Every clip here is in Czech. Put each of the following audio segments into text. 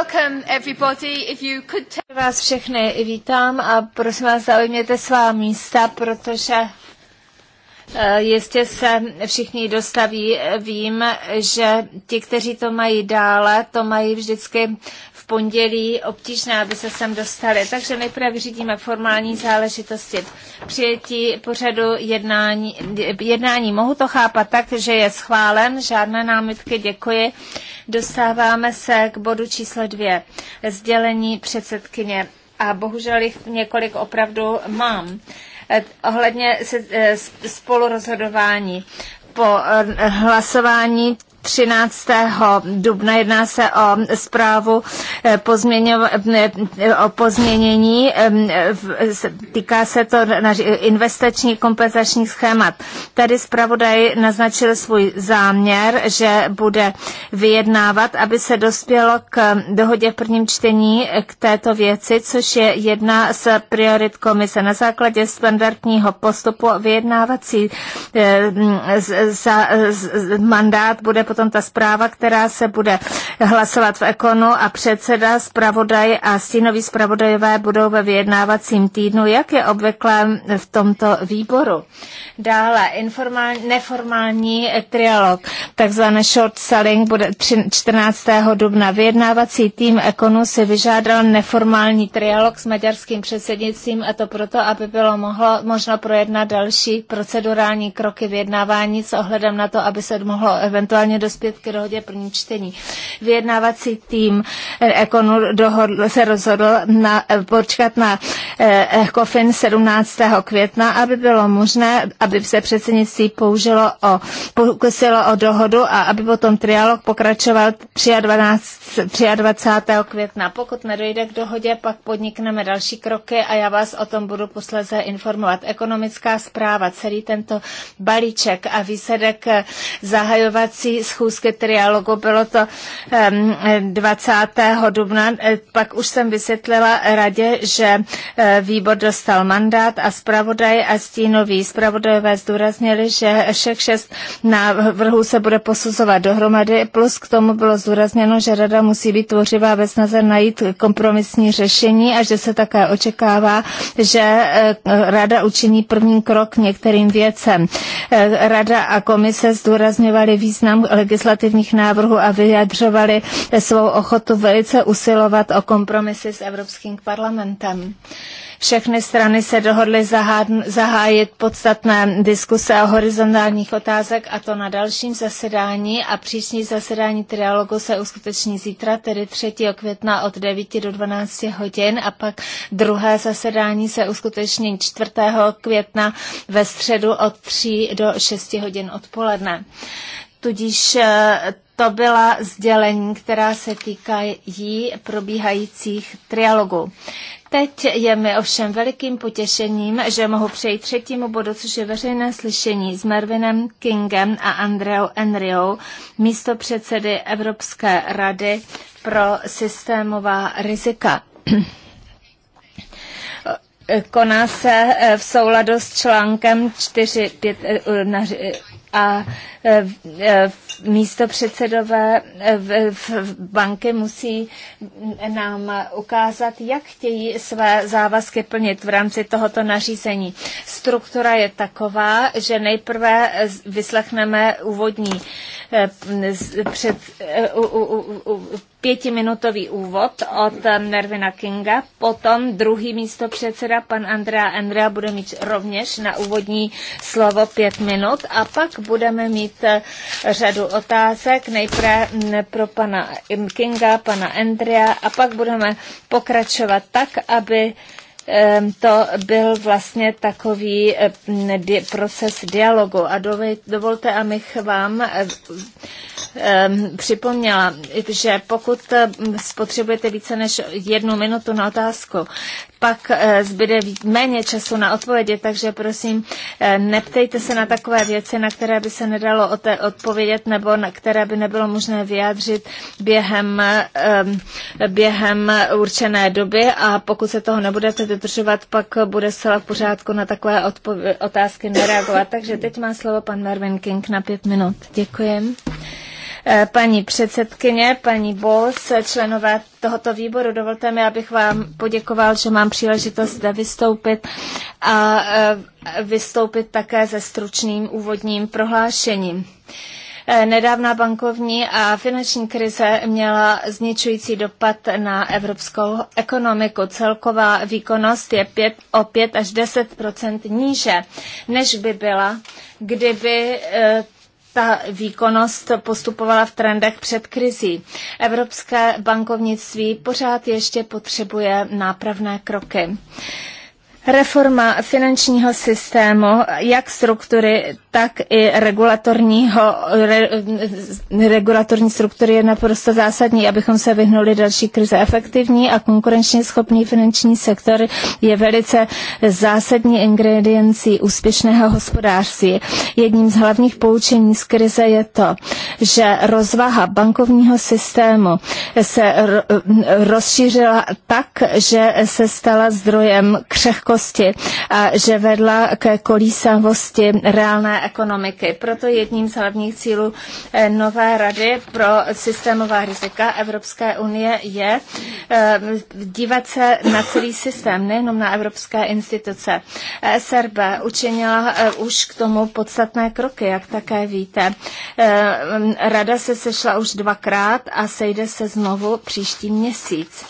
welcome everybody. If you could vás všechny vítám a prosím vás zaujměte svá místa, protože eh, Jistě se všichni dostaví. Vím, že ti, kteří to mají dále, to mají vždycky pondělí obtížné, aby se sem dostali. Takže nejprve vyřídíme formální záležitosti. Přijetí pořadu jednání, jednání. Mohu to chápat tak, že je schválen, žádné námitky, děkuji. Dostáváme se k bodu číslo dvě. Sdělení předsedkyně. A bohužel jich několik opravdu mám. Eh, ohledně eh, spolurozhodování po eh, hlasování 13. dubna. Jedná se o zprávu eh, eh, eh, o pozměnění. Týká se to investiční kompenzačních schémat. Tady zpravodaj naznačil svůj záměr, že bude vyjednávat, aby se dospělo k dohodě v prvním čtení k této věci, což je jedna z priorit komise. Na základě standardního postupu vyjednávací mandát bude potom ta zpráva, která se bude hlasovat v Ekonu a předseda, zpravodaj a stínoví zpravodajové budou ve vyjednávacím týdnu, jak je obvykle v tomto výboru. Dále informál, neformální trialog, takzvané short selling, bude 14. dubna. Vyjednávací tým Ekonu si vyžádal neformální trialog s maďarským předsednictvím a to proto, aby bylo mohlo, možno projednat další procedurální kroky vyjednávání s ohledem na to, aby se mohlo eventuálně dospět k dohodě první čtení. Vyjednávací tým Ekonu eh, dohodl, se rozhodl na, eh, počkat na Ekofin eh, 17. května, aby bylo možné, aby se předsednictví použilo o, pokusilo o dohodu a aby potom trialog pokračoval 23. 23. května. Pokud nedojde k dohodě, pak podnikneme další kroky a já vás o tom budu posledně informovat. Ekonomická zpráva, celý tento balíček a výsledek zahajovací schůzky trialogu, bylo to 20. dubna, pak už jsem vysvětlila radě, že e, výbor dostal mandát a zpravodaj a stínový zpravodajové zdůraznili, že všech šest návrhů se bude posuzovat dohromady, plus k tomu bylo zdůrazněno, že rada musí být tvořivá ve snaze najít kompromisní řešení a že se také očekává, že e, rada učiní první krok některým věcem. E, rada a komise zdůrazňovaly význam legislativních návrhů a vyjadřovali svou ochotu velice usilovat o kompromisy s Evropským parlamentem. Všechny strany se dohodly zahájit podstatné diskuse o horizontálních otázek a to na dalším zasedání a příští zasedání trialogu se uskuteční zítra, tedy 3. května od 9 do 12 hodin a pak druhé zasedání se uskuteční 4. května ve středu od 3 do 6 hodin odpoledne. Tudíž eh, to byla sdělení, která se týkají probíhajících trialogů. Teď je mi ovšem velikým potěšením, že mohu přejít třetímu bodu, což je veřejné slyšení s Mervinem Kingem a Andreou Enriou, místo předsedy Evropské rady pro systémová rizika. Koná se eh, v souladu s článkem 4, 5, a e, e, místo předsedové e, v banky musí nám ukázat, jak chtějí své závazky plnit v rámci tohoto nařízení. Struktura je taková, že nejprve vyslechneme úvodní Eh, před, eh, pětiminutový úvod od eh, Nervina Kinga, potom druhý místo předseda, pan Andrea Andrea, bude mít rovněž na úvodní slovo pět minut a pak budeme mít řadu otázek, nejprve mm, pro pana Kinga, pana Andrea a pak budeme pokračovat tak, aby to byl vlastně takový proces dialogu. A dovolte, abych vám připomněla, že pokud spotřebujete více než jednu minutu na otázku, pak eh, zbyde méně času na odpovědi, takže prosím, eh, neptejte se na takové věci, na které by se nedalo odpovědět nebo na které by nebylo možné vyjádřit během, eh, během určené doby a pokud se toho nebudete dodržovat, pak bude zcela v pořádku na takové otázky nereagovat. Takže teď má slovo pan Marvin King na pět minut. Děkuji. Eh, paní předsedkyně, paní Bols, členové tohoto výboru. Dovolte mi, abych vám poděkoval, že mám příležitost zde vystoupit a eh, vystoupit také se stručným úvodním prohlášením. Eh, nedávná bankovní a finanční krize měla zničující dopad na evropskou ekonomiku. Celková výkonnost je 5, o 5 až 10 níže, než by byla, kdyby ta výkonnost postupovala v trendech před krizí. Evropské bankovnictví pořád ještě potřebuje nápravné kroky. Reforma finančního systému, jak struktury, tak i regulatorního, re, regulatorní struktury je naprosto zásadní, abychom se vyhnuli další krize. Efektivní a konkurenčně schopný finanční sektor je velice zásadní ingrediencí úspěšného hospodářství. Jedním z hlavních poučení z krize je to, že rozvaha bankovního systému se rozšířila tak, že se stala zdrojem křehkosti krehkosti a že vedla ke kolísavosti reálné ekonomiky. Proto jedním z hlavních cílů eh, nové rady pro systémová rizika Evropské unie je eh, dívat se na celý systém, nejenom na evropské instituce. SRB učinila eh, už k tomu podstatné kroky, jak také víte. Rada se sešla už dvakrát a sejde se znovu příští měsíc.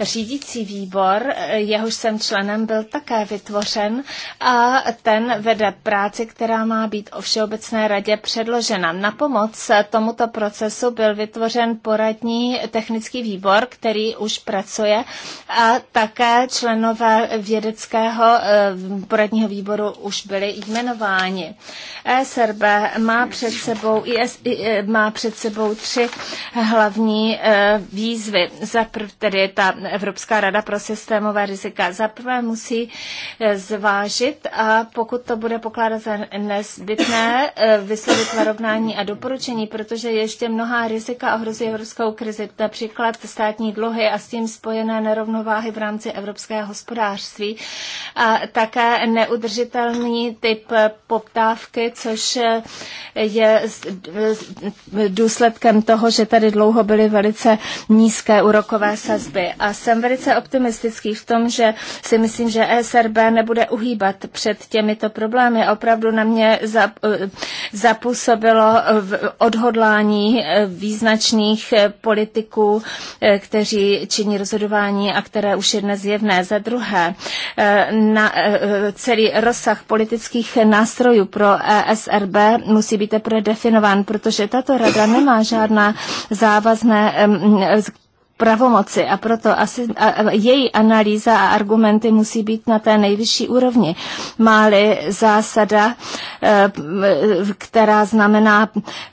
Řídící výbor, jehož jsem členem, byl také vytvořen a ten vede práci, která má být o Všeobecné radě předložena. Na pomoc tomuto procesu byl vytvořen poradní technický výbor, který už pracuje a také členové vědeckého eh, poradního výboru už byli jmenováni. ESRB má před sebou, IS, eh, má před sebou tři hlavní eh, výzvy. Za prv, tedy ta Evropská rada pro systémové rizika. Zaprvé musí eh, zvážit a pokud to bude pokládat za nezbytné, eh, vyslovit varovnání a doporučení, protože ještě mnohá rizika ohrozí evropskou krizi, například státní dluhy a s tím spojené nerovnováhy v rámci evropského hospodářství a také neudržitelný typ poptávky, což eh, je důsledkem toho, že tady dlouho byly velice nízké úrokové sazby. A jsem velice optimistický v tom, že si myslím, že ESRB nebude uhýbat před těmito problémy. Opravdu na mě eh, zapůsobilo eh, odhodlání eh, význačných politiků, kteří činí rozhodování a které už je dnes jevné. Za druhé, na celý rozsah politických nástrojů pro ESRB musí být teprve definován, protože tato rada nemá žádná závazné pravomoci a proto asi, a, její analýza a argumenty musí být na té nejvyšší úrovni. Máli zásada, eh, která znamená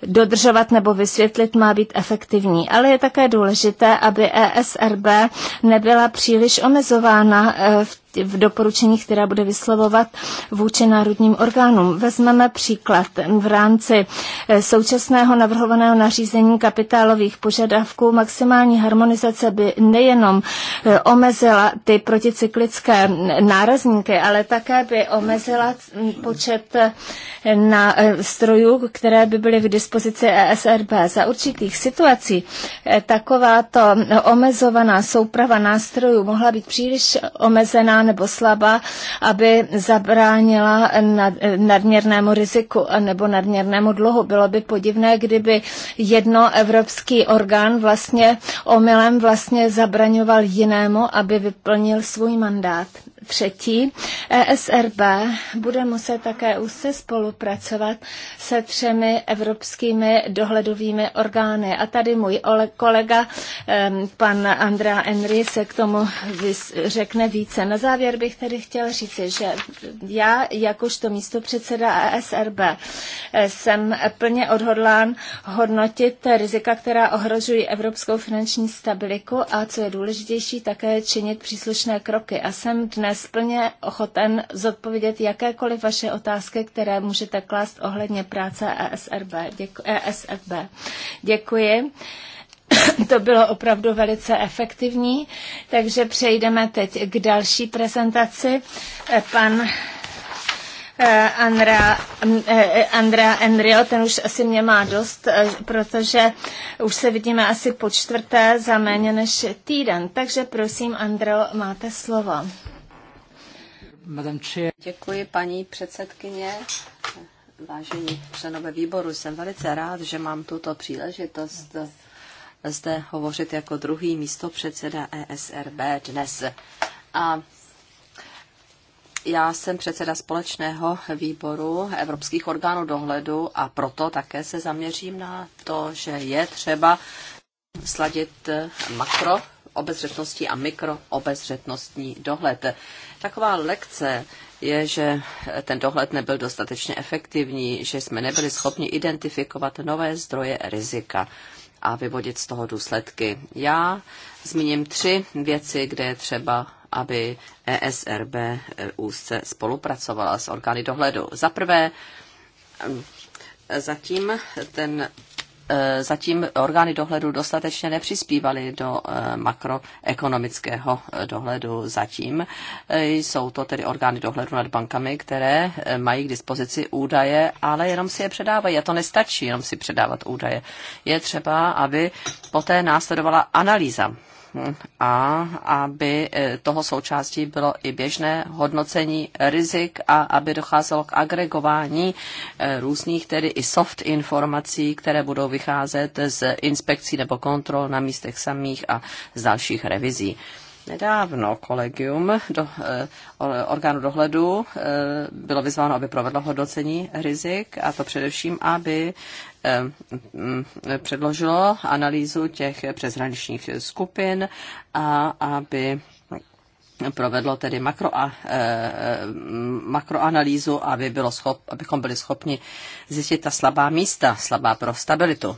dodržovat nebo vysvětlit, má být efektivní. Ale je také důležité, aby ESRB nebyla příliš omezována eh, v v doporučeních, která bude vyslovovat vůči národním orgánům. Vezmeme příklad. V rámci eh, současného navrhovaného nařízení kapitálových požadavků maximální harmonizace by nejenom eh, omezila ty proticyklické nárazníky, ale také by omezila počet eh, na strojů, které by byly v dispozici ESRB. Za určitých situací takováto omezovaná souprava nástrojů mohla být příliš omezená nebo slabá, aby zabránila nadměrnému riziku nebo nadměrnému dluhu. Bylo by podivné, kdyby jedno evropský orgán vlastně omylem vlastně zabraňoval jinému, aby vyplnil svůj mandát. Třetí, ESRB bude muset také úzce spolupracovat se třemi evropskými dohledovými orgány. A tady můj kolega, pan Andrá Enry, se k tomu řekne více. Na závěr bych tedy chtěl říci, že já jakožto místo předseda ESRB eh, jsem plně odhodlán hodnotit rizika, která ohrožují evropskou finanční stabilitu a co je důležitější, také činit příslušné kroky. A jsem dnes plně ochoten zodpovědět jakékoliv vaše otázky, které můžete klást ohledně práce ESRB. Děku- ESFB. Děkuji. to bylo opravdu velice efektivní, takže přejdeme teď k další prezentaci. Eh, pan Andra, eh, Andra mm, eh, Enrio, ten už asi mě má dost, protože už se vidíme asi po čtvrté za méně než týden. Takže prosím, Andro, máte slovo. Děkuji, paní předsedkyně. Vážení členové výboru, jsem velice rád, že mám tuto příležitost zde hovořit jako druhý místo předseda ESRB dnes. A já jsem předseda společného výboru evropských orgánů dohledu a proto také se zaměřím na to, že je třeba sladit makro obezřetnosti a obezřetnostní dohled. Taková lekce je, že ten dohled nebyl dostatečně efektivní, že jsme nebyli schopni identifikovat nové zdroje rizika a vyvodit z toho důsledky. Já zmíním tři věci, kde je třeba aby ESRB eh, úzce spolupracovala s orgány dohledu. Za prvé, ehm, zatím ten E, zatím orgány dohledu dostatečně nepřispívaly do e, makroekonomického e, dohledu zatím. Jsou to tedy orgány dohledu nad bankami, které mají k dispozici údaje, ale jenom si je předávají. A to nestačí jenom si předávat údaje. Je třeba, aby poté následovala analýza a aby eh, toho součástí bylo i běžné hodnocení rizik a aby docházelo k agregování eh, různých, tedy i soft informací, které budou vycházet z inspekcí nebo kontrol na místech samých a z dalších revizí. Nedávno kolegium do, eh, orgánu dohledu eh, bylo vyzváno, aby provedlo hodnocení rizik, a to především, aby Eh, mm, předložilo analýzu těch přeshraničních skupin a aby provedlo tedy makro a, e, makroanalýzu, aby bylo schop, abychom byli schopni zjistit ta slabá místa, slabá pro stabilitu.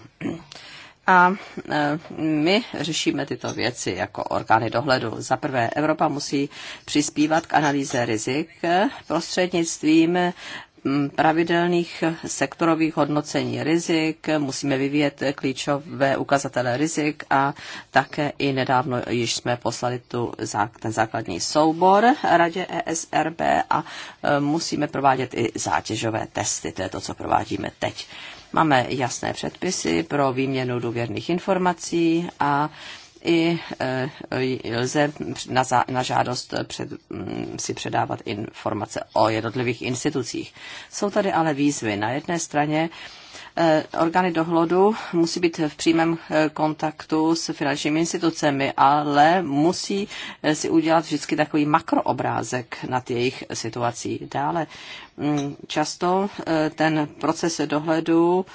A eh, my řešíme tyto věci jako orgány dohledu. Za prvé, Evropa musí přispívat k analýze rizik prostřednictvím Mm, pravidelných sektorových hodnocení rizik, musíme vyvíjet klíčové ukazatele rizik a také i nedávno již jsme poslali tu, ten základní soubor radě ESRB a e, musíme provádět i zátěžové testy, to je to, co provádíme teď. Máme jasné předpisy pro výměnu důvěrných informací a E, i lze na, za, na žádost před, mm, si předávat informace o jednotlivých institucích. Jsou tady ale výzvy. Na jedné straně e, orgány dohledu musí být v přímém e, kontaktu s finančními institucemi, ale musí si udělat vždycky takový makroobrázek nad jejich situací. Dále mm, často ten proces dohledu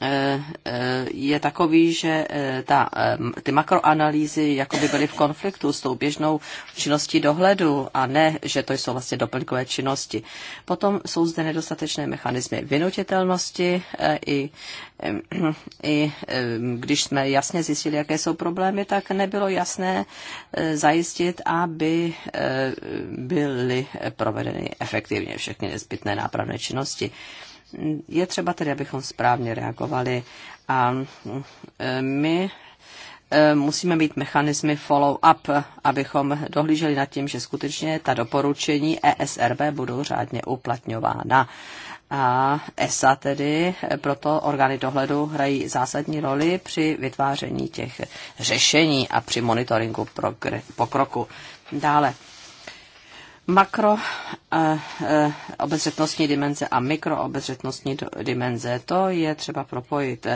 Eh, eh, je takový, že eh, ta, ty makroanalýzy jakoby byly v konfliktu s tou běžnou činností dohledu a ne, že to jsou vlastně doplňkové činnosti. Potom jsou zde nedostatečné mechanismy vynutitelnosti i, i když jsme jasně zjistili, jaké jsou problémy, tak nebylo jasné zajistit, aby byly provedeny efektivně všechny nezbytné nápravné činnosti. Je třeba tedy, abychom správně reagovali a e, my e, musíme mít mechanismy follow-up, abychom dohlíželi nad tím, že skutečně ta doporučení ESRB budou řádně uplatňována. A ESA tedy, e, proto orgány dohledu hrají zásadní roli při vytváření těch řešení a při monitoringu pokroku. Dále makro eh, eh, obezřetnostní dimenze a mikroobezřetnostní dimenze. To je třeba propojit.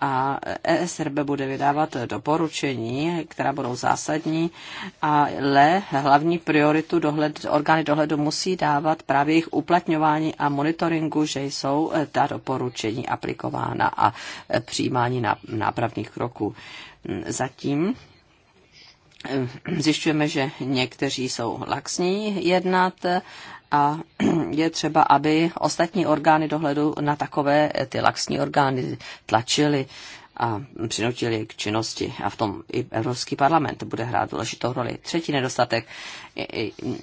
A ESRB bude vydávat doporučení, která budou zásadní, ale hlavní prioritu dohled, orgány dohledu musí dávat právě jejich uplatňování a monitoringu, že jsou eh, ta doporučení aplikována a přijímání nápravných kroků. Hm, zatím zjišťujeme, že někteří jsou laxní jednat a je třeba, aby ostatní orgány dohledu na takové ty laxní orgány tlačily a přinutili k činnosti. A v tom i Evropský parlament bude hrát důležitou roli. Třetí nedostatek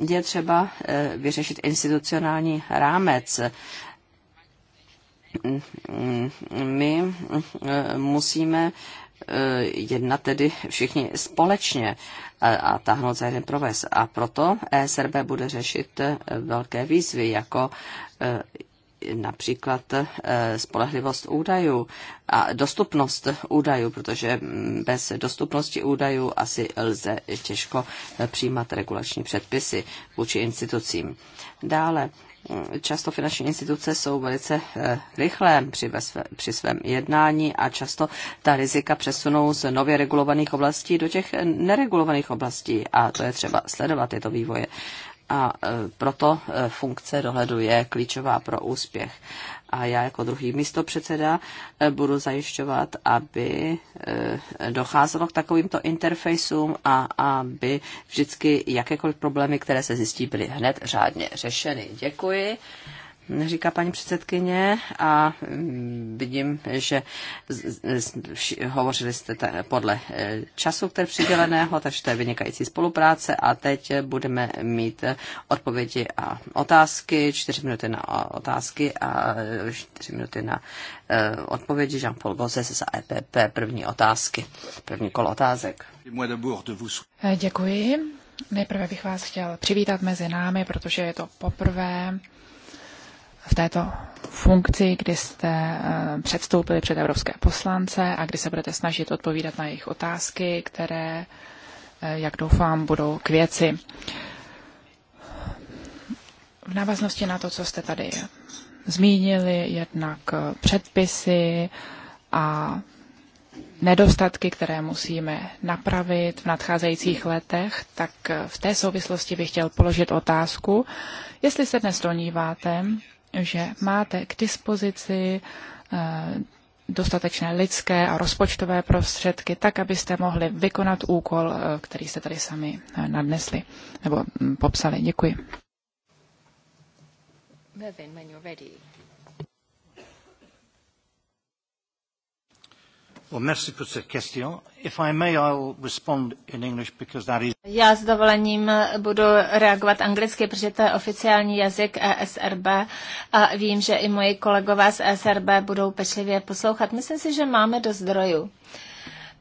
je třeba eh, vyřešit institucionální rámec. Mm, mm, mm, my eh, musíme Eh, jednat tedy všichni společně a, a táhnout za jeden proves. A proto ESRB bude řešit eh, velké výzvy, jako eh, například spolehlivost údajů a dostupnost údajů, protože mm, bez dostupnosti údajů asi lze těžko přijímat regulační předpisy vůči institucím. Dále často finanční instituce jsou velice eh, rychlé při, ve své, při svém jednání a často ta rizika přesunou z nově regulovaných oblastí do těch eh, neregulovaných oblastí a to je třeba sledovat tyto vývoje. A eh, proto funkce dohledu je klíčová pro úspěch a já jako druhý místo předseda eh, budu zajišťovat, aby eh, docházelo k takovýmto interfejsům a aby vždycky jakékoliv problémy, které se zjistí, byly hned řádně řešeny. Děkuji říká paní předsedkyně, a mm, vidím, že hovořili jste podle eh, času, který přiděleného, takže to je vynikající spolupráce a teď budeme mít eh, odpovědi a otázky, čtyři minuty na otázky a eh, čtyři minuty na odpovědi. Jean-Paul Gozes z EPP, první otázky, první kolo otázek. Děkuji. Nejprve bych vás chtěl přivítat mezi námi, protože je to poprvé, v této funkci, kdy jste eh, předstoupili před evropské poslance a kdy se budete snažit odpovídat na jejich otázky, které, eh, jak doufám, budou k věci. V návaznosti na to, co jste tady zmínili, jednak eh, předpisy a nedostatky, které musíme napravit v nadcházejících letech, tak v té souvislosti bych chtěl položit otázku, jestli se dnes domníváte, že máte k dispozici eh, dostatečné lidské a rozpočtové prostředky, tak abyste mohli vykonat úkol, eh, který jste tady sami eh, nadnesli nebo hm, popsali. Děkuji. Mervin, when you're ready. Já s dovolením budu reagovat anglicky, protože to je oficiální jazyk ESRB a vím, že i moji kolegové z ESRB budou pečlivě poslouchat. Myslím si, že máme do zdrojů.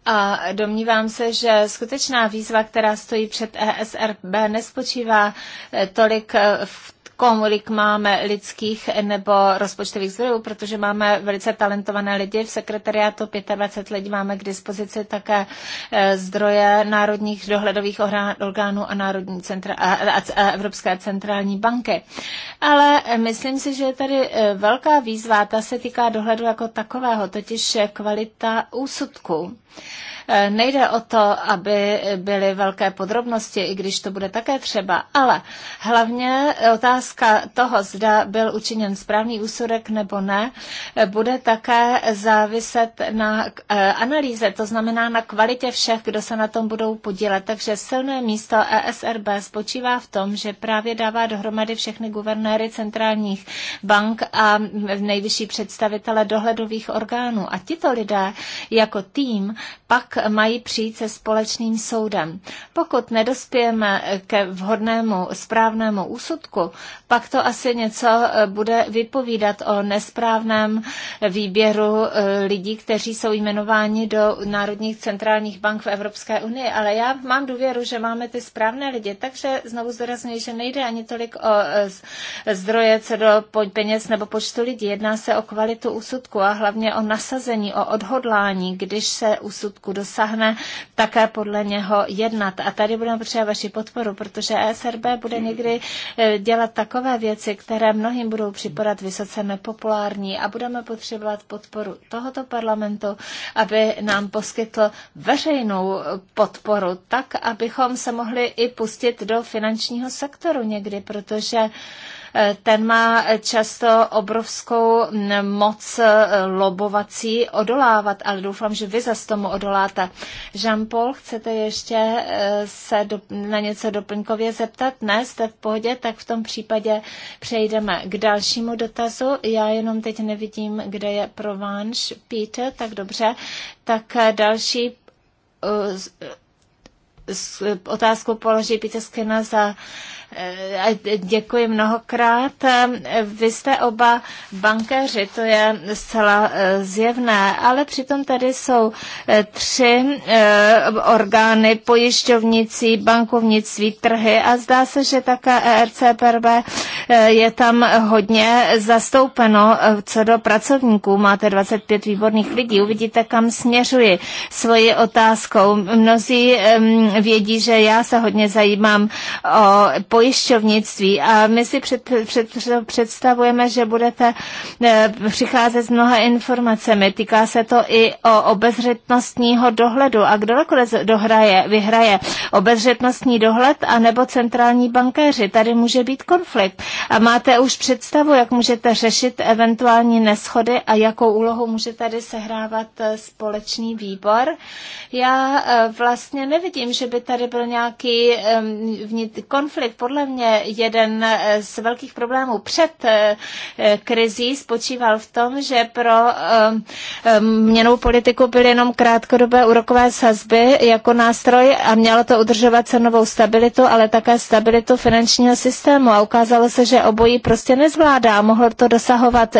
A domnívám se, že skutečná výzva, která stojí před ESRB, nespočívá eh, tolik eh, v kolik máme lidských nebo rozpočtových zdrojů, protože máme velice talentované lidi v sekretariátu, 25 lidí máme k dispozici také eh, zdroje národních dohledových orgánů a Národní centra, a, a, a Evropské centrální banky. Ale eh, myslím si, že je tady eh, velká výzva, ta se týká dohledu jako takového, totiž kvalita úsudku. Nejde o to, aby byly velké podrobnosti, i když to bude také třeba, ale hlavně otázka, otázka toho, zda byl učiněn správný úsudek nebo ne, bude také záviset na eh, analýze, to znamená na kvalitě všech, kdo se na tom budou podílet. Takže silné místo ESRB spočívá v tom, že právě dává dohromady všechny guvernéry centrálních bank a nejvyšší představitele dohledových orgánů. A tito lidé jako tým pak mají přijít se společným soudem. Pokud nedospějeme ke vhodnému správnému úsudku, pak to asi něco eh, bude vypovídat o nesprávném výběru eh, lidí, kteří jsou jmenováni do národních centrálních bank v Evropské unii. Ale já mám důvěru, že máme ty správné lidi, takže znovu zdůrazňuji, že nejde ani tolik o eh, zdroje co do peněz nebo počtu lidí. Jedná se o kvalitu úsudku a hlavně o nasazení, o odhodlání, když se úsudku dosáhne, také podle něho jednat. A tady budeme potřebovat vaši podporu, protože ESRB bude někdy dělat tak takové věci, které mnohým budou připadat vysoce nepopulární a budeme potřebovat podporu tohoto parlamentu, aby nám poskytl veřejnou podporu, tak, abychom se mohli i pustit do finančního sektoru někdy, protože ten má často obrovskou moc eh, lobovací odolávat, ale doufám, že vy za tomu odoláte. Jean-Paul, chcete ještě eh, se do, na něco doplňkově zeptat? Ne, jste v pohodě, tak v tom případě přejdeme k dalšímu dotazu. Já jenom teď nevidím, kde je Provence Peter, tak dobře. Tak eh, další otázku položí Peter Skina za Eh, děkuji mnohokrát. Eh, vy jste oba bankéři, to je zcela eh, zjevné, ale přitom tady jsou tři orgány, pojišťovnicí, bankovnictví, trhy a zdá se, že také ERCPRB je tam hodně zastoupeno co do pracovníků. Máte 25 výborných lidí, uvidíte, kam směřuji svoji otázkou. Mnozí vědí, že já se hodně zajímám o pojišťovnictví pojišťovnictví a my si před, před, představujeme, že budete eh, přicházet s mnoha informacemi. Týká se to i o obezřetnostního dohledu. A kdo nakonec dohraje, vyhraje obezřetnostní dohled a nebo centrální bankéři? Tady může být konflikt. A máte už představu, jak můžete řešit eventuální neschody a jakou úlohu může tady sehrávat eh, společný výbor. Já eh, vlastně nevidím, že by tady byl nějaký konflikt. Podle podle mě jeden eh, z velkých problémů před eh, eh, krizí spočíval v tom, že pro měnou politiku byly jenom krátkodobé úrokové sazby jako nástroj a mělo to udržovat cenovou stabilitu, ale také stabilitu finančního systému. A ukázalo se, že obojí prostě nezvládá. mohlo to dosahovat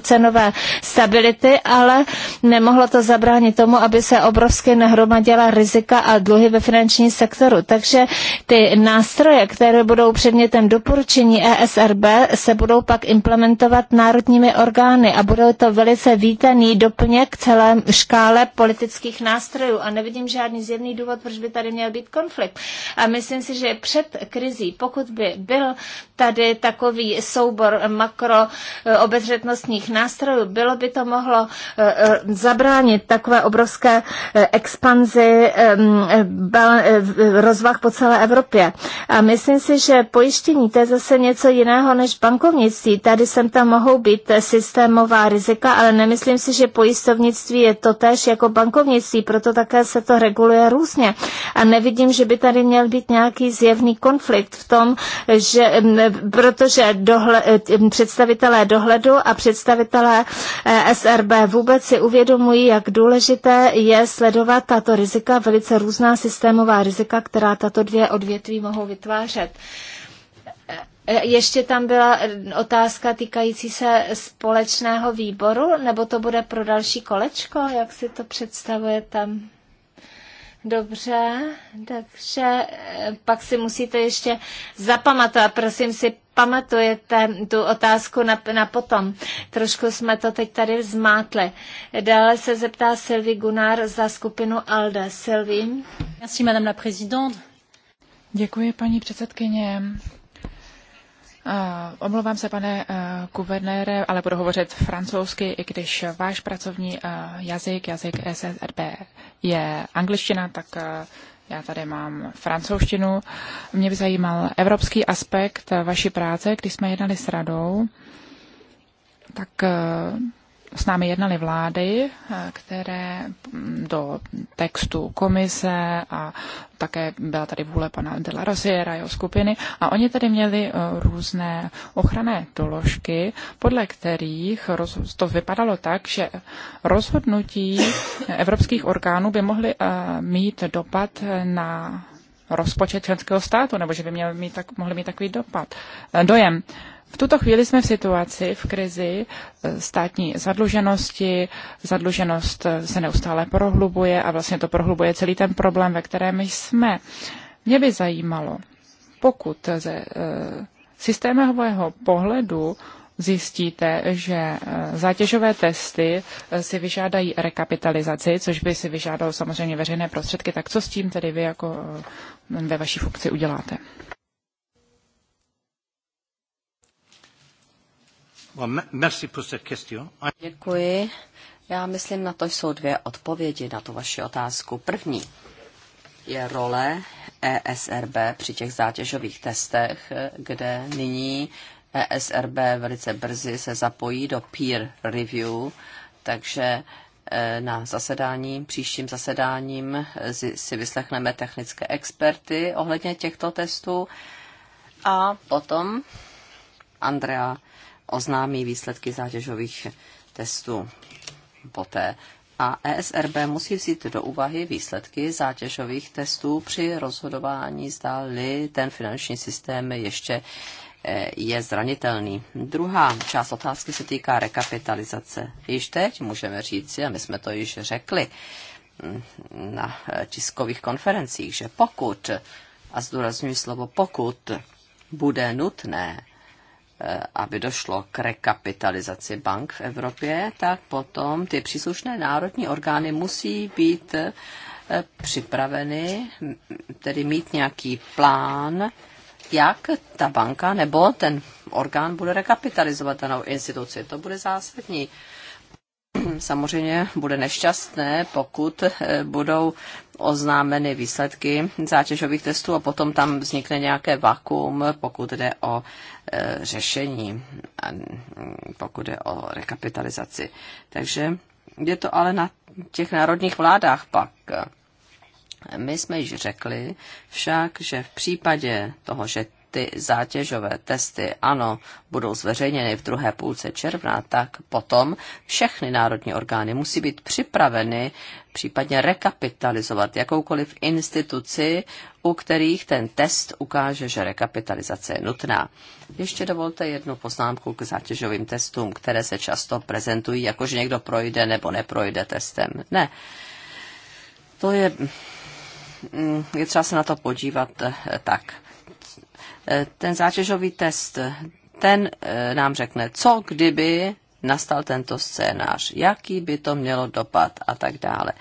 cenové stability, ale nemohlo to zabránit tomu, aby se obrovsky nehromadila rizika a dluhy ve finančním sektoru. Takže ty nástroje, nástroje, které budou předmětem doporučení ESRB, se budou pak implementovat národními orgány a bude to velice vítaný doplněk celé škále politických nástrojů. A nevidím žádný zjevný důvod, proč by tady měl být konflikt. A myslím si, že před krizí, pokud by byl tady takový soubor makroobezřetnostních eh, nástrojů, bylo by to mohlo eh, eh, zabránit takové obrovské expanzi rozvah po celé Evropě. A myslím si, že pojištění to je zase něco jiného než bankovnictví. Tady sem tam mohou být systémová rizika, ale nemyslím si, že pojistovnictví je to tež jako bankovnictví, proto také se to reguluje různě. A nevidím, že by tady měl být nějaký zjevný konflikt v tom, že, protože dohle, představitelé dohledu a představitelé e, SRB vůbec si uvědomují, jak důležité je sledovat tato rizika, velice různá systémová rizika, která tato dvě odvětví mohou vytvořit vytvářet. E, ještě tam byla otázka týkající se společného výboru, nebo to bude pro další kolečko, jak si to představujete? Dobře, takže e, pak si musíte ještě zapamatovat, prosím si, pamatujete tu otázku na, na potom. Trošku jsme to teď tady vzmátli. Dále se zeptá Sylvie Gunnar za skupinu ALDE. Sylvie. Merci, madame la présidente. Děkuji, paní předsedkyně. Omlouvám se, pane guvernére, ale budu hovořit francouzsky, i když váš pracovní jazyk, jazyk SSRB je angličtina, tak já tady mám francouzštinu. Mě by zajímal evropský aspekt vaší práce, když jsme jednali s radou, tak s námi jednaly vlády, eh, které mm, do textu komise a také byla tady vůle pana de la Rosiera, jeho skupiny, a oni tady měli eh, různé ochranné doložky, podle kterých to vypadalo tak, že rozhodnutí evropských orgánů by mohly eh, mít dopad na rozpočet členského státu, nebo že by měl mít tak, mohli mít takový dopad, dojem. V tuto chvíli jsme v situaci, v krizi eh, státní zadluženosti. Zadluženost eh, se neustále prohlubuje a vlastně to prohlubuje celý ten problém, ve kterém jsme. Mě by zajímalo, pokud ze eh, systémového pohledu zjistíte, že zátěžové testy si vyžádají rekapitalizaci, což by si vyžádalo samozřejmě veřejné prostředky, tak co s tím tedy vy jako ve vaší funkci uděláte? Děkuji. Já myslím, na to jsou dvě odpovědi na tu vaši otázku. První je role ESRB při těch zátěžových testech, kde nyní ESRB velice brzy se zapojí do peer review, takže e, na zasedání, příštím zasedáním e, si vyslechneme technické experty ohledně těchto testů a potom Andrea oznámí výsledky zátěžových testů poté. A ESRB musí vzít do úvahy výsledky zátěžových testů při rozhodování, zda-li ten finanční systém ještě eh, je zranitelný. Druhá část otázky se týká rekapitalizace. Již teď můžeme říct, a my jsme to již řekli mm, na eh, tiskových konferencích, že pokud, a zdůraznuju slovo pokud, bude nutné Eh, aby došlo k rekapitalizaci bank v Evropě, tak potom ty příslušné národní orgány musí být eh, připraveny, tedy mít nějaký plán, jak ta banka nebo ten orgán bude rekapitalizovat danou instituci. To bude zásadní. Samozřejmě bude nešťastné, pokud eh, budou oznámeny výsledky zátěžových testů a potom tam vznikne nějaké vakuum, pokud jde o E, řešení, mm, pokud je o rekapitalizaci. Takže je to ale na těch národních vládách pak. E, my jsme již řekli však, že v případě toho, že ty zátěžové testy, ano, budou zveřejněny v druhé půlce června, tak potom všechny národní orgány musí být připraveny případně rekapitalizovat jakoukoliv instituci, u kterých ten test ukáže, že rekapitalizace je nutná. Ještě dovolte jednu poznámku k zátěžovým testům, které se často prezentují, jako že někdo projde nebo neprojde testem. Ne. To je mm, je třeba se na to podívat eh, tak ten zátěžový test, ten eh, nám řekne, co kdyby nastal tento scénář, jaký by to mělo dopad a tak dále.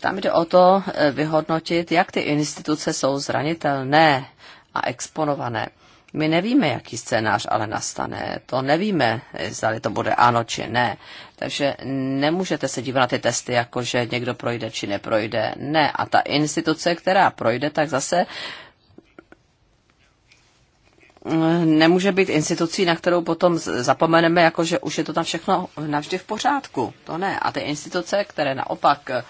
Tam jde o to eh, vyhodnotit, jak ty instituce jsou zranitelné a exponované. My nevíme, jaký scénář ale nastane. To nevíme, eh, zda to bude ano či ne. Takže nemůžete se dívat na ty testy, jako že někdo projde či neprojde. Ne. A ta instituce, která projde, tak zase nemůže být institucí, na kterou potom zapomeneme, jako že už je to tam všechno navždy v pořádku. To ne. A ty instituce, které naopak eh,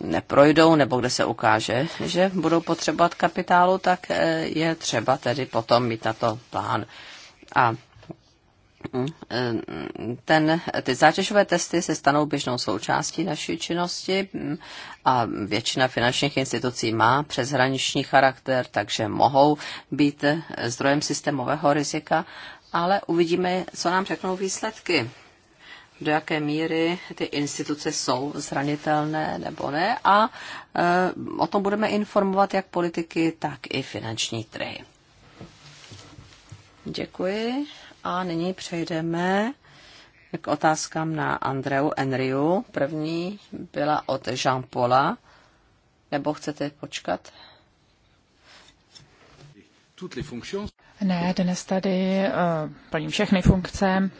neprojdou, nebo kde se ukáže, že budou potřebovat kapitálu, tak eh, je třeba tedy potom mít na to plán. A ten, ty zátěžové testy se stanou běžnou součástí naší činnosti a většina finančních institucí má přeshraniční charakter, takže mohou být zdrojem systémového rizika, ale uvidíme, co nám řeknou výsledky do jaké míry ty instituce jsou zranitelné nebo ne a e, o tom budeme informovat jak politiky, tak i finanční trhy. Děkuji. A nyní přejdeme k otázkám na Andreu Enriu. První byla od Jean-Paula. Nebo chcete počkat? Ne, dnes tady uh, plním všechny funkce.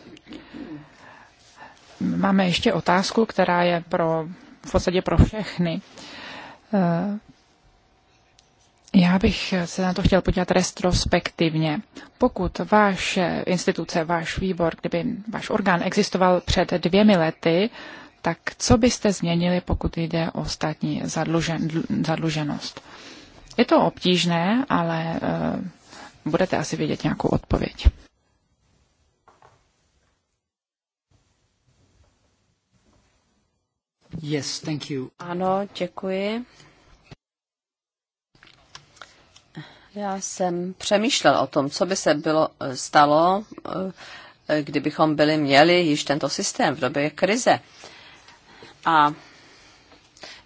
Máme ještě otázku, která je pro, v podstatě pro všechny. Uh, já bych se na to chtěl podívat retrospektivně. Pokud váš instituce, váš výbor, kdyby váš orgán existoval před dvěmi lety, tak co byste změnili, pokud jde o státní zadlužen, zadluženost? Je to obtížné, ale uh, budete asi vědět nějakou odpověď. Yes, thank you. Ano, děkuji. Já jsem přemýšlel o tom, co by se bylo eh, stalo, eh, eh, kdybychom byli měli již tento systém v době krize. A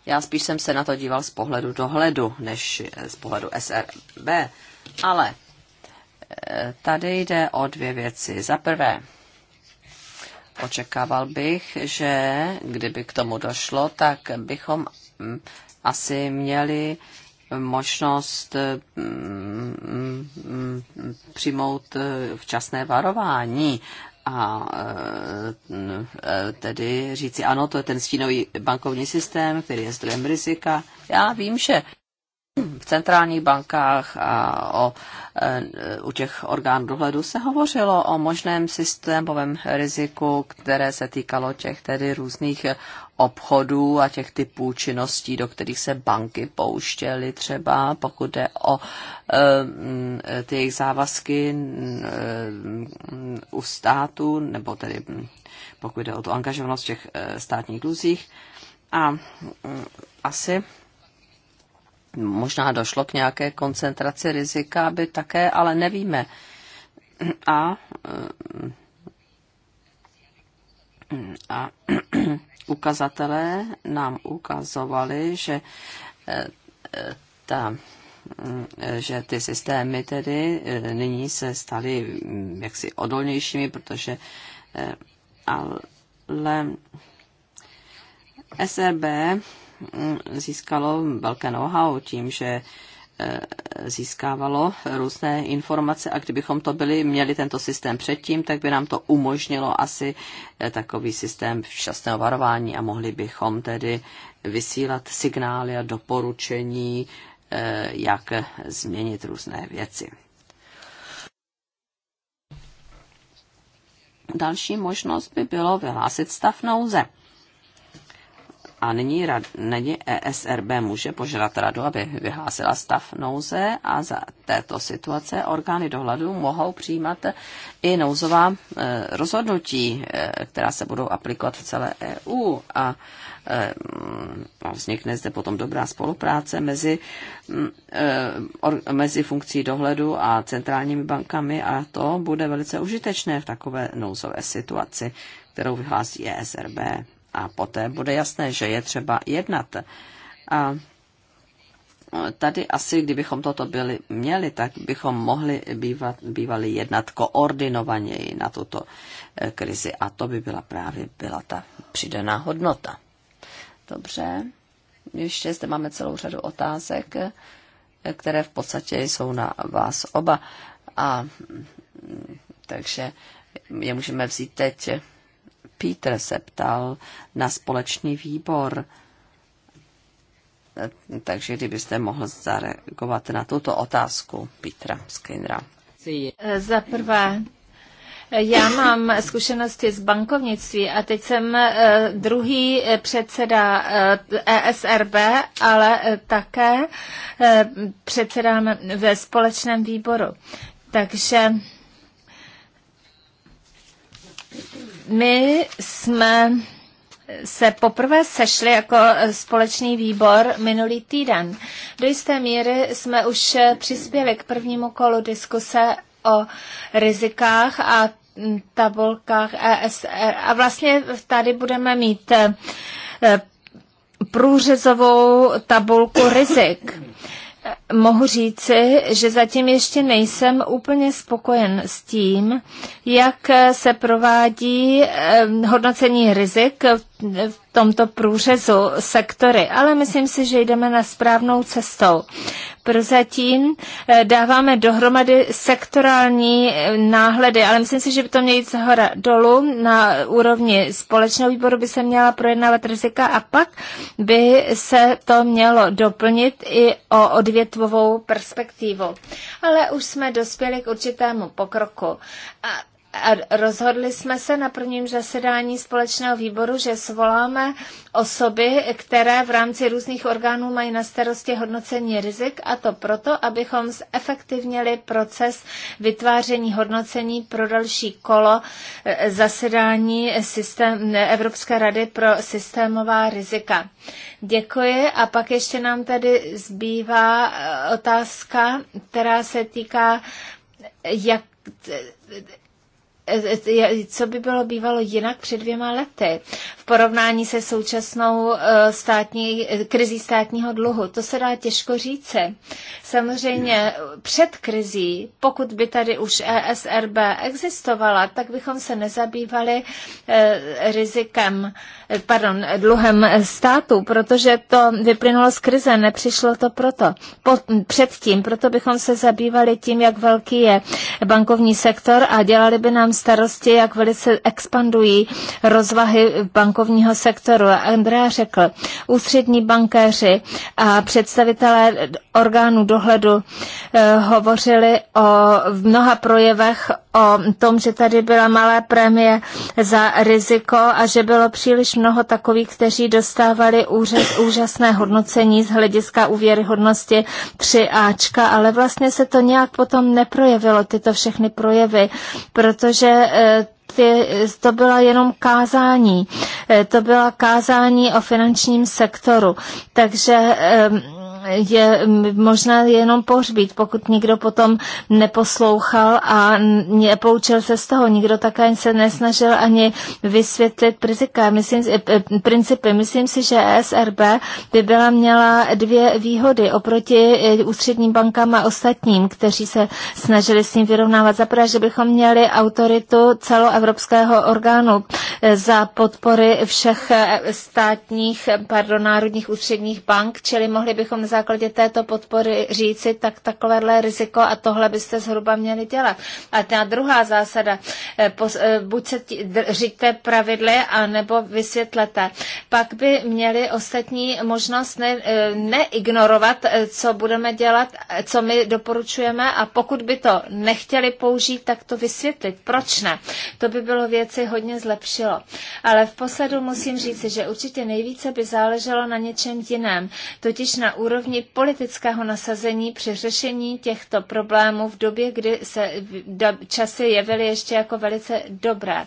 já spíš jsem se na to díval z pohledu dohledu, než z pohledu SRB. Ale tady jde o dvě věci. Za prvé, očekával bych, že kdyby k tomu došlo, tak bychom mm, asi měli možnost mm, mm, přijmout eh, včasné varování a eh, eh, tedy říci, ano, to je ten stínový bankovní systém, který je zdrojem rizika. Já vím, že v centrálních bankách a o, u těch orgánů dohledu se hovořilo o možném systémovém riziku, které se týkalo těch tedy různých obchodů a těch typů činností, do kterých se banky pouštěly třeba, pokud jde o e, ty jejich závazky e, u státu, nebo tedy hm, pokud jde o tu angažovanost v těch e, státních dluzích. A e, asi možná došlo k nějaké koncentraci rizika, aby také, ale nevíme. A, hm, a, a ukazatelé nám ukazovali, že eh, eh, ta mm, že ty systémy tedy eh, nyní se staly mm, jaksi odolnějšími, protože ale SRB e mm, získalo velké know-how tím, že získávalo různé informace a kdybychom to byli, měli tento systém předtím, tak by nám to umožnilo asi eh, takový systém včasného varování a mohli bychom tedy vysílat signály a doporučení, eh, jak změnit různé věci. Další možnost by bylo vyhlásit stav nouze. A nyní, rad, nyní ESRB může požádat radu, aby vyhlásila stav nouze a za této situace orgány dohledu mohou přijímat i nouzová e, rozhodnutí, e, která se budou aplikovat v celé EU. A e, mm, vznikne zde potom dobrá spolupráce mezi, mm, e, or, mezi funkcí dohledu a centrálními bankami a to bude velice užitečné v takové nouzové situaci, kterou vyhlásí ESRB a poté bude jasné, že je třeba jednat. A tady asi, kdybychom toto byli, měli, tak bychom mohli bývat, bývali jednat koordinovaněji na tuto eh, krizi a to by byla právě byla ta přidaná hodnota. Dobře, ještě zde máme celou řadu otázek, eh, které v podstatě jsou na vás oba. A mm, takže je můžeme vzít teď Peter se ptal na společný výbor. Takže kdybyste mohl zareagovat na tuto otázku Petra Skindra. Za prvé, já mám zkušenosti z bankovnictví a teď jsem eh, druhý eh, předseda ESRB, eh, e ale také předsedám ve společném výboru. Takže my jsme se poprvé sešli jako společný výbor minulý týden. Do jisté míry jsme už přispěli k prvnímu kolu diskuse o rizikách a tabulkách ESR. A vlastně tady budeme mít eh, průřezovou tabulku rizik mohu říci, že zatím ještě nejsem úplně spokojen s tím, jak se provádí eh, hodnocení rizik v tomto průřezu sektory, ale myslím si, že jdeme na správnou cestou. Prozatím eh, dáváme dohromady sektorální eh, náhledy, ale myslím si, že by to mělo jít zhora dolů. Na úrovni společného výboru by se měla projednávat rizika a pak by se to mělo doplnit i o odvětvovou perspektivu. Ale už jsme dospěli k určitému pokroku. A rozhodli jsme se na prvním zasedání společného výboru, že svoláme osoby, které v rámci různých orgánů mají na starosti hodnocení rizik a to proto, abychom zefektivnili proces vytváření hodnocení pro další kolo eh, zasedání systém, Evropské rady pro systémová rizika. Děkuji a pak ještě nám tady zbývá eh, otázka, která se týká jak E, e, co by bylo bývalo jinak před dvěma lety porovnání se současnou eh, státní, eh, krizí státního dluhu. To se dá těžko říci. Samozřejmě před krizí, pokud by tady už ESRB existovala, tak bychom se nezabývali eh, rizikem, pardon, dluhem státu, protože to vyplynulo z krize, nepřišlo to proto. Po, předtím, proto bychom se zabývali tím, jak velký je bankovní sektor a dělali by nám starosti, jak velice expandují rozvahy bankovní bankovního sektoru. Andrea řekl, ústřední bankéři a představitelé orgánů dohledu eh, hovořili o mnoha projevech o tom, že tady byla malá prémie za riziko a že bylo příliš mnoho takových, kteří dostávali úřez, úžasné hodnocení z hlediska úvěryhodnosti 3Ačka, ale vlastně se to nějak potom neprojevilo, tyto všechny projevy, protože eh, to byla jenom kázání. E, to byla kázání o finančním sektoru. Takže je možná jenom pohřbít, pokud nikdo potom neposlouchal a nepoučil se z toho. Nikdo také se nesnažil ani vysvětlit prizika. Myslím, e, e, principy. Myslím si, že ESRB by byla měla dvě výhody oproti e, ústředním bankám a ostatním, kteří se snažili s ním vyrovnávat. Zaprvé, že bychom měli autoritu celoevropského orgánu za podpory všech státních, pardon, národních ústředních bank, čili mohli bychom základě této podpory říci, tak takovéhle riziko a tohle byste zhruba měli dělat. A ta druhá zásada, eh, eh, buď se tí, pravidly, anebo vysvětlete. Pak by měli ostatní možnost ne, eh, neignorovat, co budeme dělat, co my doporučujeme a pokud by to nechtěli použít, tak to vysvětlit. Proč ne? To by bylo věci hodně zlepšilo. Ale v posledu musím říci, že určitě nejvíce by záleželo na něčem jiném, totiž na úrovni úrovni politického nasazení při řešení těchto problémů v době, kdy se časy jevily ještě jako velice dobré.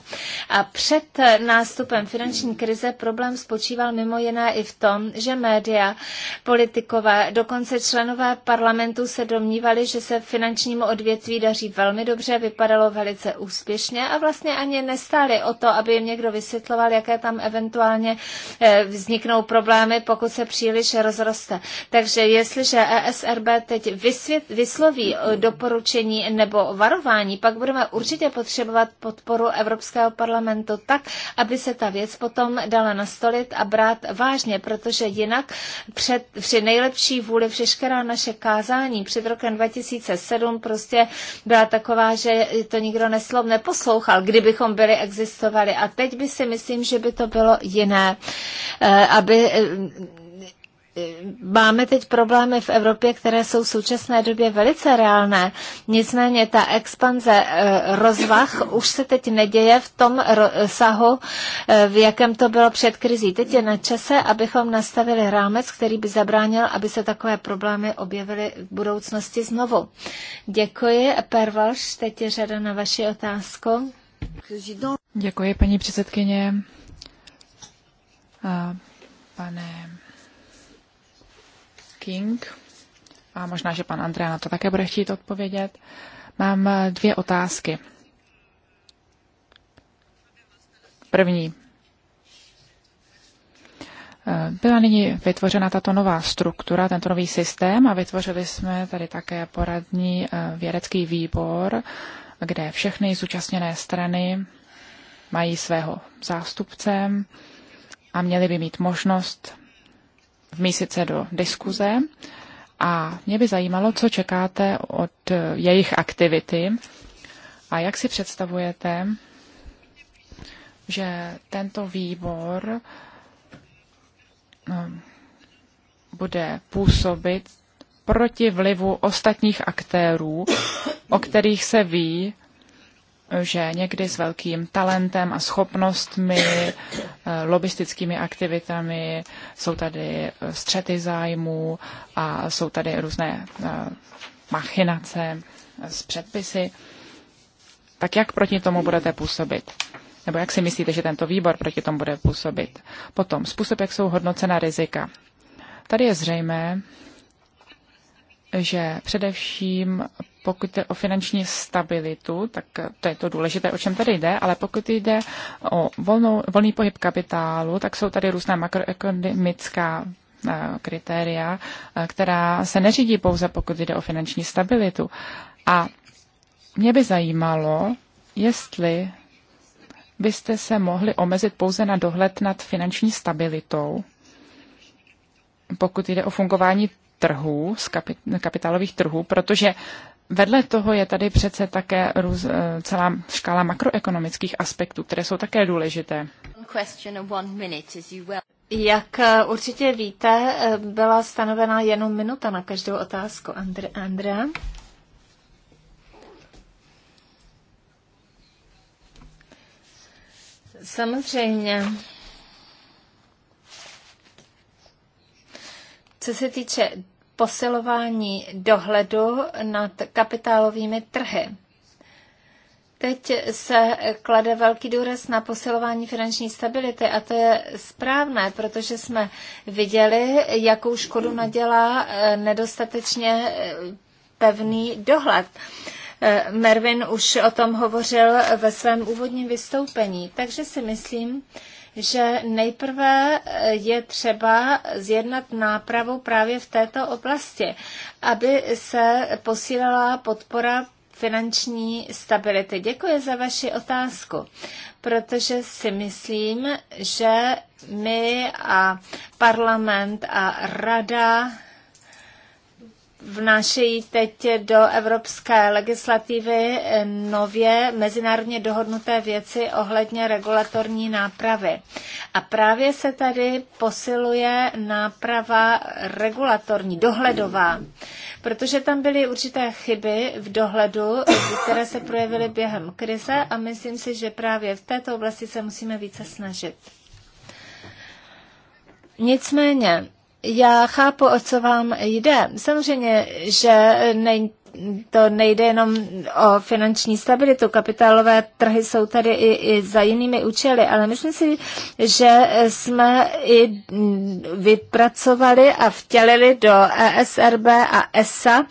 A před nástupem finanční krize problém spočíval mimo jiné i v tom, že média, politikové, dokonce členové parlamentu se domnívali, že se finančnímu odvětví daří velmi dobře, vypadalo velice úspěšně a vlastně ani nestáli o to, aby jim někdo vysvětloval, jaké tam eventuálně eh, vzniknou problémy, pokud se příliš rozroste. Takže takže jestliže ESRB teď vysvět, vysloví e, doporučení nebo varování, pak budeme určitě potřebovat podporu Evropského parlamentu tak, aby se ta věc potom dala nastolit a brát vážně, protože jinak před, při nejlepší vůli veškerá naše kázání před rokem 2007 prostě byla taková, že to nikdo neslov neposlouchal, kdybychom byli existovali. A teď by si myslím, že by to bylo jiné, e, aby e, máme teď problémy v Evropě, které jsou v současné době velice reálné. Nicméně ta expanze eh, rozvah už se teď neděje v tom sahu, eh, v jakém to bylo před krizí. Teď je na čase, abychom nastavili rámec, který by zabránil, aby se takové problémy objevily v budoucnosti znovu. Děkuji. Pervalš, teď je řada na vaši otázku. Děkuji, paní předsedkyně. Eh, pane King a možná, že pan Andrea na to také bude chtít odpovědět. Mám eh, dvě otázky. První. Eh, byla nyní vytvořena tato nová struktura, tento nový systém a vytvořili jsme tady také poradní eh, vědecký výbor, kde všechny zúčastněné strany mají svého zástupce a měly by mít možnost v se do diskuze a mě by zajímalo, co čekáte od jejich aktivity a jak si představujete, že tento výbor no, bude působit proti vlivu ostatních aktérů, o kterých se ví, že někdy s velkým talentem a schopnostmi, eh, lobistickými aktivitami, jsou tady eh, střety zájmů a jsou tady různé eh, machinace s předpisy. Tak jak proti tomu budete působit? Nebo jak si myslíte, že tento výbor proti tomu bude působit? Potom, způsob, jak jsou hodnocena rizika. Tady je zřejmé, že především pokud jde o finanční stabilitu, tak to je to důležité, o čem tady jde, ale pokud jde o volnou, volný pohyb kapitálu, tak jsou tady různá makroekonomická eh, kritéria, eh, která se neřídí pouze pokud jde o finanční stabilitu. A mě by zajímalo, jestli byste se mohli omezit pouze na dohled nad finanční stabilitou, pokud jde o fungování trhů, z kapitálových trhů, protože vedle toho je tady přece také růz, eh, celá škála makroekonomických aspektů, které jsou také důležité. Jak eh, určitě víte, eh, byla stanovena jenom minuta na každou otázku, Andrea? Andre. Samozřejmě. Co se týče posilování dohledu nad kapitálovými trhy. Teď se klade velký důraz na posilování finanční stability a to je správné, protože jsme viděli, jakou škodu nadělá eh, nedostatečně eh, pevný dohled. Eh, Mervin už o tom hovořil ve svém úvodním vystoupení, takže si myslím, že nejprve eh, je třeba zjednat nápravu právě v této oblasti, aby se posílala podpora finanční stability. Děkuji za vaši otázku, protože si myslím, že my a parlament a rada vnášejí teď do evropské legislativy eh, nově mezinárodně dohodnuté věci ohledně regulatorní nápravy. A právě se tady posiluje náprava regulatorní, dohledová, protože tam byly určité chyby v dohledu, které se projevily během krize a myslím si, že právě v této oblasti se musíme více snažit. Nicméně, já chápu, o co vám jde. Samozřejmě, že nej, to nejde jenom o finanční stabilitu. Kapitálové trhy jsou tady i, i za jinými účely, ale myslím si, že jsme i vypracovali a vtělili do ESRB a ESA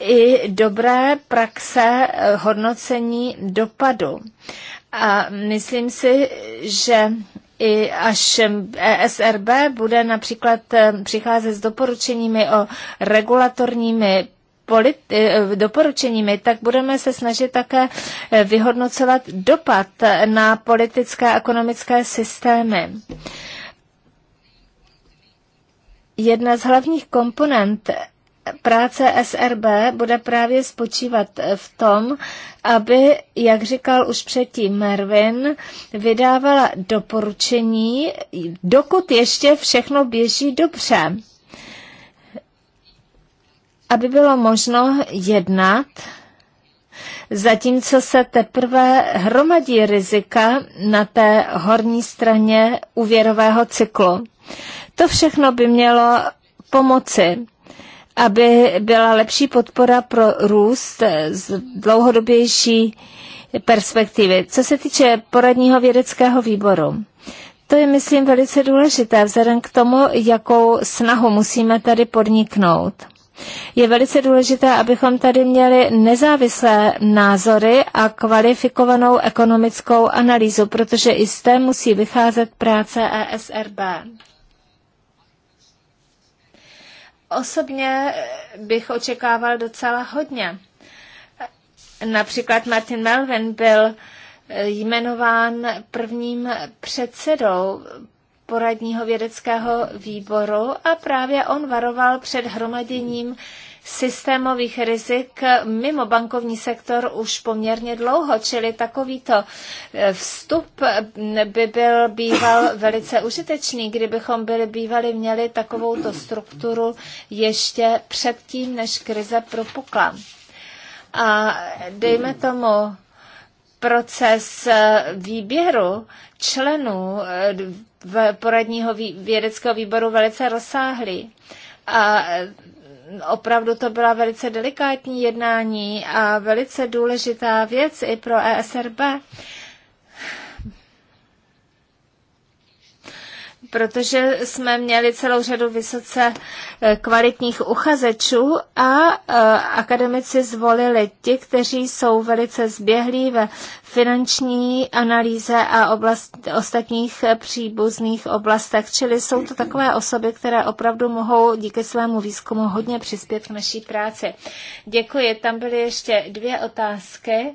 i dobré praxe hodnocení dopadu. A myslím si, že i až ESRB bude například eh, přicházet s doporučeními o regulatorními politi- eh, doporučeními, tak budeme se snažit také eh, vyhodnocovat dopad na politické a ekonomické systémy. Jedna z hlavních komponent práce SRB bude právě spočívat v tom, aby, jak říkal už předtím Mervin, vydávala doporučení, dokud ještě všechno běží dobře. Aby bylo možno jednat, zatímco se teprve hromadí rizika na té horní straně úvěrového cyklu. To všechno by mělo pomoci aby byla lepší podpora pro růst z dlouhodobější perspektivy. Co se týče poradního vědeckého výboru, to je, myslím, velice důležité vzhledem k tomu, jakou snahu musíme tady podniknout. Je velice důležité, abychom tady měli nezávislé názory a kvalifikovanou ekonomickou analýzu, protože i z té musí vycházet práce ESRB. Osobně bych očekával docela hodně. Například Martin Melvin byl eh, jmenován prvním předsedou poradního vědeckého výboru a právě on varoval před hromaděním systémových rizik mimo bankovní sektor už poměrně dlouho, čili takovýto eh, vstup eh, by byl býval velice užitečný, kdybychom byli bývali měli takovouto strukturu ještě předtím, než krize propukla. A dejme tomu, proces eh, výběru členů poradního vědeckého výboru velice rozsáhlý. A opravdu to byla velice delikátní jednání a velice důležitá věc i pro ESRB. protože jsme měli celou řadu vysoce eh, kvalitních uchazečů a eh, akademici zvolili ti, kteří jsou velice zběhlí ve finanční analýze a oblast, ostatních eh, příbuzných oblastech. Čili jsou to takové osoby, které opravdu mohou díky svému výzkumu hodně přispět k naší práci. Děkuji. Tam byly ještě dvě otázky.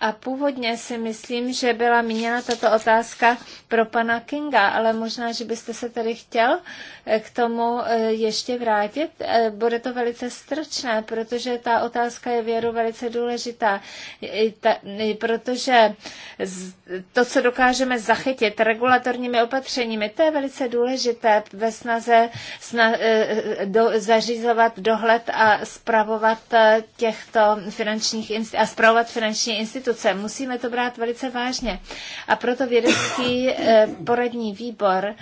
A původně si myslím, že byla míněna tato otázka pro pana Kinga, ale možná, že byste se tedy chtěl k tomu eh, ještě vrátit? Eh, bude to velice stručné, protože ta otázka je věru velice důležitá, protože to, co dokážeme zachytit regulatorními opatřeními, to je velice důležité ve snaze eh, zařizovat dohled a spravovat těchto finančních a spravovat finanční instituce. Musíme to brát velice vážně. A proto vědecký poradní výbor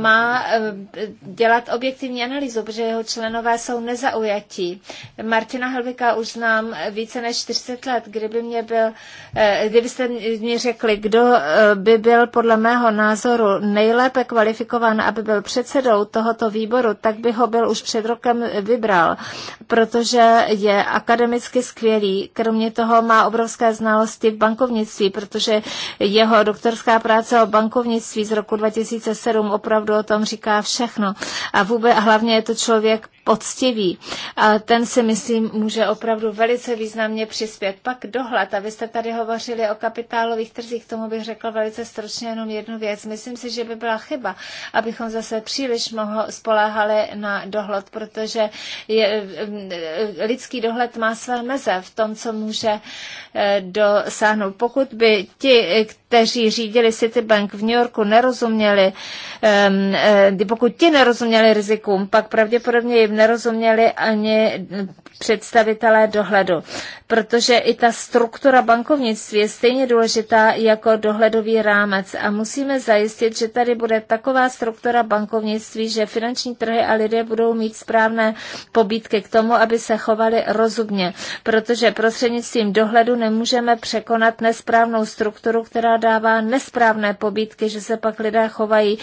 má Eh, dělat objektivní analýzu, protože jeho členové jsou nezaujatí. Martina Helvika už znám více než 40 let. Kdyby mě byl, eh, kdybyste mi řekli, kdo eh, by byl podle mého názoru nejlépe kvalifikován, aby byl předsedou tohoto výboru, tak by ho byl už před rokem vybral, protože je akademicky skvělý. Kromě toho má obrovské znalosti v bankovnictví, protože jeho doktorská práce o bankovnictví z roku 2007 opravdu o tom říká všechno. A vůbec a hlavně je to člověk poctivý. A ten si myslím může opravdu velice významně přispět. Pak dohled, a vy jste tady hovořili o kapitálových trzích, tomu bych řekla velice stručně jenom jednu věc. Myslím si, že by byla chyba, abychom zase příliš mnoho spoléhali na dohled, protože je, eh, lidský dohled má své meze v tom, co může eh, dosáhnout. Pokud by ti, eh, kteří řídili Citibank v New Yorku, nerozuměli, ehm, pokud ti nerozuměli rizikům, pak pravděpodobně jim nerozuměli ani představitelé dohledu, protože i ta struktura bankovnictví je stejně důležitá jako dohledový rámec a musíme zajistit, že tady bude taková struktura bankovnictví, že finanční trhy a lidé budou mít správné pobídky k tomu, aby se chovali rozumně, protože prostřednictvím dohledu nemůžeme překonat nesprávnou strukturu, která dává nesprávné pobídky, že se pak lidé chovají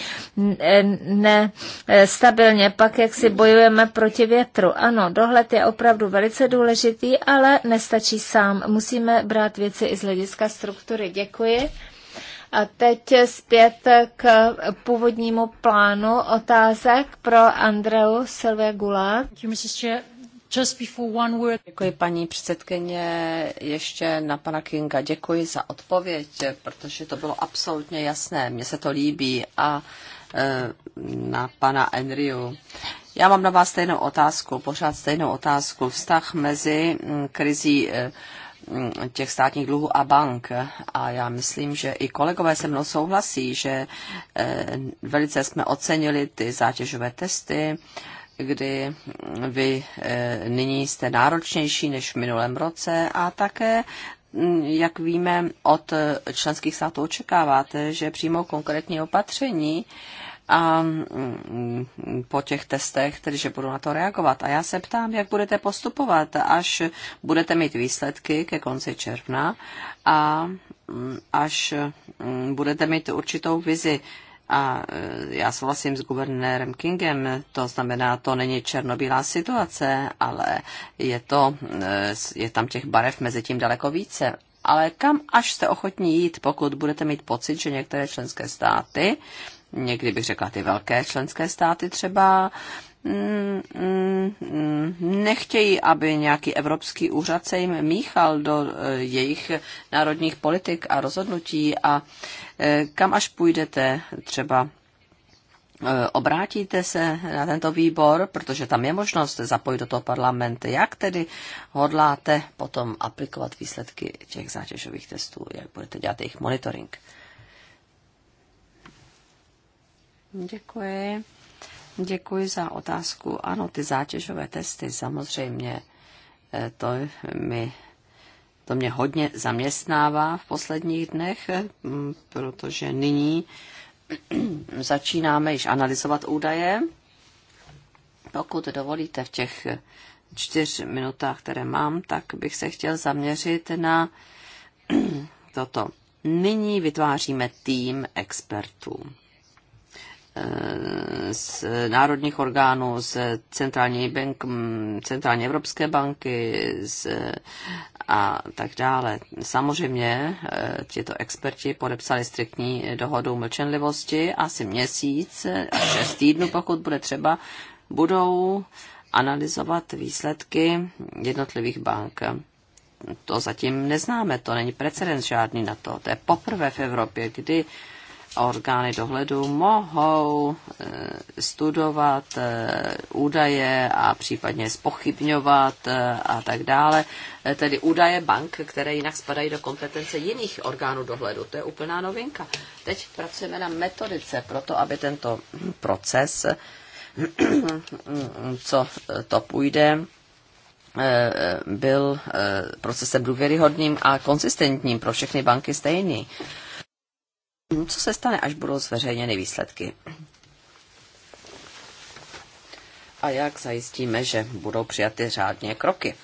nestabilně, pak jak si bojujeme proti proti větru. Ano, dohled je opravdu velice důležitý, ale nestačí sám. Musíme brát věci i z hlediska struktury. Děkuji. A teď zpět k původnímu plánu otázek pro Andreu Silvia Gula. Děkuji paní předsedkyně, ještě na pana Kinga děkuji za odpověď, protože to bylo absolutně jasné, mně se to líbí a eh, na pana Enriu. Já mám na vás stejnou otázku, pořád stejnou otázku. Vztah mezi mm, krizí eh, mm, těch státních dluhů a bank. A já myslím, že i kolegové se mnou souhlasí, že eh, velice jsme ocenili ty zátěžové testy, kdy mm, vy eh, nyní jste náročnější než v minulém roce a také jak víme, od členských států očekáváte, že přijmou konkrétní opatření, a mm, po těch testech, tedy že budu na to reagovat. A já se ptám, jak budete postupovat, až budete mít výsledky ke konci června a mm, až mm, budete mít určitou vizi. A e, já souhlasím s guvernérem Kingem, to znamená, to není černobílá situace, ale je, to, e, je tam těch barev mezi tím daleko více. Ale kam až jste ochotní jít, pokud budete mít pocit, že některé členské státy někdy bych řekla ty velké členské státy třeba, nechtějí, aby nějaký evropský úřad se jim míchal do eh, jejich národních politik a rozhodnutí a eh, kam až půjdete třeba eh, obrátíte se na tento výbor, protože tam je možnost zapojit do toho parlament. Jak tedy hodláte potom aplikovat výsledky těch zátěžových testů? Jak budete dělat jejich monitoring? Děkuji. Děkuji za otázku. Ano, ty zátěžové testy samozřejmě, eh, to mi to mě hodně zaměstnává v posledních dnech, mm, protože nyní začínáme již analyzovat údaje. Pokud dovolíte v těch čtyř minutách, které mám, tak bych se chtěl zaměřit na toto. Nyní vytváříme tým expertů z národních orgánů, z centrální, bank, centrální evropské banky z, a tak dále. Samozřejmě e, tito experti podepsali striktní dohodu mlčenlivosti asi měsíc, šest týdnů, pokud bude třeba, budou analyzovat výsledky jednotlivých bank. To zatím neznáme, to není precedens žádný na to. To je poprvé v Evropě, kdy uh, orgány dohledu mohou eh, studovat eh, údaje a případně spochybňovat eh, a tak dále, tedy údaje bank, které jinak spadají do kompetence jiných orgánů dohledu. To je úplná novinka. Teď pracujeme na metodice pro to, aby tento proces, co to půjde, byl procesem důvěryhodným a konsistentním pro všechny banky stejný. Hmm, co se stane, až budou zveřejněny výsledky? A jak zajistíme, že budou přijaty řádně kroky?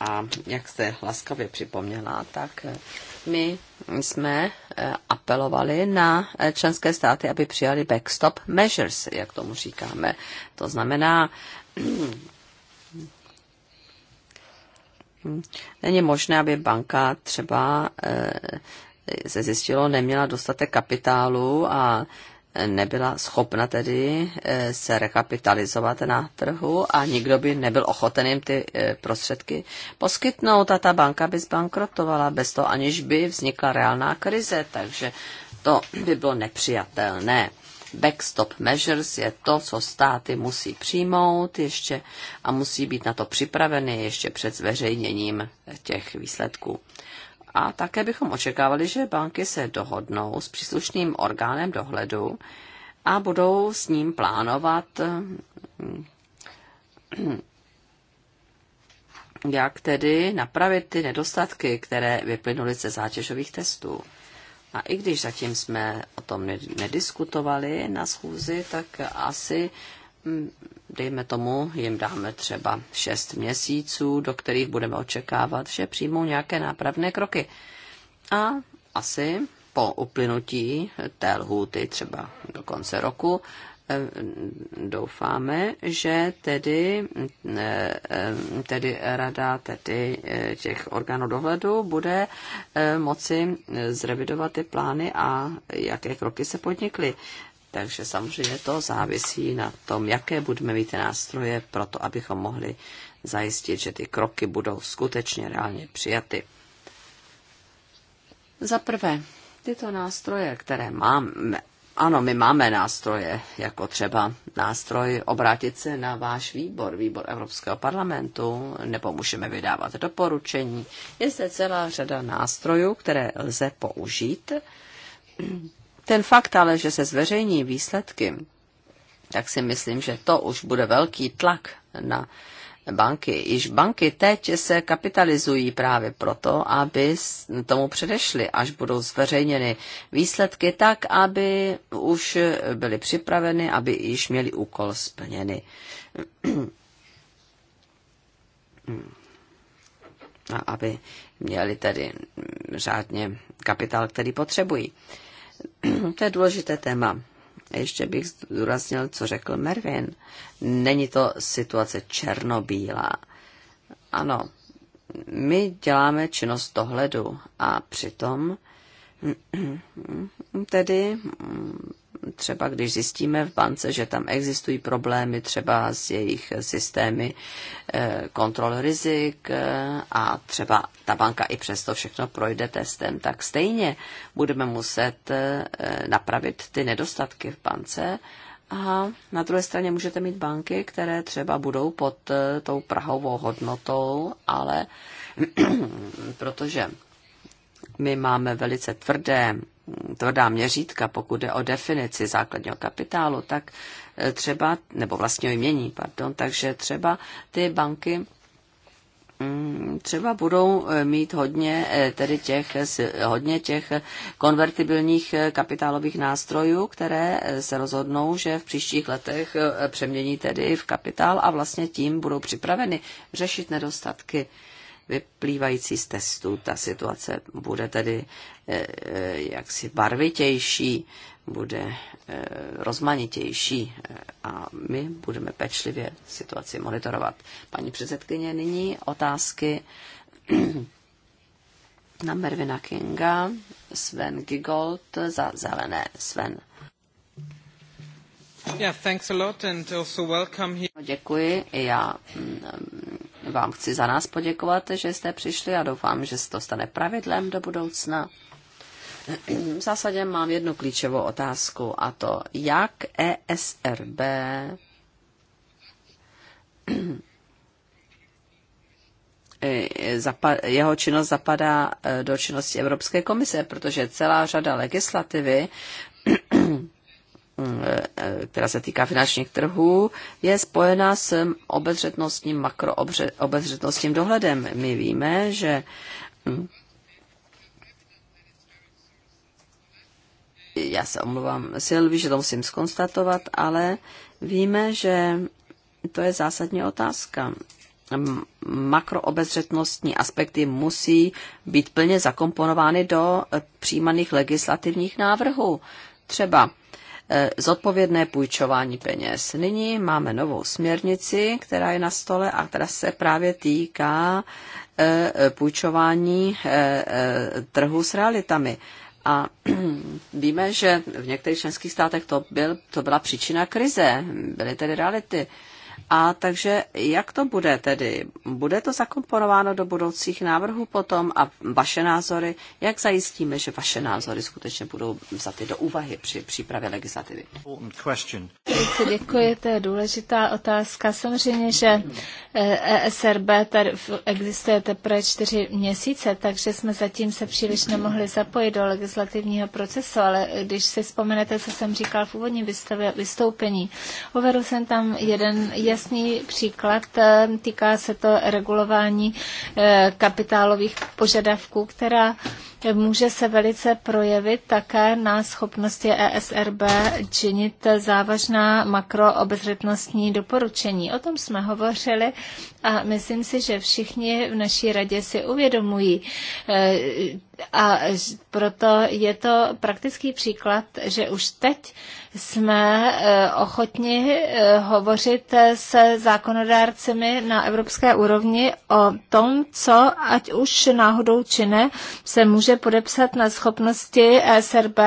A jak jste laskavě připomněla, tak eh, my jsme eh, apelovali na eh, členské státy, aby přijali backstop measures, jak tomu říkáme. To znamená, hmm, hmm, není možné, aby banka třeba se zjistilo, neměla dostatek kapitálu a nebyla schopna tedy eh, se rekapitalizovat na trhu a nikdo by nebyl ochoten jim ty eh, prostředky poskytnout a ta banka by zbankrotovala bez toho, aniž by vznikla reálná krize, takže to by bylo nepřijatelné. Backstop measures je to, co státy musí přijmout ještě a musí být na to připraveny ještě před zveřejněním těch výsledků. A také bychom očekávali, že banky se dohodnou s příslušným orgánem dohledu a budou s ním plánovat, eh, jak tedy napravit ty nedostatky, které vyplynuly ze zátěžových testů. A i když zatím jsme o tom nediskutovali na schůzi, tak asi Mm, dejme tomu, jim dáme třeba šest měsíců, do kterých budeme očekávat, že přijmou nějaké nápravné kroky. A asi po uplynutí té lhůty, třeba do konce roku, eh, doufáme, že tedy, eh, eh, tedy rada tedy těch orgánů dohledu bude moci zrevidovat ty plány a jaké kroky se podnikly. Takže samozřejmě to závisí na tom, jaké budeme mít nástroje pro to, abychom mohli zajistit, že ty kroky budou skutečně reálně přijaty. Za prvé, tyto nástroje, které máme, ano, my máme nástroje, jako třeba nástroj obrátit se na váš výbor, výbor Evropského parlamentu, nebo můžeme vydávat doporučení. Je zde celá řada nástrojů, které lze použít ten fakt ale, že se zveřejní výsledky, tak si myslím, že to už bude velký tlak na banky. Již banky teď se kapitalizují právě proto, aby tomu předešly, až budou zveřejněny výsledky tak, aby už byly připraveny, aby již měli úkol splněny. A aby měli tedy řádně kapitál, který potřebují. To je důležité téma. Ještě bych zdůraznil, co řekl Mervin. Není to situace černobílá. Ano, my děláme činnost dohledu a přitom tedy třeba když zjistíme v bance, že tam existují problémy třeba s jejich systémy eh, kontrol rizik eh, a třeba ta banka i přesto všechno projde testem, tak stejně budeme muset eh, napravit ty nedostatky v bance. A na druhé straně můžete mít banky, které třeba budou pod tou prahovou hodnotou, ale protože my máme velice tvrdé tvrdá měřítka, pokud jde o definici základního kapitálu, tak e, třeba, nebo vlastního jmění, pardon, takže třeba ty banky mm, třeba budou e, mít hodně, e, tedy těch, hodně těch konvertibilních kapitálových nástrojů, které se rozhodnou, že v příštích letech přemění tedy v kapitál a vlastně tím budou připraveny řešit nedostatky vyplývající z testů. Ta situace bude tedy eh, eh, jaksi barvitější, bude eh, rozmanitější a my budeme pečlivě situaci monitorovat. Paní předsedkyně, nyní otázky na Mervina Kinga, Sven Gigold za zelené. Sven. Yeah, thanks a lot and also welcome here. Děkuji. Já mm, vám chci za nás poděkovat, že jste přišli a doufám, že se to stane pravidlem do budoucna. V zásadě mám jednu klíčovou otázku a to, jak ESRB jeho činnost zapadá eh, do činnosti Evropské komise, protože celá řada legislativy Eh, která se týká finančních trhů, je spojena s obezřetnostním makroobezřetnostním dohledem. My víme, že hm, já se omluvám Silvi, že to musím skonstatovat, ale víme, že to je zásadní otázka. Makroobezřetnostní aspekty musí být plně zakomponovány do eh, přijímaných legislativních návrhů. Třeba Eh, zodpovědné půjčování peněz. Nyní máme novou směrnici, která je na stole a která se právě týká eh, půjčování eh, trhu s realitami. A víme, že v některých členských státech to, byl, to byla příčina krize, byly tedy reality. A takže jak to bude tedy? Bude to zakomponováno do budoucích návrhů potom a vaše názory? Jak zajistíme, že vaše názory skutečně budou vzaty do úvahy při přípravě legislativy? Děkuji, to je důležitá otázka. Samozřejmě, že ESRB eh, e tady existuje teprve čtyři měsíce, takže jsme zatím se příliš nemohli zapojit do legislativního procesu, ale když si vzpomenete, co jsem říkal v úvodním vystoupení, uvedl jsem tam jeden je jasný příklad, eh, týká se to regulování eh, kapitálových požadavků, která může se velice projevit také na schopnosti ESRB činit závažná makroobezřetnostní doporučení. O tom jsme hovořili a myslím si, že všichni v naší radě si uvědomují. Eh, a proto je to praktický příklad, že už teď jsme eh, ochotni eh, hovořit eh, se zákonodárcemi na evropské úrovni o tom, co, ať už náhodou či ne, se může podepsat na schopnosti SRB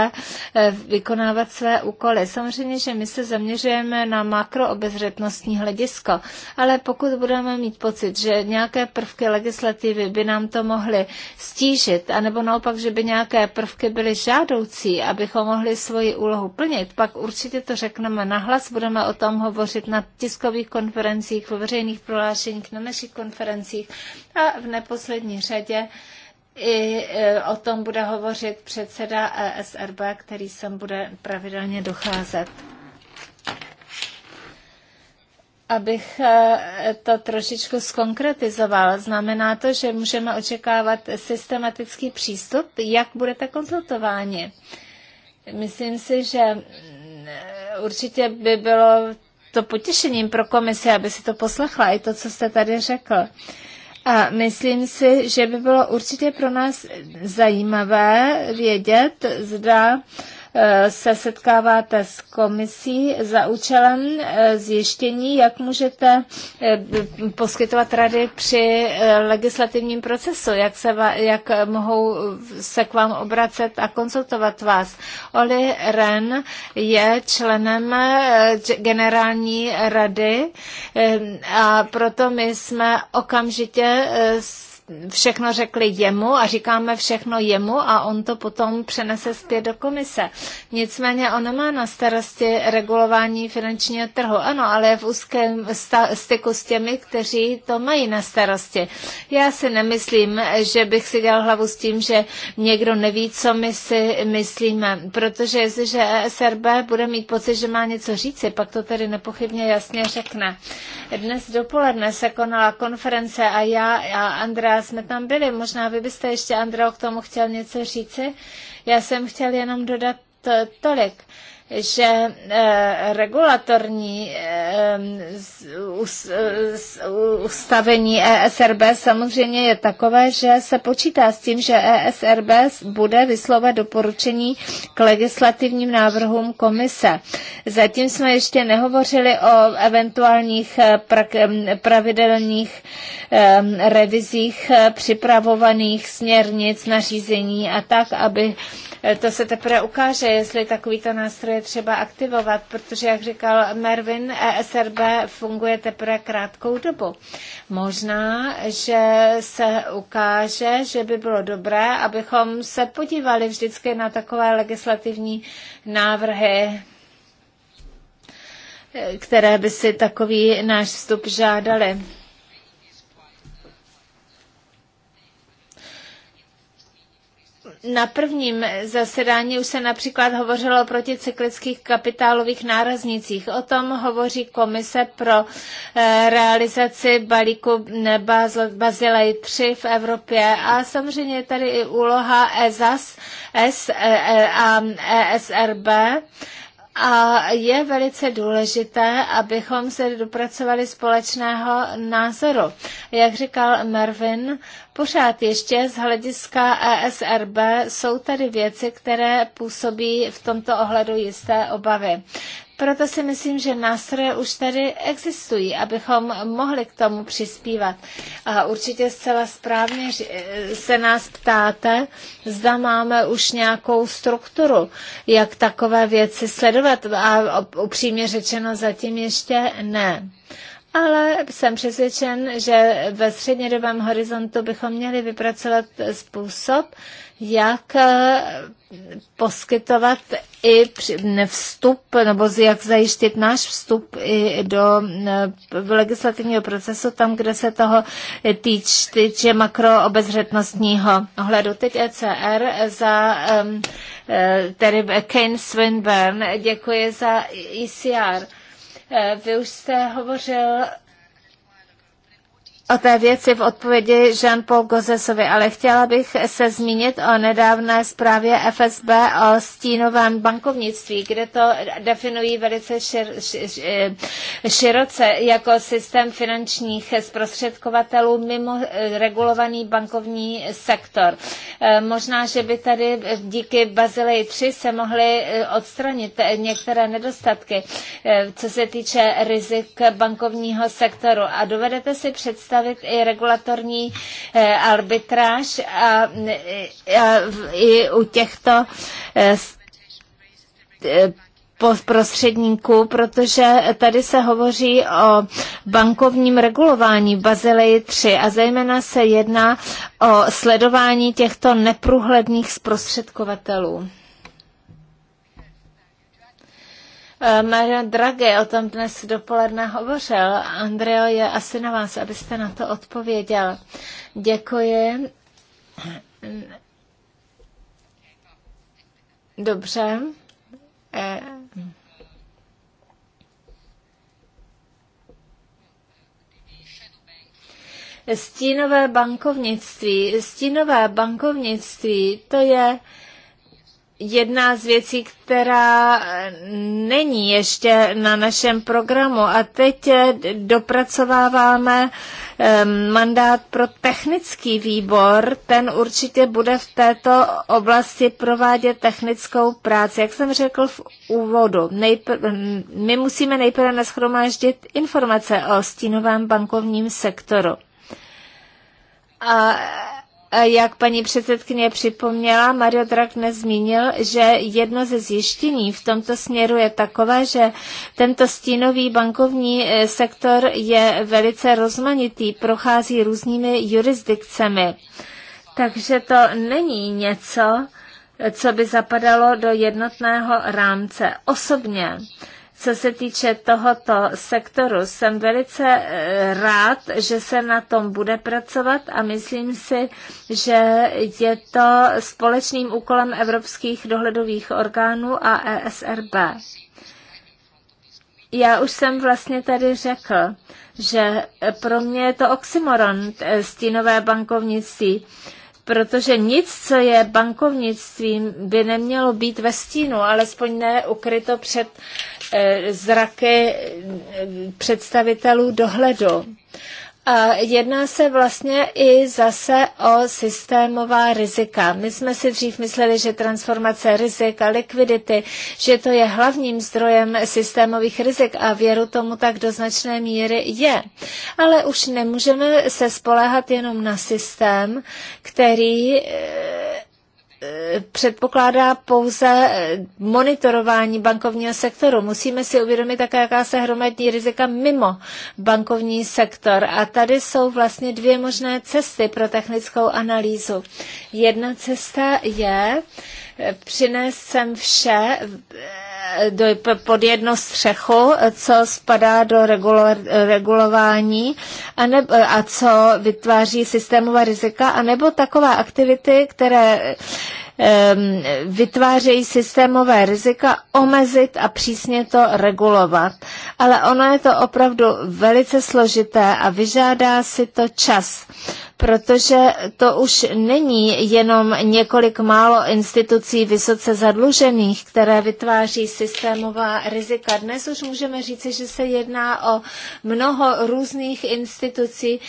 vykonávat své úkoly. Samozřejmě, že my se zaměřujeme na makroobezřetnostní hledisko, ale pokud budeme mít pocit, že nějaké prvky legislativy by nám to mohly stížit, anebo naopak, že by nějaké prvky byly žádoucí, abychom mohli svoji úlohu plnit, pak určitě to řekneme nahlas, budeme o tom hovořit na tiskových konferencích, ve veřejných prohlášeních, na našich konferencích a v neposlední řadě i e, o tom bude hovořit předseda ESRB, který sem bude pravidelně docházet. Abych e, to trošičku skonkretizoval, znamená to, že můžeme očekávat systematický přístup, jak budete konzultováni. Myslím si, že určitě by bylo to potěšením pro komisi, aby si to poslechla, i to, co jste tady řekl. A myslím si, že by bylo určitě pro nás zajímavé vědět, zda Eh, se setkáváte s komisí za účelem eh, zjištění, jak můžete eh, poskytovat rady při legislativním procesu, jak, se, jak mohou se k vám obracet a konsultovat vás. Oli Ren je členem generální rady a proto my jsme okamžitě s všechno řekli jemu a říkáme všechno jemu a on to potom přenese zpět do komise. Nicméně on má na starosti regulování finančního trhu. Ano, ale je v úzkém styku s těmi, kteří to mají na starosti. Já si nemyslím, že bych si dělal hlavu s tím, že někdo neví, co my si myslíme, protože jestliže e SRB bude mít pocit, že má něco říci, pak to tedy nepochybně jasně řekne. Dnes dopoledne se konala konference a já a Andrea jsme tam byli. Možná vy byste ještě, Andreo, k tomu chtěl něco říci. Já jsem chtěl jenom dodat tolik, že eh, regulatorní eh, ustavení ESRB samozřejmě je takové, že se počítá s tím, že ESRB bude vyslovat doporučení k legislativním návrhům komise. Zatím jsme ještě nehovořili o eventuálních eh, pravidelných revizích připravovaných směrnic, nařízení a tak, aby Eh, to se teprve ukáže, jestli takovýto nástroj je třeba aktivovat, protože, jak říkal Mervin, ESRB funguje teprve krátkou dobu. Možná, že se ukáže, že by bylo dobré, abychom se podívali vždycky na takové legislativní návrhy eh, které by si takový náš vstup žádali. Na prvním zasedání už se například hovořilo o proticyklických kapitálových náraznicích. O tom hovoří Komise pro eh, realizaci balíku Bazilej 3 v Evropě. A samozřejmě je tady i úloha ESAS S, a ESRB. E e a je velice důležité, abychom se dopracovali společného názoru. Jak říkal Mervin, Pořád ještě z hlediska ESRB jsou tady věci, které působí v tomto ohledu jisté obavy. Proto si myslím, že nástroje už tady existují, abychom mohli k tomu přispívat. A určitě zcela správně se nás ptáte, zda máme už nějakou strukturu, jak takové věci sledovat. A upřímně řečeno, zatím ještě ne ale jsem přesvědčen, že ve střednědobém horizontu bychom měli vypracovat způsob, jak eh, poskytovat i vstup, nebo jak zajištit náš vstup i do eh, legislativního procesu tam, kde se toho týč, týče makroobezřetnostního ohledu. Teď ECR za eh, tedy Kane Swinburne. Děkuji za ECR. Eh, vy už jste hovořil o té věci v odpovědi Jean-Paul Gozesovi, ale chtěla bych se zmínit o nedávné zprávě FSB o stínovém bankovnictví, kde to definují velice šir, šir, eh, široce jako systém finančních zprostředkovatelů mimo eh, regulovaný bankovní sektor. Eh, možná, že by tady díky Bazileji 3 se mohly odstranit některé nedostatky, co se týče rizik bankovního sektoru. A dovedete si představit, nastavit i regulatorní eh, arbitráž a, eh, a i u těchto eh, prostředníků, protože tady se hovoří o bankovním regulování Bazileji 3 a zejména se jedná o sledování těchto neprůhledných zprostředkovatelů. Eh, Mario Draghi o tom dnes dopoledne hovořil. Andreo, je asi na vás, abyste na to odpověděl. Děkuji. Dobře. Eh, Stínové bankovnictví. Stínové bankovnictví to je jedna z věcí, která eh, není ještě na našem programu. A teď eh, dopracováváme ehm, mandát pro technický výbor. Ten určitě bude v této oblasti provádět technickou práci. Jak jsem řekl v úvodu, nejpr- mm, my musíme nejprve neschromáždit informace o stínovém bankovním sektoru. A Eh, jak paní předsedkyně připomněla, Mario Drak nezmínil, že jedno ze zjištění v tomto směru je takové, že tento stínový bankovní eh, sektor je velice rozmanitý, prochází různými jurisdikcemi. Takže to není něco, eh, co by zapadalo do jednotného rámce. Osobně co se týče tohoto sektoru, jsem velice eh, rád, že se na tom bude pracovat a myslím si, že je to společným úkolem evropských dohledových orgánů a ESRB. Já už jsem vlastně tady řekl, že pro mě je to oxymoron eh, stínové bankovnictví protože nic, co je bankovnictvím, by nemělo být ve stínu, alespoň ne ukryto před eh, zraky eh, představitelů dohledu jedná se vlastně i zase o systémová rizika. My jsme si dřív mysleli, že transformace rizika, likvidity, že to je hlavním zdrojem systémových rizik a věru tomu tak do značné míry je. Ale už nemůžeme se spoléhat jenom na systém, který eh, předpokládá pouze eh, monitorování bankovního sektoru. Musíme si uvědomit také, jaká se hromadní rizika mimo bankovní sektor. A tady jsou vlastně dvě možné cesty pro technickou analýzu. Jedna cesta je eh, přinést sem vše eh, do, pod jedno střechu, co spadá do regulo, regulování a, ne, a co vytváří systémová rizika, anebo takové aktivity, které um, vytvářejí systémové rizika, omezit a přísně to regulovat. Ale ono je to opravdu velice složité a vyžádá si to čas. Uh, protože to už není jenom několik málo institucí vysoce zadlužených, které vytváří systémová rizika. Dnes už můžeme říci, že se jedná o mnoho různých institucí,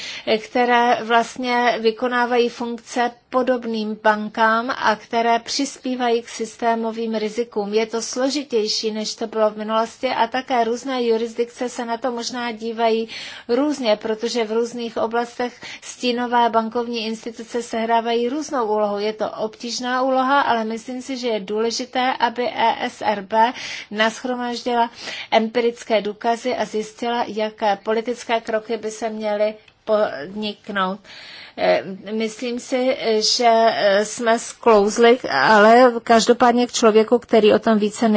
které vlastně vykonávají funkce podobným bankám a které přispívají k systémovým rizikům. Je to složitější, než to bylo v minulosti a také různé jurisdikce se na to možná dívají různě, protože v různých oblastech stínová malé bankovní instituce sehrávají různou úlohu. Je to obtížná úloha, ale myslím si, že je důležité, aby ESRB naschromaždila empirické důkazy a zjistila, jaké politické kroky by se měly podniknout. E, myslím si, že e, jsme sklouzli, ale každopádně k člověku, který o tom více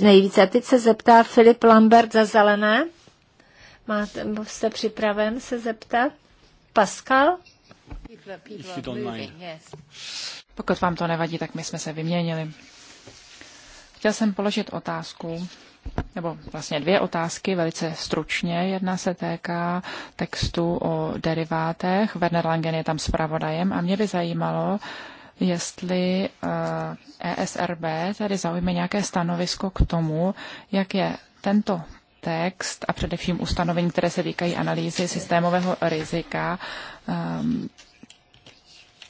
nejvíce. A teď se zeptá Filip Lambert za zelené. Máte, jste připraven se zeptat? Pascal? If you don't mind. Pokud vám to nevadí, tak my jsme se vyměnili. Chtěl jsem položit otázku, nebo vlastně dvě otázky, velice stručně. Jedna se týká textu o derivátech. Werner Langen je tam zpravodajem a mě by zajímalo, jestli ESRB eh, e tady zaujme nějaké stanovisko k tomu, jak je tento text a především ustanovení, které se týkají analýzy systémového rizika, ehm,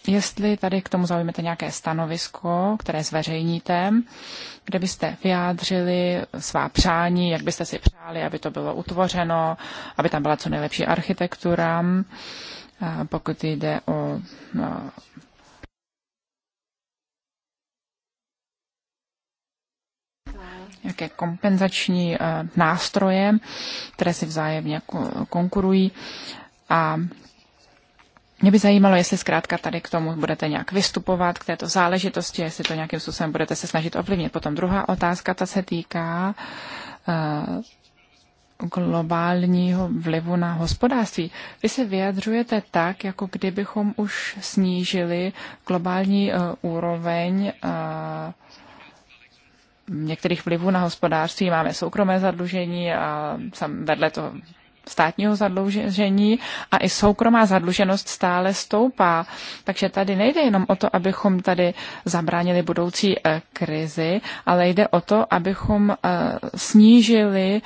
jestli tady k tomu zaujmete nějaké stanovisko, které zveřejníte, kde byste vyjádřili svá přání, jak byste si přáli, aby to bylo utvořeno, aby tam byla co nejlepší architektura, pokud jde o no, jaké kompenzační eh, nástroje, které si vzájemně konkurují. A mě by zajímalo, jestli zkrátka tady k tomu budete nějak vystupovat, k této záležitosti, jestli to nějakým způsobem budete se snažit ovlivnit. Potom druhá otázka, ta se týká uh, globálního vlivu na hospodářství. Vy se vyjadřujete tak, jako kdybychom už snížili globální uh, úroveň uh, některých vlivů na hospodářství. Máme soukromé zadlužení a sam vedle toho státního zadlužení a i soukromá zadluženost stále stoupá. Takže tady nejde jenom o to, abychom tady zabránili budoucí eh, krizi, ale jde o to, abychom eh, snížili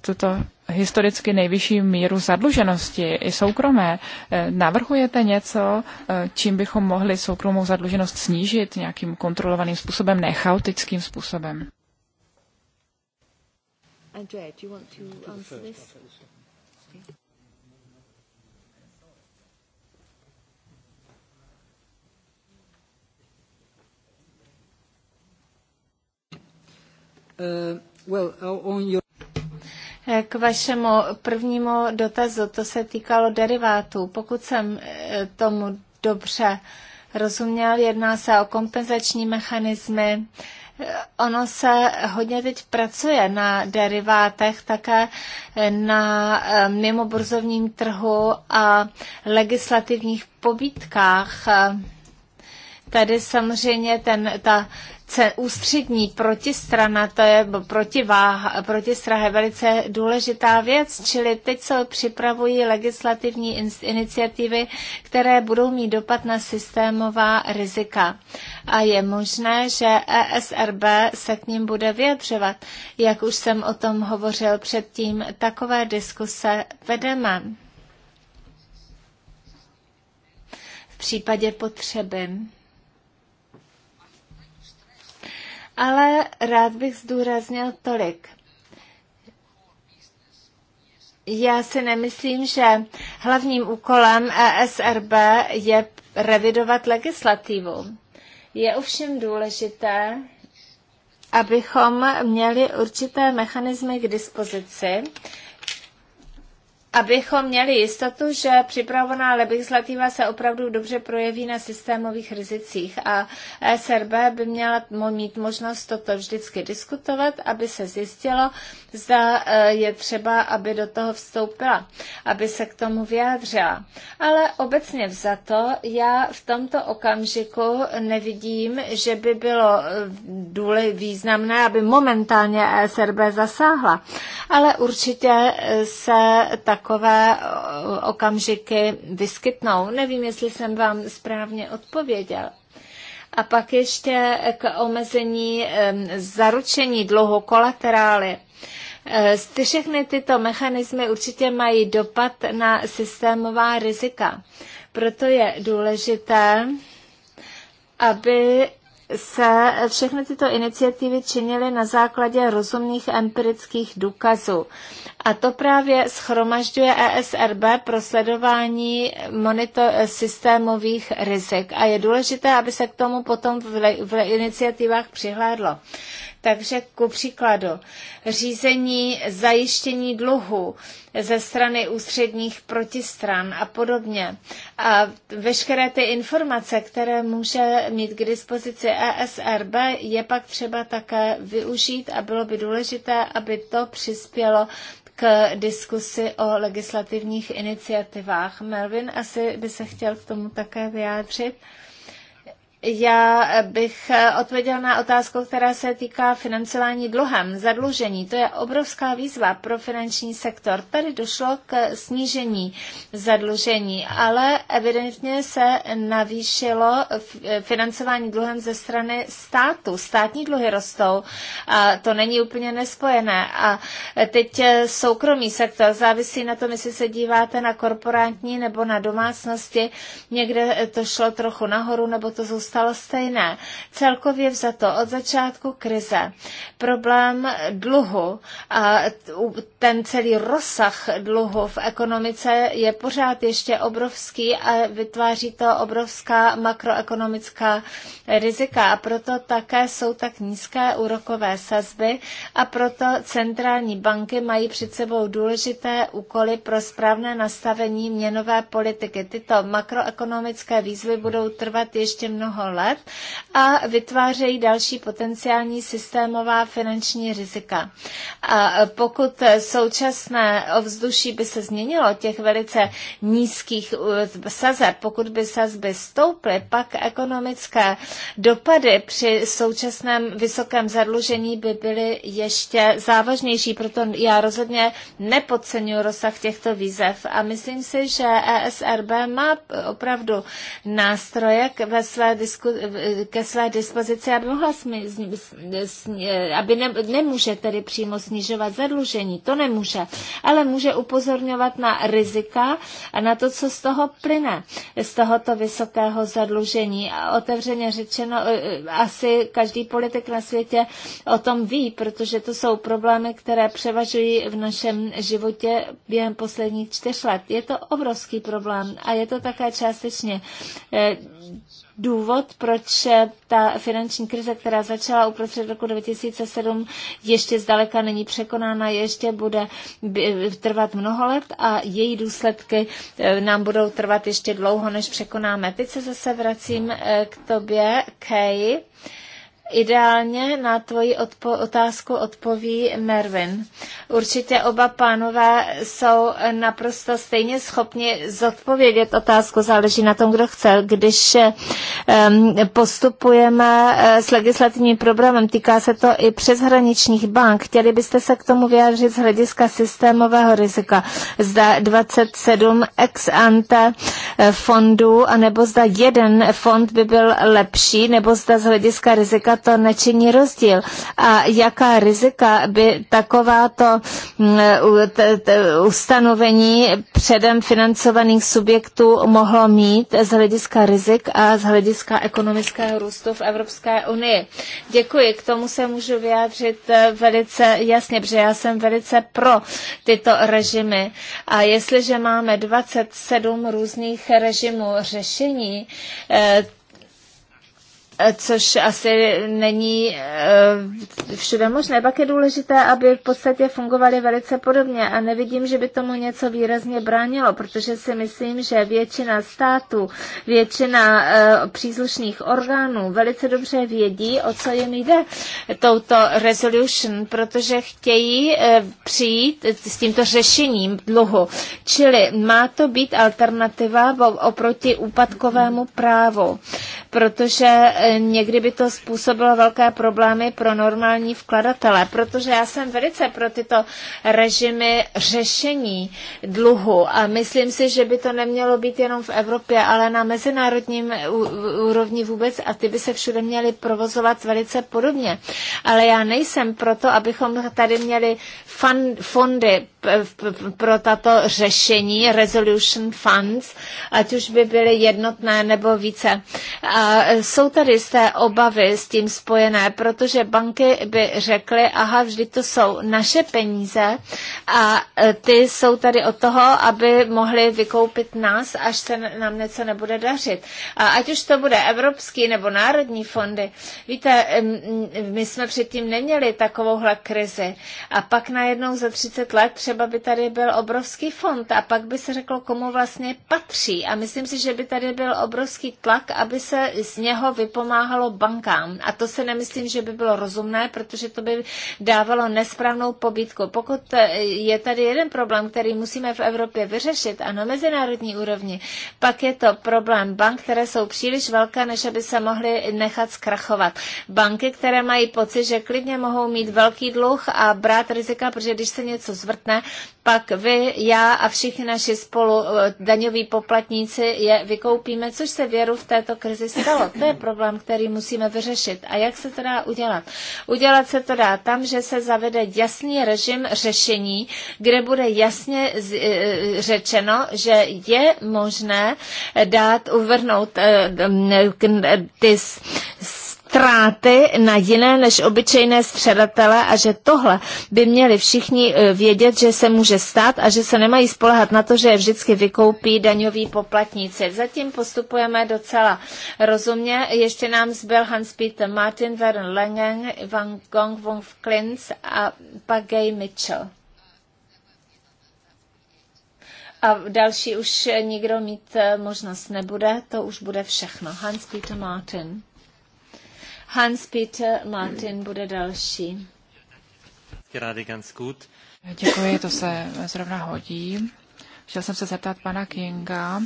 tuto historicky nejvyšší míru zadluženosti i soukromé. Eh, navrhujete něco, čím bychom mohli soukromou zadluženost snížit nějakým kontrolovaným způsobem, ne chaotickým způsobem? Andrea, do you want to answer this? Uh, uh, K vašemu prvnímu dotazu, to se týkalo derivátů. Pokud jsem eh, tomu dobře rozuměl, jedná se o kompenzační mechanismy, eh, Ono se hodně teď pracuje na derivátech, také eh, na mimoburzovním trhu a legislativních pobítkách. Tady samozřejmě ten, ta ústřední protistrana, to je protiváha, protistraha je velice důležitá věc, čili teď se připravují legislativní iniciativy, které budou mít dopad na systémová rizika. A je možné, že ESRB se k ním bude vyjadřovat. Jak už jsem o tom hovořil předtím, takové diskuse vedeme. V případě potřeby. ale rád bych zdůraznil tolik. Já si nemyslím, že hlavním úkolem ESRB je revidovat legislativu. Je ovšem důležité, abychom měli určité mechanismy k dispozici, abychom měli jistotu, že připravovaná legislativa se opravdu dobře projeví na systémových rizicích a SRB by měla mít možnost toto vždycky diskutovat, aby se zjistilo, zda eh, je třeba, aby do toho vstoupila, aby se k tomu vyjádřila. Ale obecně vzato, já v tomto okamžiku nevidím, že by bylo eh, důle významné, aby momentálně SRB zasáhla, ale určitě eh, se tak takové eh, okamžiky vyskytnou. Nevím, jestli jsem vám správně odpověděl. A pak ještě k omezení zaručení dluhu kolaterály. Eh, všechny tyto mechanismy určitě mají dopad na systémová rizika. Proto je důležité, aby se všechny tyto iniciativy činily na základě rozumných empirických důkazů. A to právě schromažďuje ESRB pro sledování monitor eh, systémových rizik. A je důležité, aby se k tomu potom v, v iniciativách přihlédlo. Takže ku příkladu řízení zajištění dluhu ze strany ústředních protistran a podobně. A veškeré ty informace, které může mít k dispozici ESRB, je pak třeba také využít a bylo by důležité, aby to přispělo k diskusi o legislativních iniciativách. Melvin asi by se chtěl k tomu také vyjádřit. Já bych odpověděl na otázku, která se týká financování dluhem, zadlužení. To je obrovská výzva pro finanční sektor. Tady došlo k snížení zadlužení, ale evidentně se navýšilo financování dluhem ze strany státu. Státní dluhy rostou a to není úplně nespojené. A teď soukromý sektor závisí na tom, jestli se díváte na korporátní nebo na domácnosti. Někde to šlo trochu nahoru, nebo to zůstalo zůstalo stejné. Celkově vzato od začátku krize problém dluhu a ten celý rozsah dluhu v ekonomice je pořád ještě obrovský a vytváří to obrovská makroekonomická rizika a proto také jsou tak nízké úrokové sazby a proto centrální banky mají před sebou důležité úkoly pro správné nastavení měnové politiky. Tyto makroekonomické výzvy budou trvat ještě mnoho mnoho let a vytvářejí další potenciální systémová finanční rizika. A pokud současné ovzduší by se změnilo těch velice nízkých sazeb, pokud by sazby stouply, pak ekonomické dopady při současném vysokém zadlužení by byly ještě závažnější. Proto já rozhodně nepodceňuji rozsah těchto výzev a myslím si, že ESRB má opravdu nástroje ve své disku, ke své dispozici, aby, mohla smi, sni, aby ne, nemůže tedy přímo snižovat zadlužení, to nemůže, ale může upozorňovat na rizika a na to, co z toho plyne, z tohoto vysokého zadlužení. A otevřeně řečeno, e, e, asi každý politik na světě o tom ví, protože to jsou problémy, které převažují v našem životě během posledních čtyř let. Je to obrovský problém a je to také částečně e, důvod, proč ta finanční krize, která začala uprostřed roku 2007, ještě zdaleka není překonána, ještě bude trvat mnoho let a její důsledky eh, nám budou trvat ještě dlouho, než překonáme. Teď se zase vracím eh, k tobě, Kay. Ideálně na tvoji odpo- otázku odpoví Mervin. Určitě oba pánové jsou naprosto stejně schopni zodpovědět otázku, záleží na tom, kdo chce. Když um, postupujeme eh, s legislativním problémem, týká se to i přeshraničních bank. Chtěli byste se k tomu vyjádřit z hlediska systémového rizika? Zda 27 ex ante eh, fondů, anebo zda jeden fond by byl lepší, nebo zda z hlediska rizika to nečiní rozdíl a jaká rizika by takováto mm, ustanovení předem financovaných subjektů mohlo mít z hlediska rizik a z hlediska ekonomického růstu v Evropské unii. Děkuji, k tomu se můžu vyjádřit eh, velice jasně, protože já jsem velice pro tyto režimy. A jestliže máme 27 různých režimů řešení, eh, Eh, což asi není eh, všude možné. Pak je důležité, aby v podstatě fungovaly velice podobně a nevidím, že by tomu něco výrazně bránilo, protože si myslím, že většina států, většina eh, příslušných orgánů velice dobře vědí, o co jim jde touto resolution, protože chtějí přijít s tímto řešením dluhu. Čili má to být alternativa oproti úpadkovému právu, protože někdy by to způsobilo velké problémy pro normální vkladatele, protože já jsem velice pro tyto režimy řešení dluhu a myslím si, že by to nemělo být jenom v Evropě, ale na mezinárodním úrovni vůbec a ty by se všude měly provozovat velice podobně. Ale já nejsem proto, abychom tady měli fondy pro tato řešení, resolution funds, ať už by byly jednotné nebo více. A jsou tady jisté obavy s tím spojené, protože banky by řekly, aha, vždy to jsou naše peníze a e, ty jsou tady od toho, aby mohly vykoupit nás, až se nám něco nebude dařit. A ať už to bude evropský nebo národní fondy. Víte, my jsme předtím neměli takovouhle krizi. A pak najednou za 30 let třeba by tady byl obrovský fond a pak by se řeklo, komu vlastně patří. A myslím si, že by tady byl obrovský tlak, aby se z něho vypomínalo pomáhalo bankám. A to se nemyslím, že by bylo rozumné, protože to by dávalo nesprávnou pobídku. Pokud eh, je tady jeden problém, který musíme v Evropě vyřešit a na mezinárodní úrovni, pak je to problém bank, které jsou příliš velké, než aby se mohly nechat zkrachovat. Banky, které mají pocit, že klidně mohou mít velký dluh a brát rizika, protože když se něco zvrtne, pak vy, já a všichni naši spolu eh, daňoví poplatníci je vykoupíme, což se věru v této krizi stalo. To je problém problém, který musíme vyřešit. A jak se to dá udělat? Udělat se to dá tam, že se zavede jasný režim řešení, kde bude jasně e, řečeno, že je možné dát uvrhnout e, e, ty ztráty na jiné než obyčejné střadatele a že tohle by měli všichni e, vědět, že se může stát a že se nemají spolehat na to, že je vždycky vykoupí daňoví poplatníci. Zatím postupujeme docela rozumně. Ještě nám zbyl Hans-Peter Martin, Vern Lengen, Van Gong, Wong Klins a pak Gay Mitchell. A další už nikdo mít e, možnost nebude, to už bude všechno. Hans Peter Martin. Hans-Peter Martin bude další. Děkuji, to se zrovna hodí. Chtěl jsem se zeptat pana Kinga,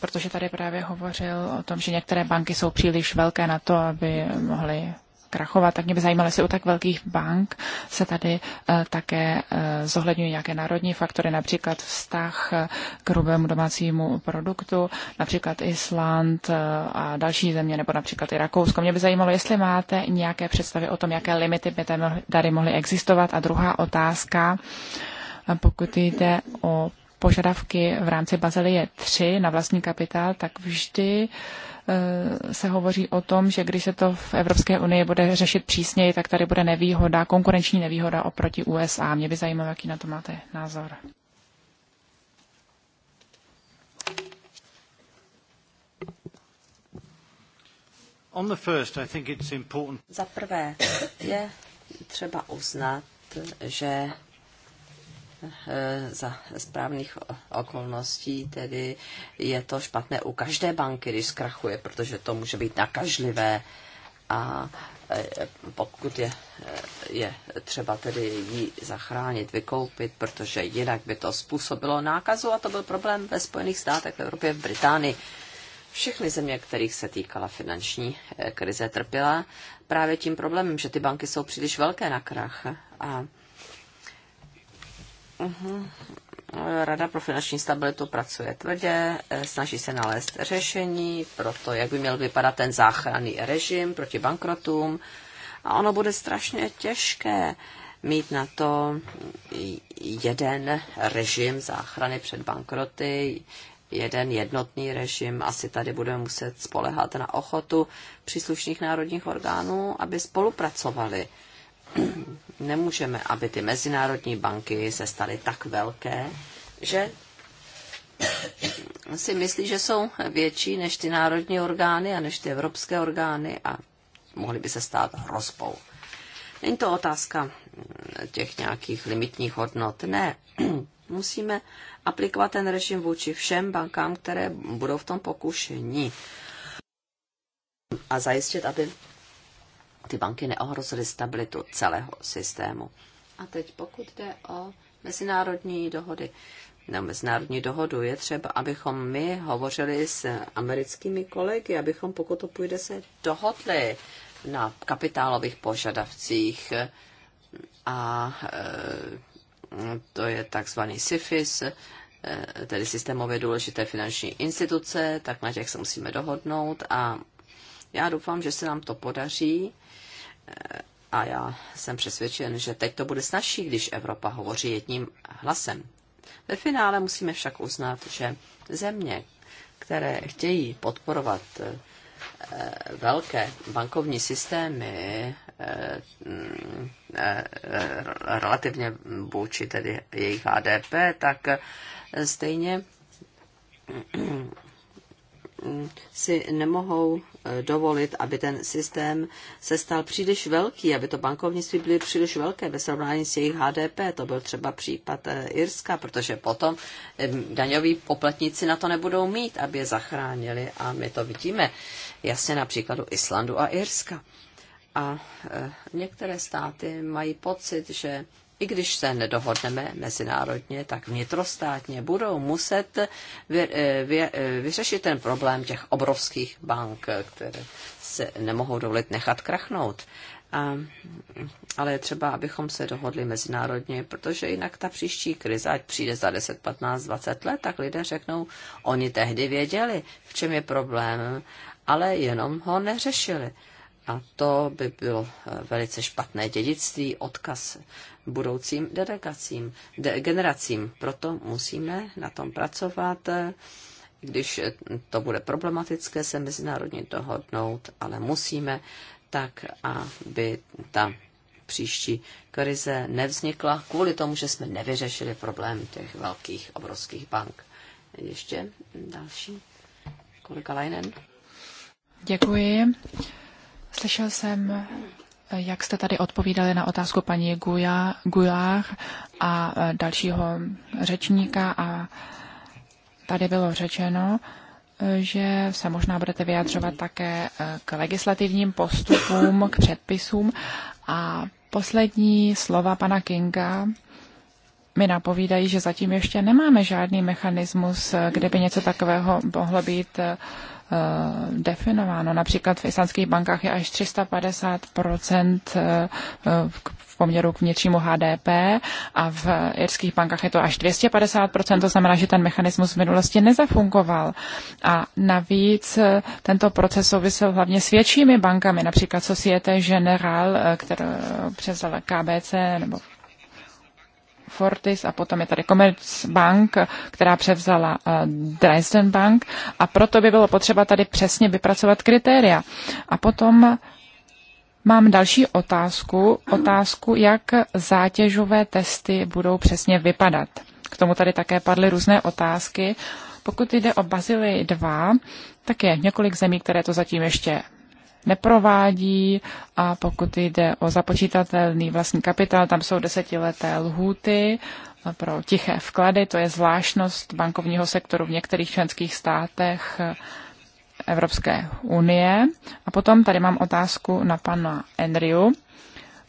protože tady právě hovořil o tom, že některé banky jsou příliš velké na to, aby mohly zkrachovat. tak mě by zajímalo, jestli u tak velkých bank se tady eh, také eh, zohledňují nějaké národní faktory, například vztah eh, k hrubému domácímu produktu, například Island a další země, nebo například i Rakousko. Mě by zajímalo, jestli máte nějaké představy o tom, jaké limity by tady mohly existovat. A druhá otázka, pokud jde o požadavky v rámci Bazelie 3 na vlastní kapitál, tak vždy uh, Eh, se hovoří o tom, že když se to v Evropské unii bude řešit přísněji, tak tady bude nevýhoda, konkurenční nevýhoda oproti USA. Mě by zajímalo, jaký na to máte názor. Za prvé je třeba uznat, že Eh, za správných okolností, tedy je to špatné u každé banky, když zkrachuje, protože to může být nakažlivé a eh, pokud je, eh, je třeba tedy ji zachránit, vykoupit, protože jinak by to způsobilo nákazu a to byl problém ve Spojených státech, v Evropě, v Británii. Všechny země, kterých se týkala finanční krize, trpěla právě tím problémem, že ty banky jsou příliš velké na krach a Uh-huh. Rada pro finanční stabilitu pracuje tvrdě, eh, snaží se nalézt řešení pro to, jak by měl vypadat ten záchranný režim proti bankrotům. A ono bude strašně těžké mít na to jeden režim záchrany před bankroty, jeden jednotný režim. Asi tady budeme muset spolehat na ochotu příslušných národních orgánů, aby spolupracovali nemůžeme, aby ty mezinárodní banky se staly tak velké, že si myslí, že jsou větší než ty národní orgány a než ty evropské orgány a mohly by se stát hrozbou. Není to otázka těch nějakých limitních hodnot. Ne, musíme aplikovat ten režim vůči všem bankám, které budou v tom pokušení a zajistit, aby ty banky neohrozily stabilitu celého systému. A teď pokud jde o mezinárodní dohody, na no, mezinárodní dohodu je třeba, abychom my hovořili s americkými kolegy, abychom, pokud to půjde, se dohodli na kapitálových požadavcích a e, to je takzvaný SIFIS, e, tedy systémově důležité finanční instituce, tak na těch se musíme dohodnout a já doufám, že se nám to podaří a já jsem přesvědčen, že teď to bude snažší, když Evropa hovoří jedním hlasem. Ve finále musíme však uznat, že země, které chtějí podporovat eh, velké bankovní systémy eh, eh, relativně vůči tedy jejich HDP, tak stejně si nemohou eh, dovolit, aby ten systém se stal příliš velký, aby to bankovnictví byly příliš velké ve srovnání s jejich HDP. To byl třeba případ eh, Irska, protože potom eh, daňoví poplatníci na to nebudou mít, aby je zachránili. A my to vidíme jasně na příkladu Islandu a Irska. A některé státy mají pocit, že i když se nedohodneme mezinárodně, tak vnitrostátně budou muset vy, eh, vy, eh, vyřešit ten problém těch obrovských bank, které se nemohou dovolit nechat krachnout. A, ale je třeba, abychom se dohodli mezinárodně, protože jinak ta příští krize, ať přijde za 10, 15, 20 let, tak lidé řeknou, oni tehdy věděli, v čem je problém, ale jenom ho neřešili. A to by bylo eh, velice špatné dědictví, odkaz budoucím delegacím, de, generacím. Proto musíme na tom pracovat. Když to bude problematické se mezinárodně dohodnout, ale musíme tak, aby ta příští krize nevznikla kvůli tomu, že jsme nevyřešili problém těch velkých obrovských bank. Ještě další. Kolega Leinen. Děkuji. Slyšel jsem jak jste tady odpovídali na otázku paní Gujár a e, dalšího řečníka a tady bylo řečeno, e, že se možná budete vyjadřovat také e, k legislativním postupům, k předpisům a poslední slova pana Kinga mi napovídají, že zatím ještě nemáme žádný mechanismus, kde by něco takového mohlo být Eh, definováno. Například v islandských bankách je až 350 eh, v poměru k vnitřnímu HDP a v irských bankách je to až 250 to znamená, že ten mechanismus v minulosti nezafungoval. A navíc eh, tento proces souvisel hlavně s většími bankami, například Societe General, která převzala KBC nebo Fortis a potom je tady Commerzbank, která převzala eh, Dresden Bank a proto by bylo potřeba tady přesně vypracovat kritéria. A potom mám další otázku, otázku, jak zátěžové testy budou přesně vypadat. K tomu tady také padly různé otázky. Pokud jde o Bazily 2, tak je několik zemí, které to zatím ještě neprovádí a pokud jde o započítatelný vlastní kapitál, tam jsou desetileté lhůty pro tiché vklady, to je zvláštnost bankovního sektoru v některých členských státech Evropské unie. A potom tady mám otázku na pana Andrew.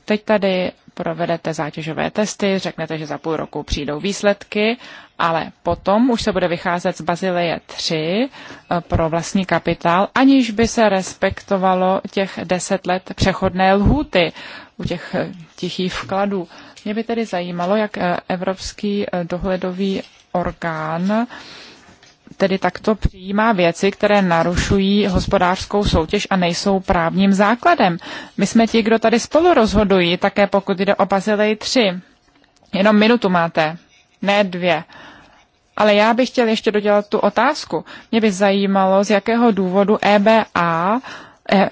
Teď tady provedete zátěžové testy, řeknete, že za půl roku přijdou výsledky, ale potom už se bude vycházet z Bazileje 3 eh, pro vlastní kapitál, aniž by se respektovalo těch 10 let přechodné lhůty u těch eh, tichých vkladů. Mě by tedy zajímalo, jak eh, Evropský dohledový orgán tedy takto přijímá věci, které narušují hospodářskou soutěž a nejsou právním základem. My jsme ti, kdo tady spolu rozhodují, také pokud jde o Bazilej 3. Jenom minutu máte, ne dvě. Ale já bych chtěl ještě dodělat tu otázku. Mě by zajímalo, z jakého důvodu EBA e,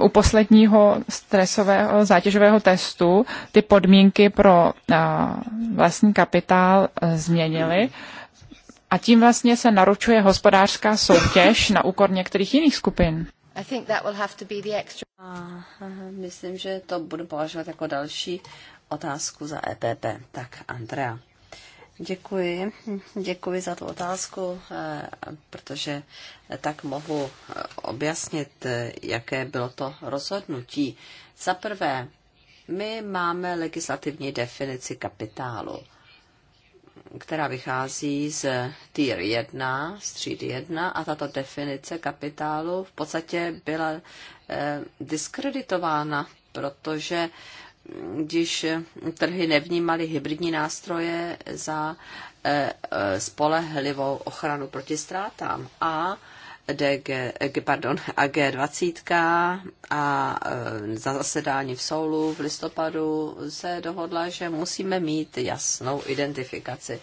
u posledního stresového zátěžového testu ty podmínky pro a, vlastní kapitál e, změnily. Mm a tím vlastně se naručuje hospodářská soutěž na úkor některých jiných skupin. to myslím, že to budu považovat jako další otázku za EPP. Tak, Andrea. Děkuji. Děkuji za tu otázku, eh, protože tak mohu eh, objasnit, eh, jaké bylo to rozhodnutí. Za prvé, my máme legislativní definici kapitálu která vychází z tier 1, z třídy 1 a tato definice kapitálu v podstatě byla eh, diskreditována, protože mm, když trhy nevnímaly hybridní nástroje za eh, eh, spolehlivou ochranu proti ztrátám a DG, pardon, AG20 a e, za zasedání v Soulu v listopadu se dohodla, že musíme mít jasnou identifikaci,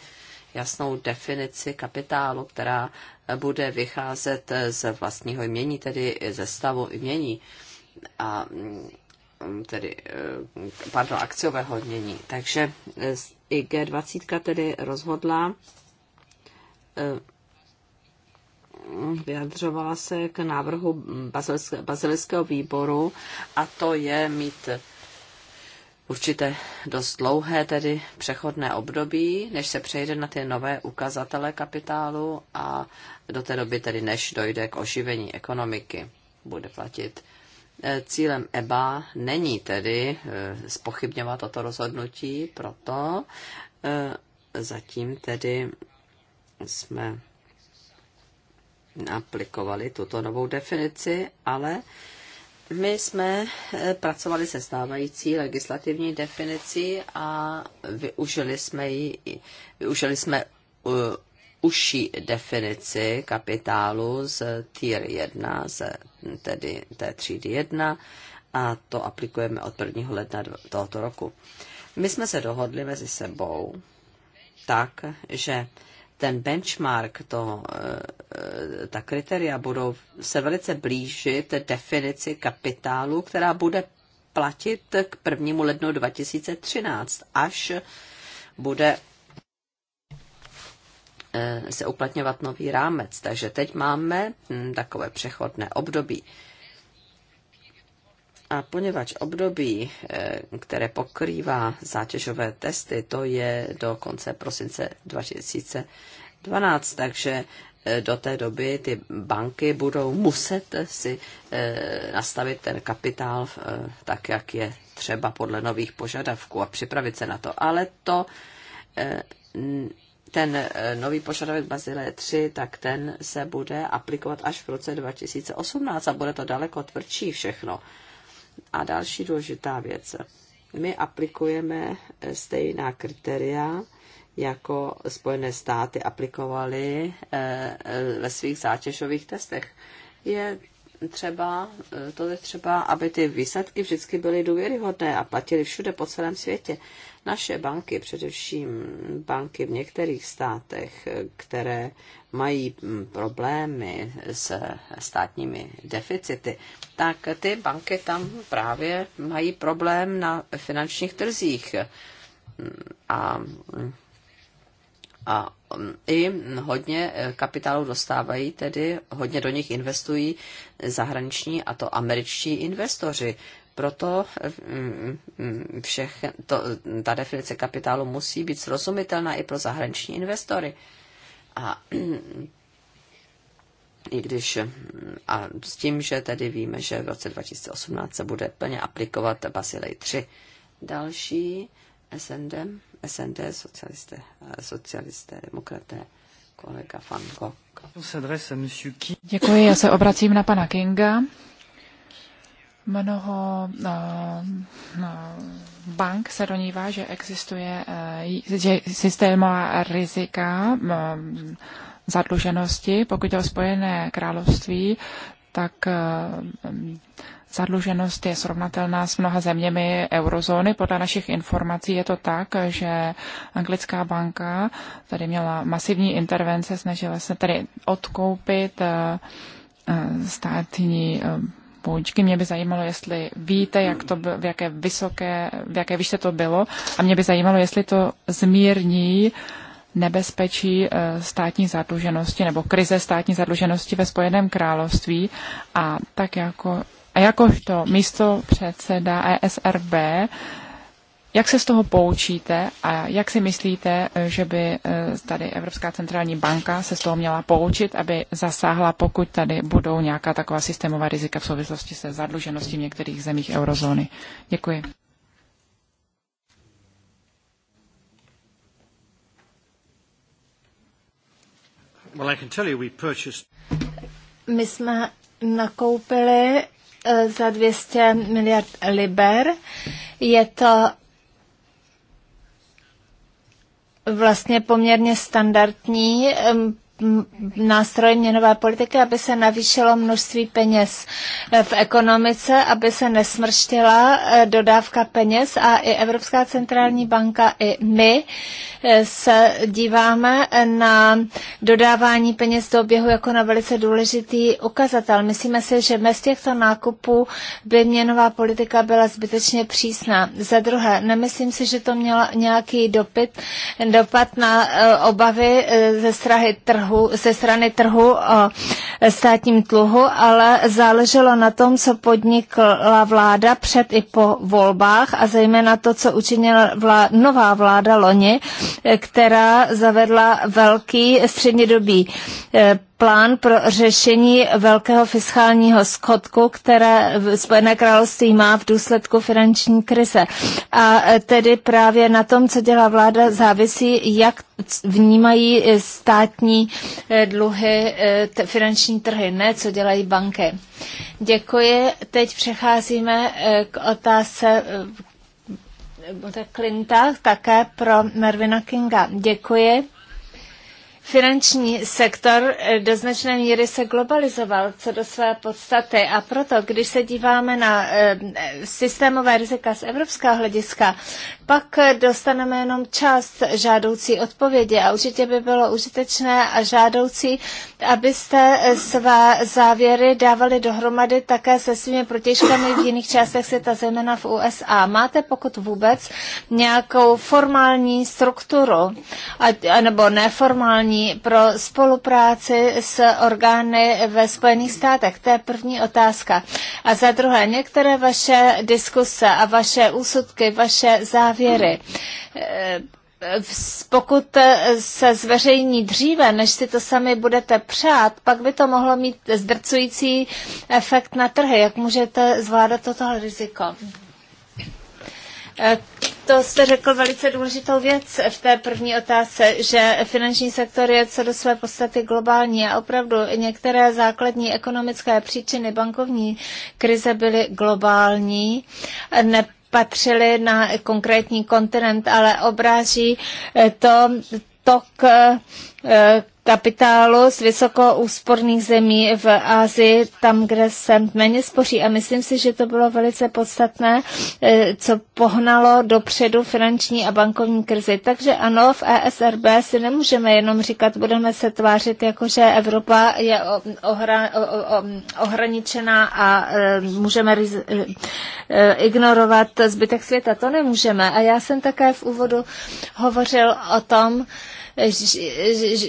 jasnou definici kapitálu, která bude vycházet z vlastního jmění, tedy ze stavu jmění a mm, tedy, e, pardon, akciového jmění. Takže i G20 tedy rozhodla e, vyjadřovala se k návrhu bazilického výboru a to je mít určité dost dlouhé, tedy přechodné období, než se přejde na ty nové ukazatele kapitálu a do té doby tedy, než dojde k oživení ekonomiky, bude platit. E, cílem EBA není tedy e, spochybňovat toto rozhodnutí, proto e, zatím tedy jsme aplikovali tuto novou definici, ale my jsme eh, pracovali se stávající legislativní definicí a využili jsme ji, využili jsme uh, užší definici kapitálu z tier 1, z tedy té třídy 1 a to aplikujeme od 1. ledna tohoto roku. My jsme se dohodli mezi sebou tak, že uh, ten benchmark, to, eh, ta kritéria budou se velice blížit definici kapitálu, která bude platit k 1. lednu 2013, až bude eh, se uplatňovat nový rámec. Takže teď máme hm, takové přechodné období. A poněvadž období, eh, které pokrývá zátěžové testy, to je do konce prosince 2012, takže eh, do té doby ty banky budou muset si eh, nastavit ten kapitál tak, jak je třeba podle nových požadavků a připravit se na to. Ale to ten nový požadavek Bazile 3, tak ten se bude aplikovat až v roce 2018 a bude to daleko tvrdší všechno. A další důležitá věc. My aplikujeme stejná kritéria, jako Spojené státy aplikovaly eh, eh, ve svých zátěžových testech. Je třeba, e, to je třeba, aby ty výsledky vždycky byly důvěryhodné a platily všude po celém světě. Naše banky, především banky v některých státech, e, které mají problémy s státními deficity, tak ty banky tam právě mají problém na finančních trzích. E, a a i hodně eh, kapitálu dostávají, tedy hodně do nich investují zahraniční a to američtí investoři. Proto eh, mm, mm, všech, to, ta definice kapitálu musí být srozumitelná i pro zahraniční investory. A i když eh, a s tím, že tedy víme, že v roce 2018 se bude plně aplikovat Basilej 3. Další SND SND, socialisté, eh, socialisté, demokraté, kolega Van Gogh. Děkuji, já se obracím na pana Kinga. Mnoho uh, uh, bank se donívá, že existuje uh, že systémová rizika um, zadluženosti. Pokud je o Spojené království, tak zadluženost je srovnatelná s mnoha zeměmi eurozóny. Podle našich informací je to tak, že anglická banka tady měla masivní intervence, snažila se tady odkoupit eh, eh, státní eh, půjčky. Mě by zajímalo, jestli víte, jak to, bylo, v jaké vysoké, v jaké výšce to bylo a mě by zajímalo, jestli to zmírní nebezpečí státní zadluženosti nebo krize státní zadluženosti ve Spojeném království a tak jako a jakožto místo předseda ESRB, jak se z toho poučíte a jak si myslíte, že by eh, tady Evropská centrální banka se z toho měla poučit, aby zasáhla, pokud tady budou nějaká taková systémová rizika v souvislosti se zadlužeností v některých zemích eurozóny? Děkuji. My jsme nakoupili Eh, za 200 miliard liber. Je to vlastně poměrně standardní nástroje měnové politiky, aby se navýšilo množství peněz eh, v ekonomice, aby se nesmrštila eh, dodávka peněz a i Evropská centrální banka, i my eh, se díváme na dodávání peněz do oběhu jako na velice důležitý ukazatel. Myslíme si, že bez těchto nákupů by měnová politika byla zbytečně přísná. Za druhé, nemyslím si, že to mělo nějaký dopyt, dopad na obavy ze strahy trhu trhu, ze strany trhu o státním dluhu, ale záleželo na tom, co podnikla vláda před i po volbách a zejména to, co učinila vlá- nová vláda loni, e, která zavedla velký střednědobý e, plán pro řešení velkého fiskálního schodku, které Spojené království má v důsledku finanční krize. A e, tedy právě na tom, co dělá vláda, závisí, jak vnímají e, státní e, dluhy finanční trhy, ne co dělají banky. Děkuji. Teď přecházíme k otázce Clinta, také pro Mervina Kinga. Děkuji. Finanční sektor do značné míry se globalizoval co do své podstaty a proto, když se díváme na eh, systémové rizika z evropského hlediska, pak dostaneme jenom část žádoucí odpovědi a určitě by bylo užitečné a žádoucí, abyste své závěry dávali dohromady také se svými protěžkami v jiných částech světa, zejména v USA. Máte pokud vůbec nějakou formální strukturu, nebo neformální, pro spolupráci s orgány ve Spojených státech? To je první otázka. A za druhé, některé vaše diskuse a vaše úsudky, vaše závěry, závěry eh, pokud se zveřejní dříve, než si to sami budete přát, pak by to mohlo mít zdrcující efekt na trhy. Jak můžete zvládat toto riziko? Eh, to jste řekl velice důležitou věc v té první otázce, že finanční sektor je co do své podstaty globální a opravdu některé základní ekonomické příčiny bankovní krize byly globální. Ne patřili na konkrétní kontinent, ale obráží eh, to tok eh, kapitálu z úsporných zemí v Asii, tam, kde se méně spoří. A myslím si, že to bylo velice podstatné, eh, co pohnalo dopředu finanční a bankovní krizi. Takže ano, v ESRB si nemůžeme jenom říkat, budeme se tvářit, jako že Evropa je ohra, ohraničená a eh, můžeme eh, ignorovat zbytek světa. To nemůžeme. A já jsem také v úvodu hovořil o tom,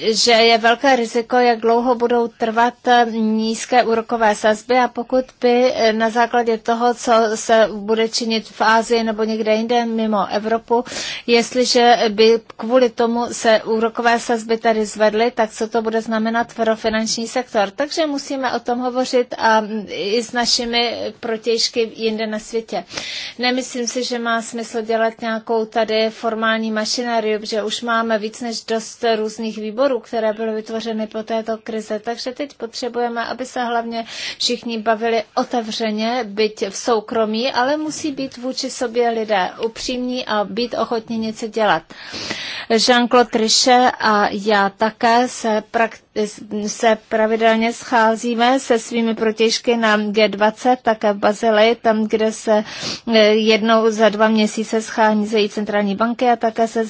že je velké riziko, jak dlouho budou trvat eh, nízké úrokové sazby a pokud by eh, na základě toho, co se bude činit v Ázii nebo někde jinde mimo Evropu, jestliže by kvůli tomu se úrokové sazby tady zvedly, tak co to bude znamenat pro finanční sektor. Takže musíme o tom hovořit a mm, i s našimi protěžky jinde na světě. Nemyslím si, že má smysl dělat nějakou tady formální mašinériu, že už máme víc než dost různých výborů, které byly vytvořeny po této krize. Takže teď potřebujeme, aby se hlavně všichni bavili otevřeně, byť v soukromí, ale musí být vůči sobě lidé upřímní a být ochotní něco dělat. Jean-Claude Trichet a já také se, se pravidelně scházíme se svými protěžky na G20, také v Bazileji, tam, kde se e, jednou za dva měsíce schází centrální banky a také se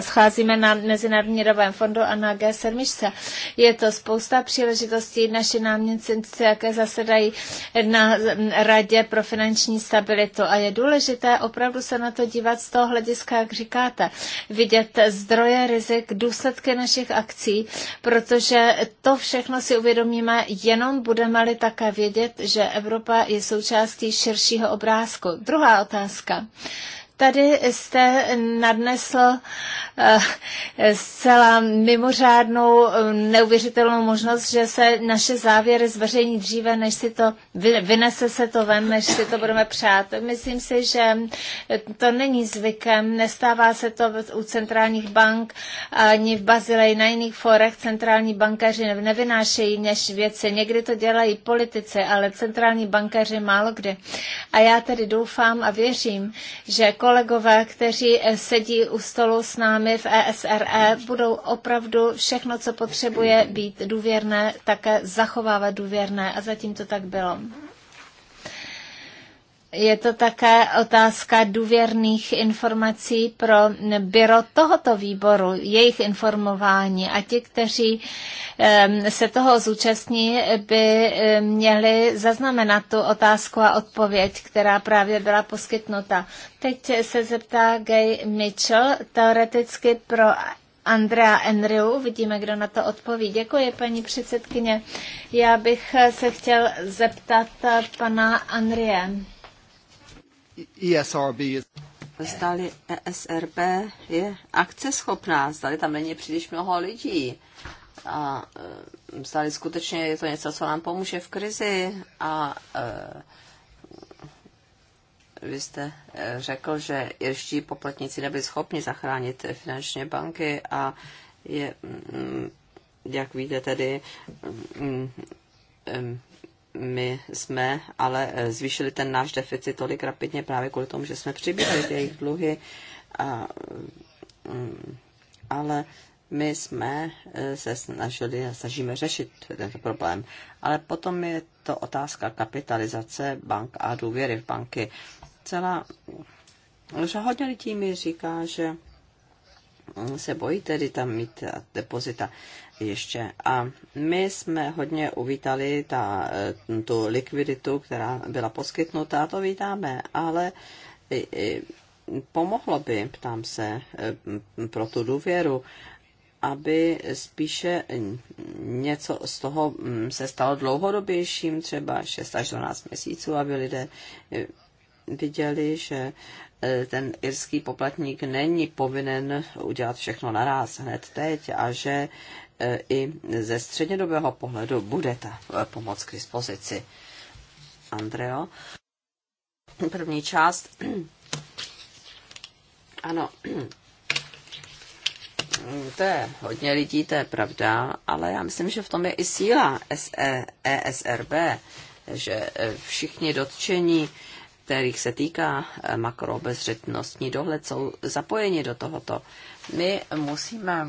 scházíme na Mezinárodní rovém fondu a na G7 komise. Je to spousta příležitostí. Naše náměstnice, jaké zasedají na Radě pro finanční stabilitu a je důležité opravdu se na to dívat z toho hlediska, jak říkáte, vidět zdroje rizik, důsledky našich akcí, protože to všechno si uvědomíme jenom budeme-li také vědět, že Evropa je součástí širšího obrázku. Druhá otázka. Tady jste nadnesl eh, zcela mimořádnou, eh, neuvěřitelnou možnost, že se naše závěry zveřejní dříve, než si to vynese se to ven, než si to budeme přát. Myslím si, že to není zvykem, nestává se to u centrálních bank ani v Bazileji, na jiných forech centrální bankaři nevynášejí než věci. Někdy to dělají politici, ale centrální bankaři málo kdy. A já tedy doufám a věřím, že kolegové, kteří eh, sedí u stolu s námi v ESRE, e, budou opravdu všechno, co potřebuje být důvěrné, také zachovávat důvěrné. A zatím to tak bylo je to také otázka důvěrných informací pro byro tohoto výboru, jejich informování a ti, kteří se toho zúčastní, by měli zaznamenat tu otázku a odpověď, která právě byla poskytnuta. Teď se zeptá Gay Mitchell, teoreticky pro Andrea Enriu. Vidíme, kdo na to odpoví. Děkuji, paní předsedkyně. Já bych se chtěl zeptat pana Andrie. ESRB is zdali ESRB je akceschopná, zdali tam není příliš mnoho lidí a e, zdali skutečně je to něco, co nám pomůže v krizi a e, vy jste e, řekl, že ještě poplatníci nebyli schopni zachránit finančně banky a je, mm, jak víte tedy, mm, mm, my jsme ale eh, zvýšili ten náš deficit tolik rapidně právě kvůli tomu, že jsme přibírali ty jejich dluhy. A, mm, ale my jsme eh, se snažili a snažíme řešit tento problém. Ale potom je to otázka kapitalizace bank a důvěry v banky. Celá, že hodně lidí mi říká, že se bojí tedy tam mít depozita ještě. A my jsme hodně uvítali ta, eh, tu likviditu, která byla poskytnuta, to vítáme, ale pomohlo by, ptám se, eh, pro tu důvěru, aby spíše něco z toho mm, se stalo dlouhodobějším, třeba 6 až 12 měsíců, aby lidé eh, viděli, že E, ten irský poplatník není povinen udělat všechno naraz hned teď a že e, i ze střednědobého pohledu bude ta e, pomoc k dispozici. Andreo. První část. Ano, to je hodně lidí, to je pravda, ale já myslím, že v tom je i síla ESRB, že všichni dotčení kterých se týká eh, makroobezřetnostní dohled, jsou zapojeni do tohoto. My musíme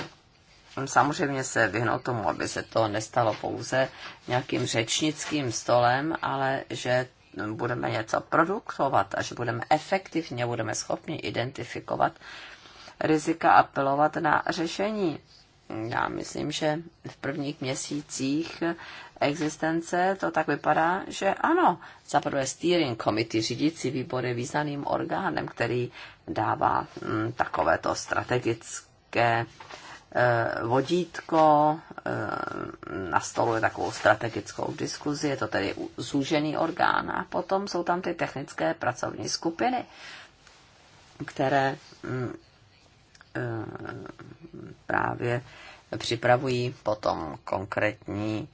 samozřejmě se vyhnout tomu, aby se to nestalo pouze nějakým řečnickým stolem, ale že budeme něco produktovat, a že budeme efektivně, budeme schopni identifikovat rizika a apelovat na řešení já myslím, že v prvních měsících existence to tak vypadá, že ano. Za prvé steering committee, řídící výbor je významným orgánem, který dává mm, takovéto strategické eh, vodítko, eh, nastoluje takovou strategickou diskuzi, je to tedy zúžený orgán a potom jsou tam ty technické pracovní skupiny, které mm, Eh, právě připravují potom konkrétní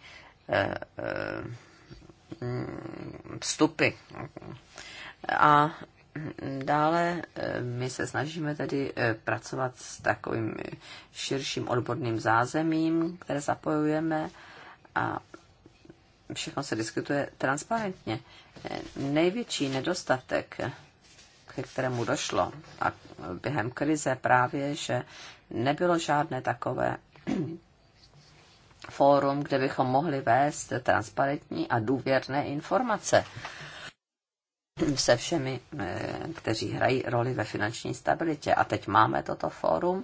eh, eh, vstupy. A dále my se snažíme tedy pracovat s takovým širším odborným zázemím, které zapojujeme a všechno se diskutuje transparentně. Největší nedostatek ke kterému došlo a během krize právě, že nebylo žádné takové fórum, kde bychom mohli vést transparentní a důvěrné informace se všemi, eh, kteří hrají roli ve finanční stabilitě. A teď máme toto fórum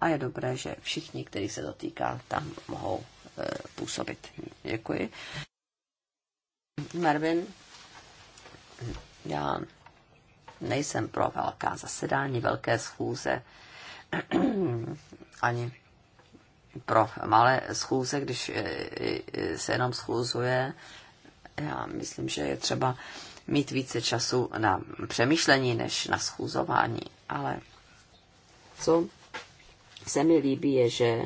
a je dobré, že všichni, kteří se dotýká, tam mohou eh, působit. Děkuji. Marvin, já nejsem pro velká zasedání, velké schůze, ani pro malé schůze, když eh, eh, se jenom schůzuje. Já myslím, že je třeba mít více času na přemýšlení než na schůzování, ale co se mi líbí je, že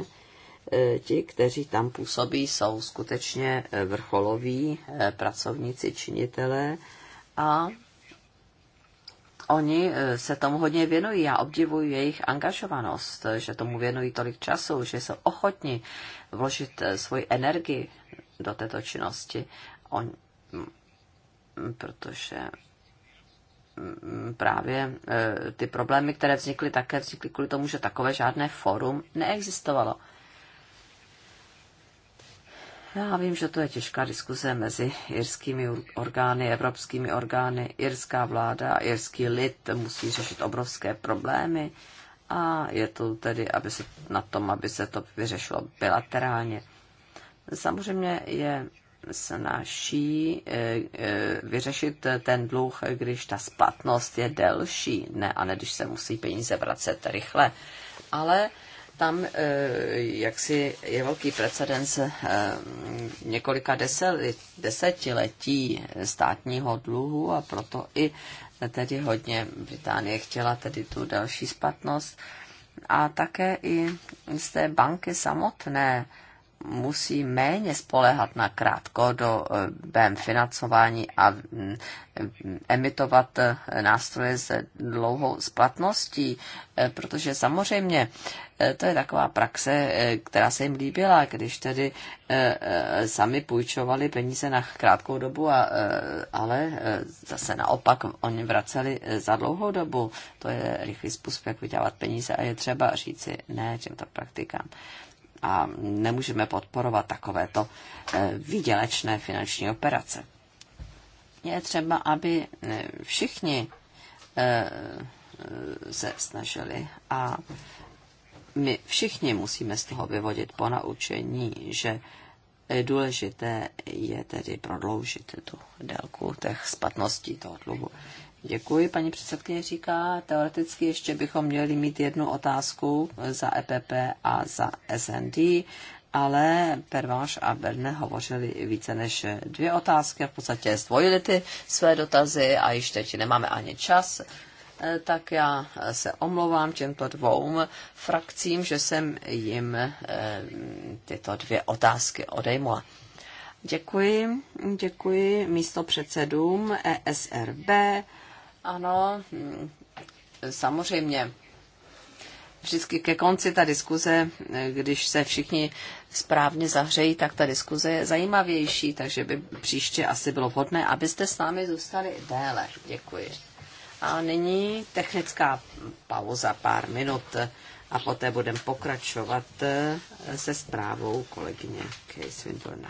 eh, ti, kteří tam působí, jsou skutečně vrcholoví pracovníci, činitelé a Oni eh, se tomu hodně věnují, já obdivuji jejich angažovanost, že tomu věnují tolik času, že jsou ochotni vložit eh, svoji energii do této činnosti, On, mm, protože mm, právě eh, ty problémy, které vznikly, také vznikly kvůli tomu, že takové žádné forum neexistovalo. Já vím, že to je těžká diskuze mezi irskými orgány, evropskými orgány. Irská vláda a irský lid musí řešit obrovské problémy a je to tedy aby se, na tom, aby se to vyřešilo bilaterálně. Samozřejmě je snaží eh, eh, vyřešit ten dluh, když ta splatnost je delší, ne, a ne když se musí peníze vracet rychle. Ale tam eh, jaksi je velký precedens eh, několika desetiletí státního dluhu a proto i tedy hodně Británie chtěla tedy tu další splatnost. A také i z té banky samotné musí méně spolehat na krátkodobém financování a mm, mm, emitovat eh, nástroje s dlouhou splatností, eh, protože samozřejmě eh, to je taková praxe, která se jim líbila, když tedy sami půjčovali peníze na krátkou dobu, a, ale zase naopak oni vraceli za dlouhou dobu. To je rychlý způsob, jak vydělat peníze a je třeba říci ne těmto praktikám a nemůžeme podporovat takovéto eh, výdělečné finanční operace. Je třeba, aby eh, všichni eh, se snažili a my všichni musíme z toho vyvodit po naučení, že důležité je tedy prodloužit tu délku těch spatností toho dluhu. Děkuji, paní předsedkyně říká. Teoreticky ještě bychom měli mít jednu otázku za EPP a za SND, ale Perváš a Berne hovořili více než dvě otázky a v podstatě zdvojili ty své dotazy a již teď nemáme ani čas eh, tak já se omlouvám těmto dvou frakcím, že jsem jim eh, tyto dvě otázky odejmula. Děkuji, děkuji místo předsedům ESRB, ano, mm, samozřejmě. Vždycky ke konci ta diskuze, když se všichni správně zahřejí, tak ta diskuze je zajímavější, takže by příště asi bylo vhodné, abyste s námi zůstali déle. Děkuji. A nyní technická pauza pár minut a poté budeme pokračovat eh, se zprávou kolegyně Kay Swinburne.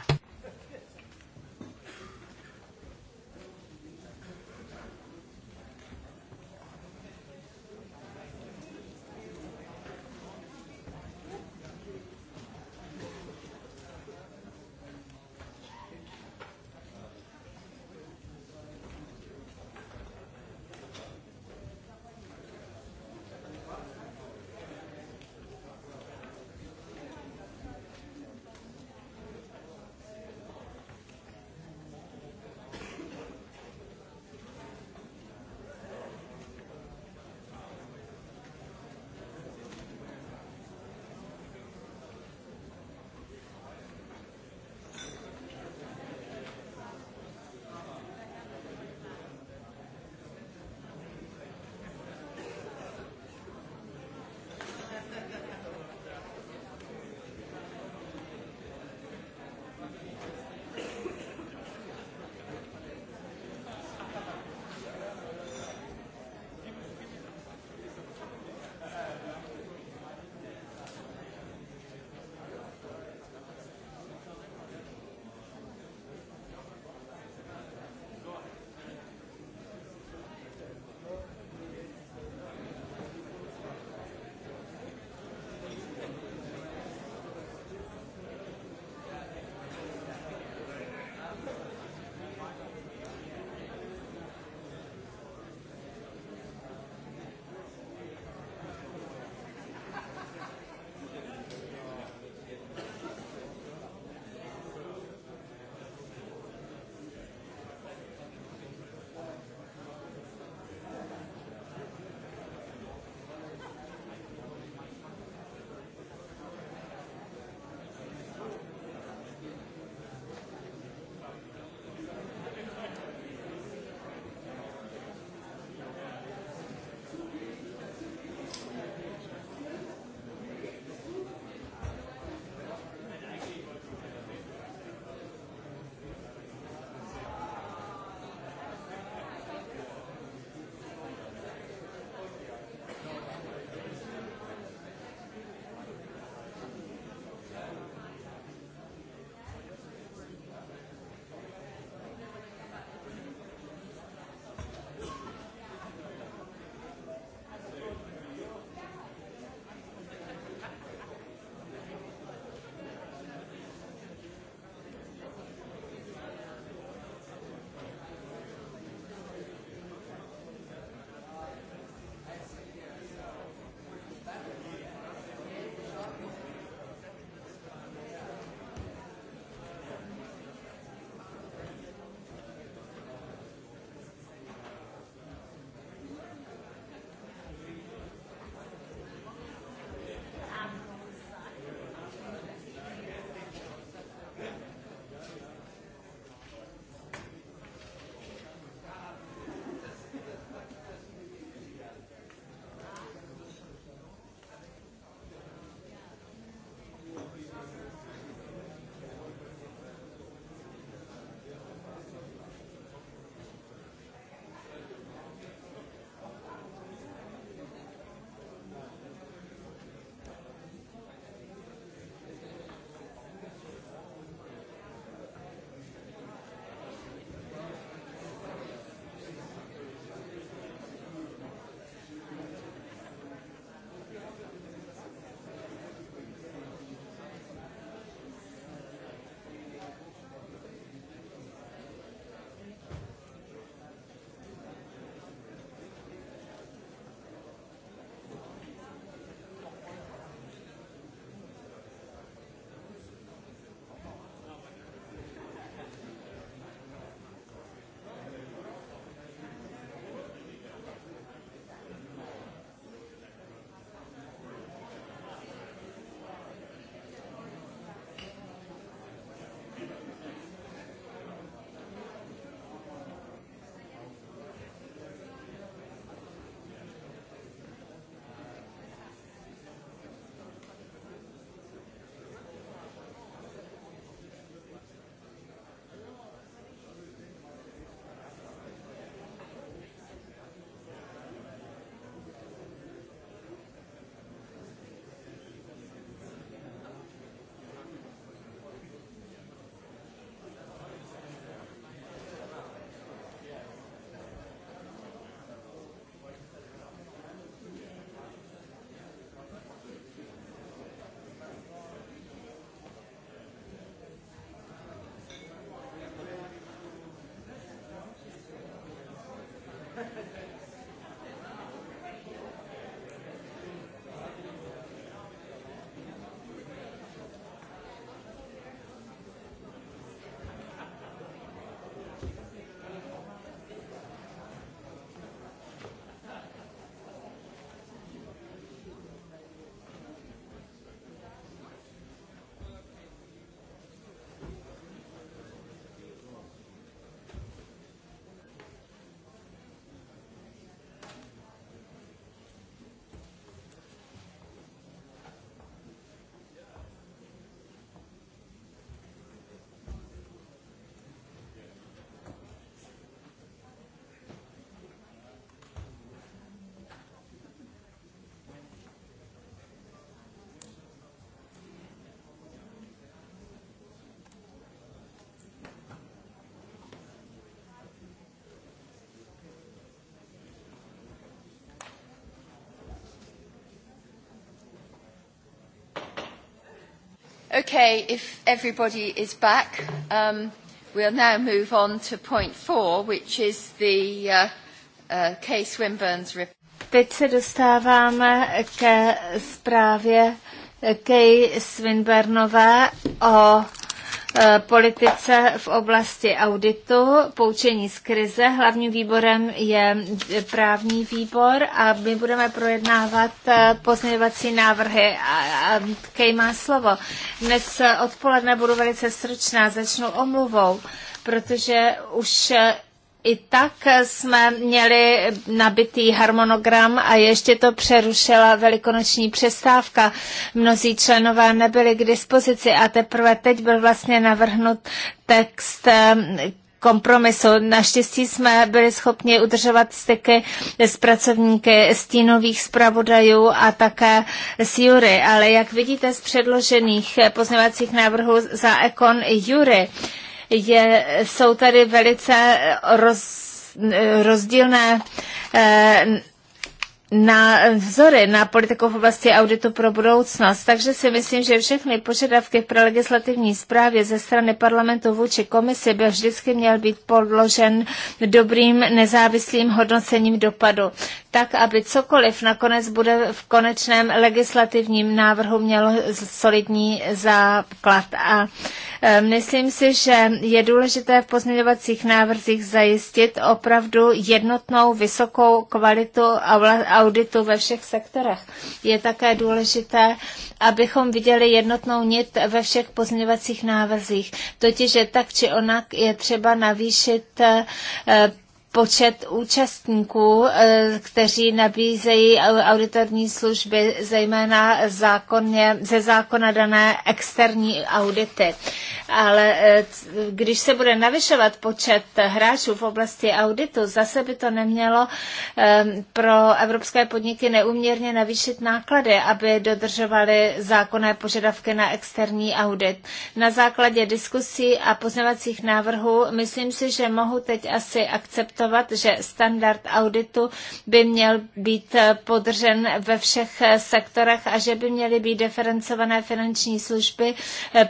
Okay, if everybody is back, um, we'll now move on to point four, which is the uh, uh, Kay Swinburne's report. Teď se dostáváme ke zprávě Kay Swinburnové o Eh, politice v oblasti auditu, poučení z krize. Hlavním výborem je právní výbor a my budeme projednávat eh, pozměňovací návrhy. Kej má slovo. Dnes odpoledne budu velice stručná, začnu omluvou protože už eh, i tak jsme měli nabitý harmonogram a ještě to přerušila velikonoční přestávka. Mnozí členové nebyli k dispozici a teprve teď byl vlastně navrhnut text, kompromisu. Naštěstí jsme byli schopni udržovat styky s pracovníky stínových zpravodajů a také s Jury, ale jak vidíte z předložených pozměvacích návrhů za Ekon i Jury, je, jsou tady velice roz, rozdílné eh, na vzory na politiku v oblasti auditu pro budoucnost. Takže si myslím, že všechny požadavky pro legislativní zprávě ze strany parlamentu vůči komisi by vždycky měl být podložen dobrým nezávislým hodnocením dopadu tak aby cokoliv nakonec bude v konečném legislativním návrhu mělo solidní základ. A e, myslím si, že je důležité v pozměňovacích návrzích zajistit opravdu jednotnou vysokou kvalitu auditu ve všech sektorech. Je také důležité, abychom viděli jednotnou nit ve všech pozměňovacích návrzích. Totiž, že tak či onak je třeba navýšit e, počet účastníků, eh, kteří nabízejí auditorní služby, zejména zákonně, ze zákona dané externí audity. Ale eh, když se bude navyšovat počet hráčů v oblasti auditu, zase by to nemělo eh, pro evropské podniky neuměrně navýšit náklady, aby dodržovaly zákonné požadavky na externí audit. Na základě diskusí a poznavacích návrhů myslím si, že mohu teď asi akceptovat konstatovat, že standard auditu by měl být podržen ve všech sektorech a že by měly být diferencované finanční služby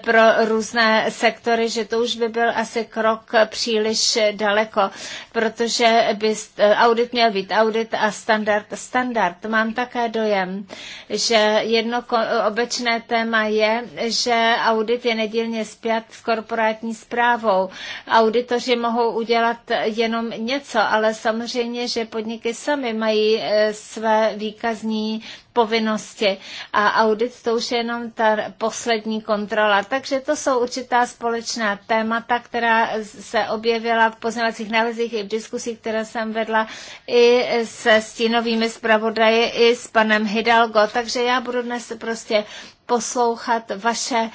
pro různé sektory, že to už by byl asi krok příliš daleko, protože by audit měl být audit a standard standard. Mám také dojem, že jedno obecné téma je, že audit je nedílně spjat s korporátní zprávou. Auditoři mohou udělat jenom něco, něco, ale samozřejmě, že podniky sami mají e, své výkazní povinnosti a audit to už je jenom ta poslední kontrola. Takže to jsou určitá společná témata, která se objevila v poznávacích nálezích i v diskusích, které jsem vedla i se stínovými zpravodaji, i s panem Hidalgo. Takže já budu dnes prostě poslouchat vaše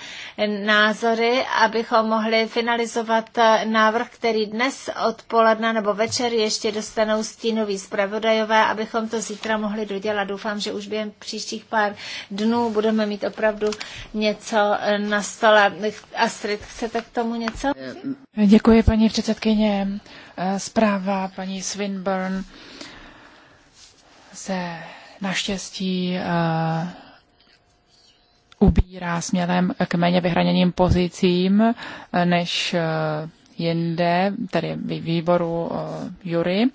názory, abychom mohli finalizovat eh, návrh, který dnes odpoledne nebo večer ještě dostanou stínoví zpravodajové, abychom to zítra mohli dodělat. Doufám, že už během příštích pár dnů budeme mít opravdu něco eh, na stole. Astrid, chcete k tomu něco? Děkuji, paní předsedkyně. Eh, zpráva paní Swinburne se naštěstí ubírá směrem k méně vyhraněným pozicím eh, než eh, jinde, tedy výboru eh, jury.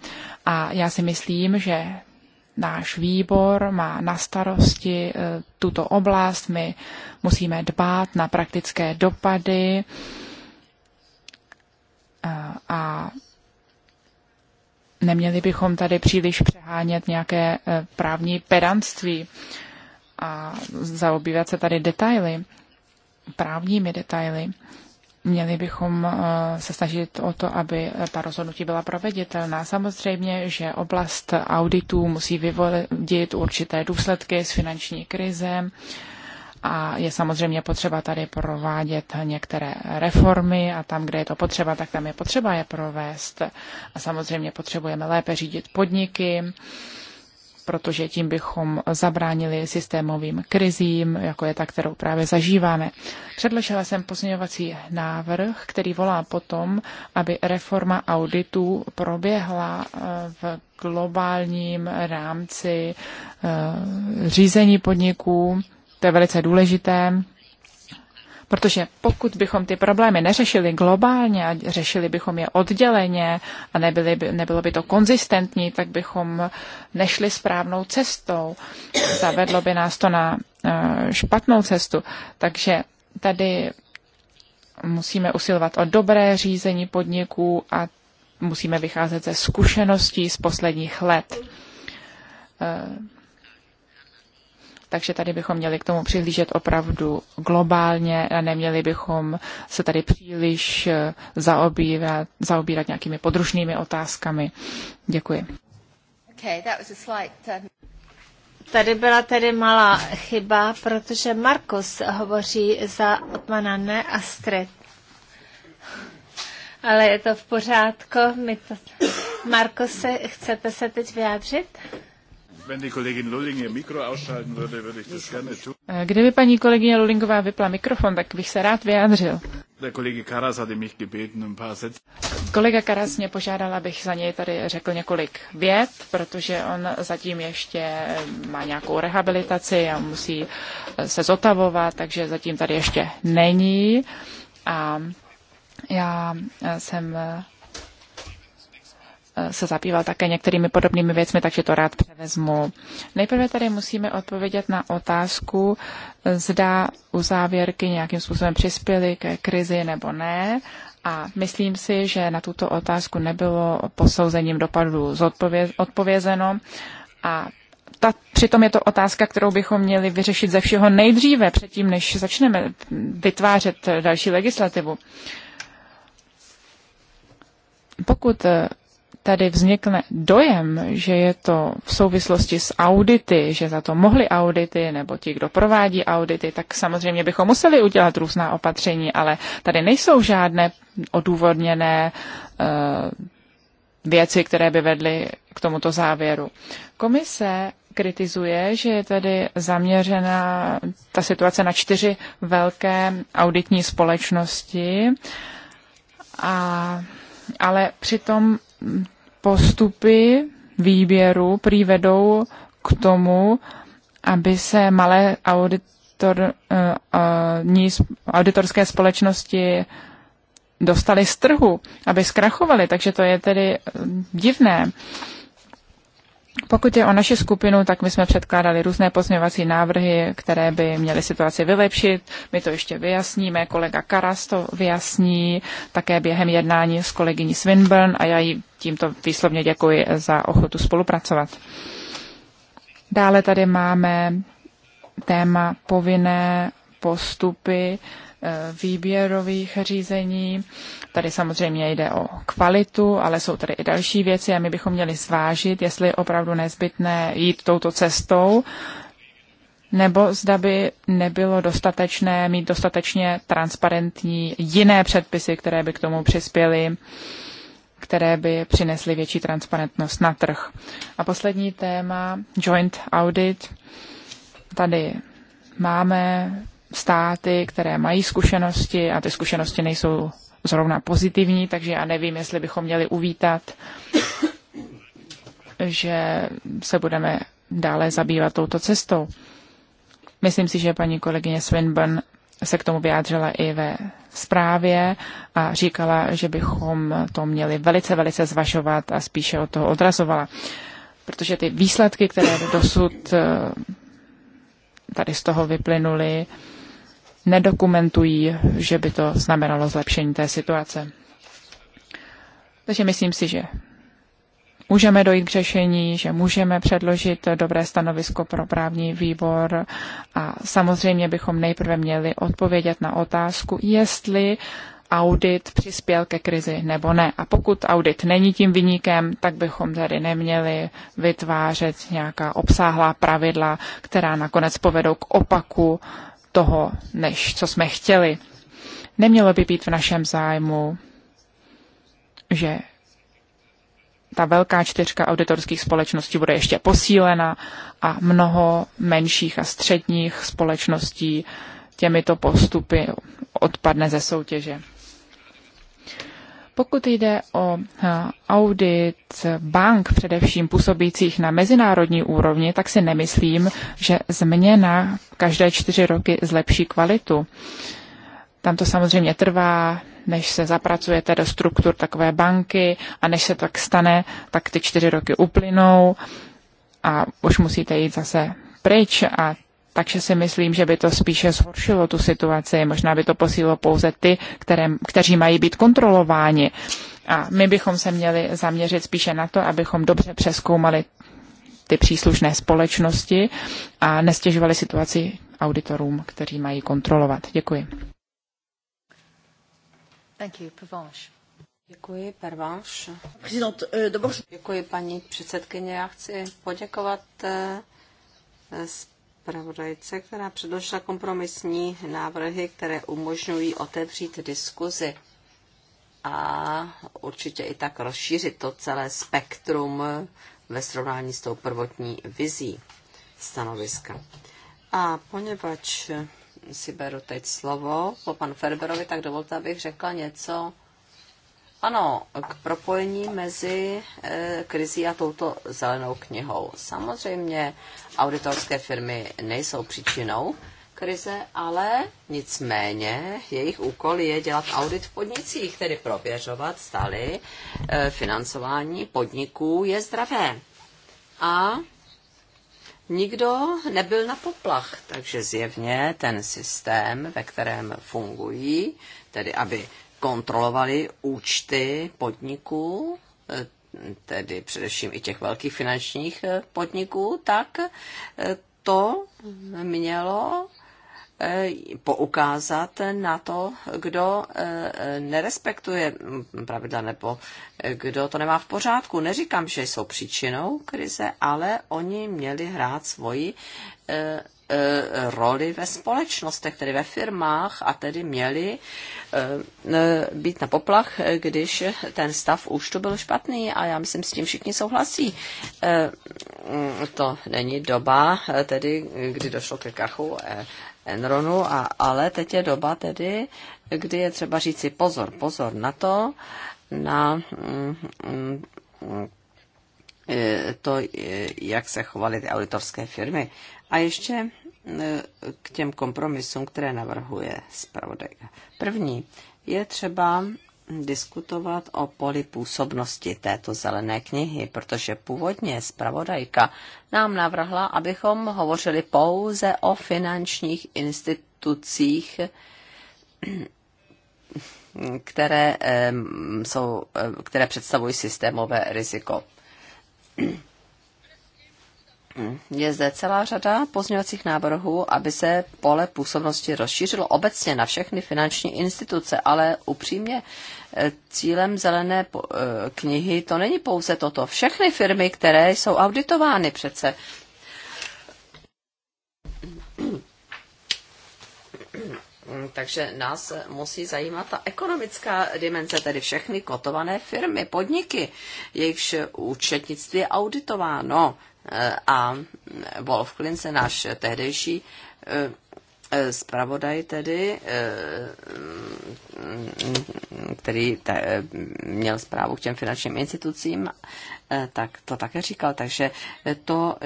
A já si myslím, že náš výbor má na starosti tuto oblast. My musíme dbát na praktické dopady a neměli bychom tady příliš přehánět nějaké právní pedantství a zaobívat se tady detaily, právními detaily. Měli bychom eh, se snažit o to, aby ta rozhodnutí byla proveditelná. Samozřejmě, že oblast auditů musí vyvodit určité důsledky z finanční krize a je samozřejmě potřeba tady provádět některé reformy a tam, kde je to potřeba, tak tam je potřeba je provést. A samozřejmě potřebujeme lépe řídit podniky protože tím bychom zabránili systémovým krizím, jako je ta, kterou právě zažíváme. Předložila jsem pozměňovací návrh, který volá potom, aby reforma auditů proběhla eh, v globálním rámci eh, řízení podniků. To je velice důležité Protože pokud bychom ty problémy neřešili globálně a řešili bychom je odděleně a nebyli by, nebylo by to konzistentní, tak bychom nešli správnou cestou. Zavedlo by nás to na eh, špatnou cestu. Takže tady musíme usilovat o dobré řízení podniků a musíme vycházet ze zkušeností z posledních let. Eh, takže tady bychom měli k tomu přihlížet opravdu globálně a neměli bychom se tady příliš eh, zaobírat, zaobírat nějakými podružnými otázkami. Děkuji. Okay, that was a slight, um... Tady byla tedy malá chyba, protože Markus hovoří za Otmana, ne Astrid. Ale je to v pořádku. My to... Markus, se, chcete se teď vyjádřit? Eh, kdyby paní kolegyně Lulingová vypla mikrofon, tak bych se rád vyjádřil. Kolega Karas mě požádal, abych za něj tady řekl několik vět, protože on zatím ještě eh, má nějakou rehabilitaci a musí eh, se zotavovat, takže zatím tady ještě není. A já jsem se zabýval také některými podobnými věcmi, takže to rád převezmu. Nejprve tady musíme odpovědět na otázku, zda závěrky nějakým způsobem přispěly ke krizi nebo ne. A myslím si, že na tuto otázku nebylo posouzením dopadů odpovězeno. A ta, přitom je to otázka, kterou bychom měli vyřešit ze všeho nejdříve, předtím, než začneme vytvářet další legislativu. Pokud tady vznikne dojem, že je to v souvislosti s audity, že za to mohly audity nebo ti, kdo provádí audity, tak samozřejmě bychom museli udělat různá opatření, ale tady nejsou žádné odůvodněné uh, věci, které by vedly k tomuto závěru. Komise kritizuje, že je tady zaměřena ta situace na čtyři velké auditní společnosti, a, ale přitom postupy výběru prý vedou k tomu, aby se malé auditor, eh, eh, auditorské společnosti dostaly z trhu, aby zkrachovaly, takže to je tedy eh, divné. Pokud je o naši skupinu, tak my jsme předkládali různé pozměňovací návrhy, které by měly situaci vylepšit. My to ještě vyjasníme, kolega Karas to vyjasní, také během jednání s kolegyní Swinburne a já jí tímto výslovně děkuji za ochotu spolupracovat. Dále tady máme téma povinné postupy Eh, výběrových řízení. Tady samozřejmě jde o kvalitu, ale jsou tady i další věci a my bychom měli zvážit, jestli je opravdu nezbytné jít touto cestou, nebo zda by nebylo dostatečné mít dostatečně transparentní jiné předpisy, které by k tomu přispěly které by přinesly větší transparentnost na trh. A poslední téma, joint audit. Tady máme státy, které mají zkušenosti a ty zkušenosti nejsou zrovna pozitivní, takže já nevím, jestli bychom měli uvítat, že se budeme dále zabývat touto cestou. Myslím si, že paní kolegyně Swinburne se k tomu vyjádřila i ve zprávě a říkala, že bychom to měli velice, velice zvažovat a spíše od toho odrazovala. Protože ty výsledky, které dosud eh, tady z toho vyplynuly, nedokumentují, že by to znamenalo zlepšení té situace. Takže myslím si, že můžeme dojít k řešení, že můžeme předložit dobré stanovisko pro právní výbor a samozřejmě bychom nejprve měli odpovědět na otázku, jestli audit přispěl ke krizi nebo ne. A pokud audit není tím vyníkem, tak bychom tady neměli vytvářet nějaká obsáhlá pravidla, která nakonec povedou k opaku toho, než co jsme chtěli. Nemělo by být v našem zájmu, že ta velká čtyřka auditorských společností bude ještě posílena a mnoho menších a středních společností těmito postupy odpadne ze soutěže. Pokud jde o eh, audit bank, především působících na mezinárodní úrovni, tak si nemyslím, že změna každé čtyři roky zlepší kvalitu. Tam to samozřejmě trvá, než se zapracujete do struktur takové banky a než se tak stane, tak ty čtyři roky uplynou a už musíte jít zase pryč a takže si myslím, že by to spíše zhoršilo tu situaci. Možná by to posílilo pouze ty, které, kteří mají být kontrolováni. A my bychom se měli zaměřit spíše na to, abychom dobře přeskoumali ty příslušné společnosti a nestěžovali situaci auditorům, kteří mají kontrolovat. Děkuji. Thank you, Děkuji, Pervanš. Euh, Děkuji, paní předsedkyně. Já chci poděkovat eh, zpravodajce, která předložila kompromisní návrhy, které umožňují otevřít diskuzi a určitě i tak rozšířit to celé spektrum ve srovnání s tou prvotní vizí stanoviska. A poněvadž si beru teď slovo po panu Ferberovi, tak dovolte, abych řekla něco ano, k propojení mezi e, krizí a touto zelenou knihou. Samozřejmě auditorské firmy nejsou příčinou krize, ale nicméně jejich úkol je dělat audit v podnicích, tedy prověřovat, stali e, financování podniků je zdravé. A nikdo nebyl na poplach, takže zjevně ten systém, ve kterém fungují, tedy aby kontrolovali účty podniků, eh, tedy především i těch velkých finančních eh, podniků, tak eh, to mělo poukázat na to, kdo nerespektuje pravidla nebo kdo to nemá v pořádku. Neříkám, že jsou příčinou krize, ale oni měli hrát svoji E, roli ve společnostech, tedy ve firmách a tedy měli e, e, být na poplach, když ten stav už to byl špatný a já myslím, s tím všichni souhlasí. Mm, to není doba, tedy, kdy došlo ke krachu Enronu, a, ale teď je doba tedy, kdy je třeba říci pozor, pozor na to, na mm, mm, to, jak se chovaly ty auditorské firmy a ještě e, k těm kompromisům, které navrhuje zpravodajka. První, je třeba diskutovat o poli působnosti této zelené knihy, protože původně zpravodajka nám navrhla, abychom hovořili pouze o finančních institucích, které, e, jsou, e, které představují systémové riziko je zde celá řada pozměňovacích návrhů, aby se pole působnosti rozšířilo obecně na všechny finanční instituce, ale upřímně eh, cílem zelené eh, knihy to není pouze toto. Všechny firmy, které jsou auditovány přece. Mm, takže nás musí zajímat ta ekonomická dimenze, tedy všechny kotované firmy, podniky, jejichž účetnictví je auditováno. E, a Wolf se náš tehdejší e, Eh, zpravodaj tedy, eh, který eh, měl zprávu k těm finančním institucím, tak to také říkal. Takže to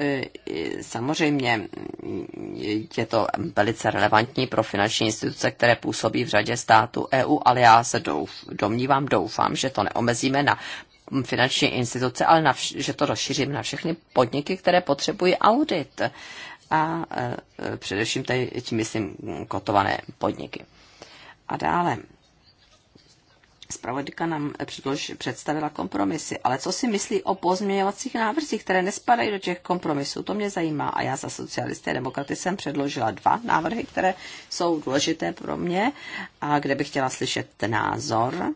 samozřejmě mm, je to velice relevantní pro finanční instituce, které působí v řadě států EU, ale já se douf, domnívám, doufám, že to neomezíme na finanční instituce, ale na vš- že to rozšířím na všechny podniky, které potřebují audit a e, především tím myslím kotované podniky. A dále. Spravodajka nám předlož, představila kompromisy, ale co si myslí o pozměňovacích návrzích, které nespadají do těch kompromisů, to mě zajímá. A já za socialisté a demokraty jsem předložila dva návrhy, které jsou důležité pro mě a kde bych chtěla slyšet názor.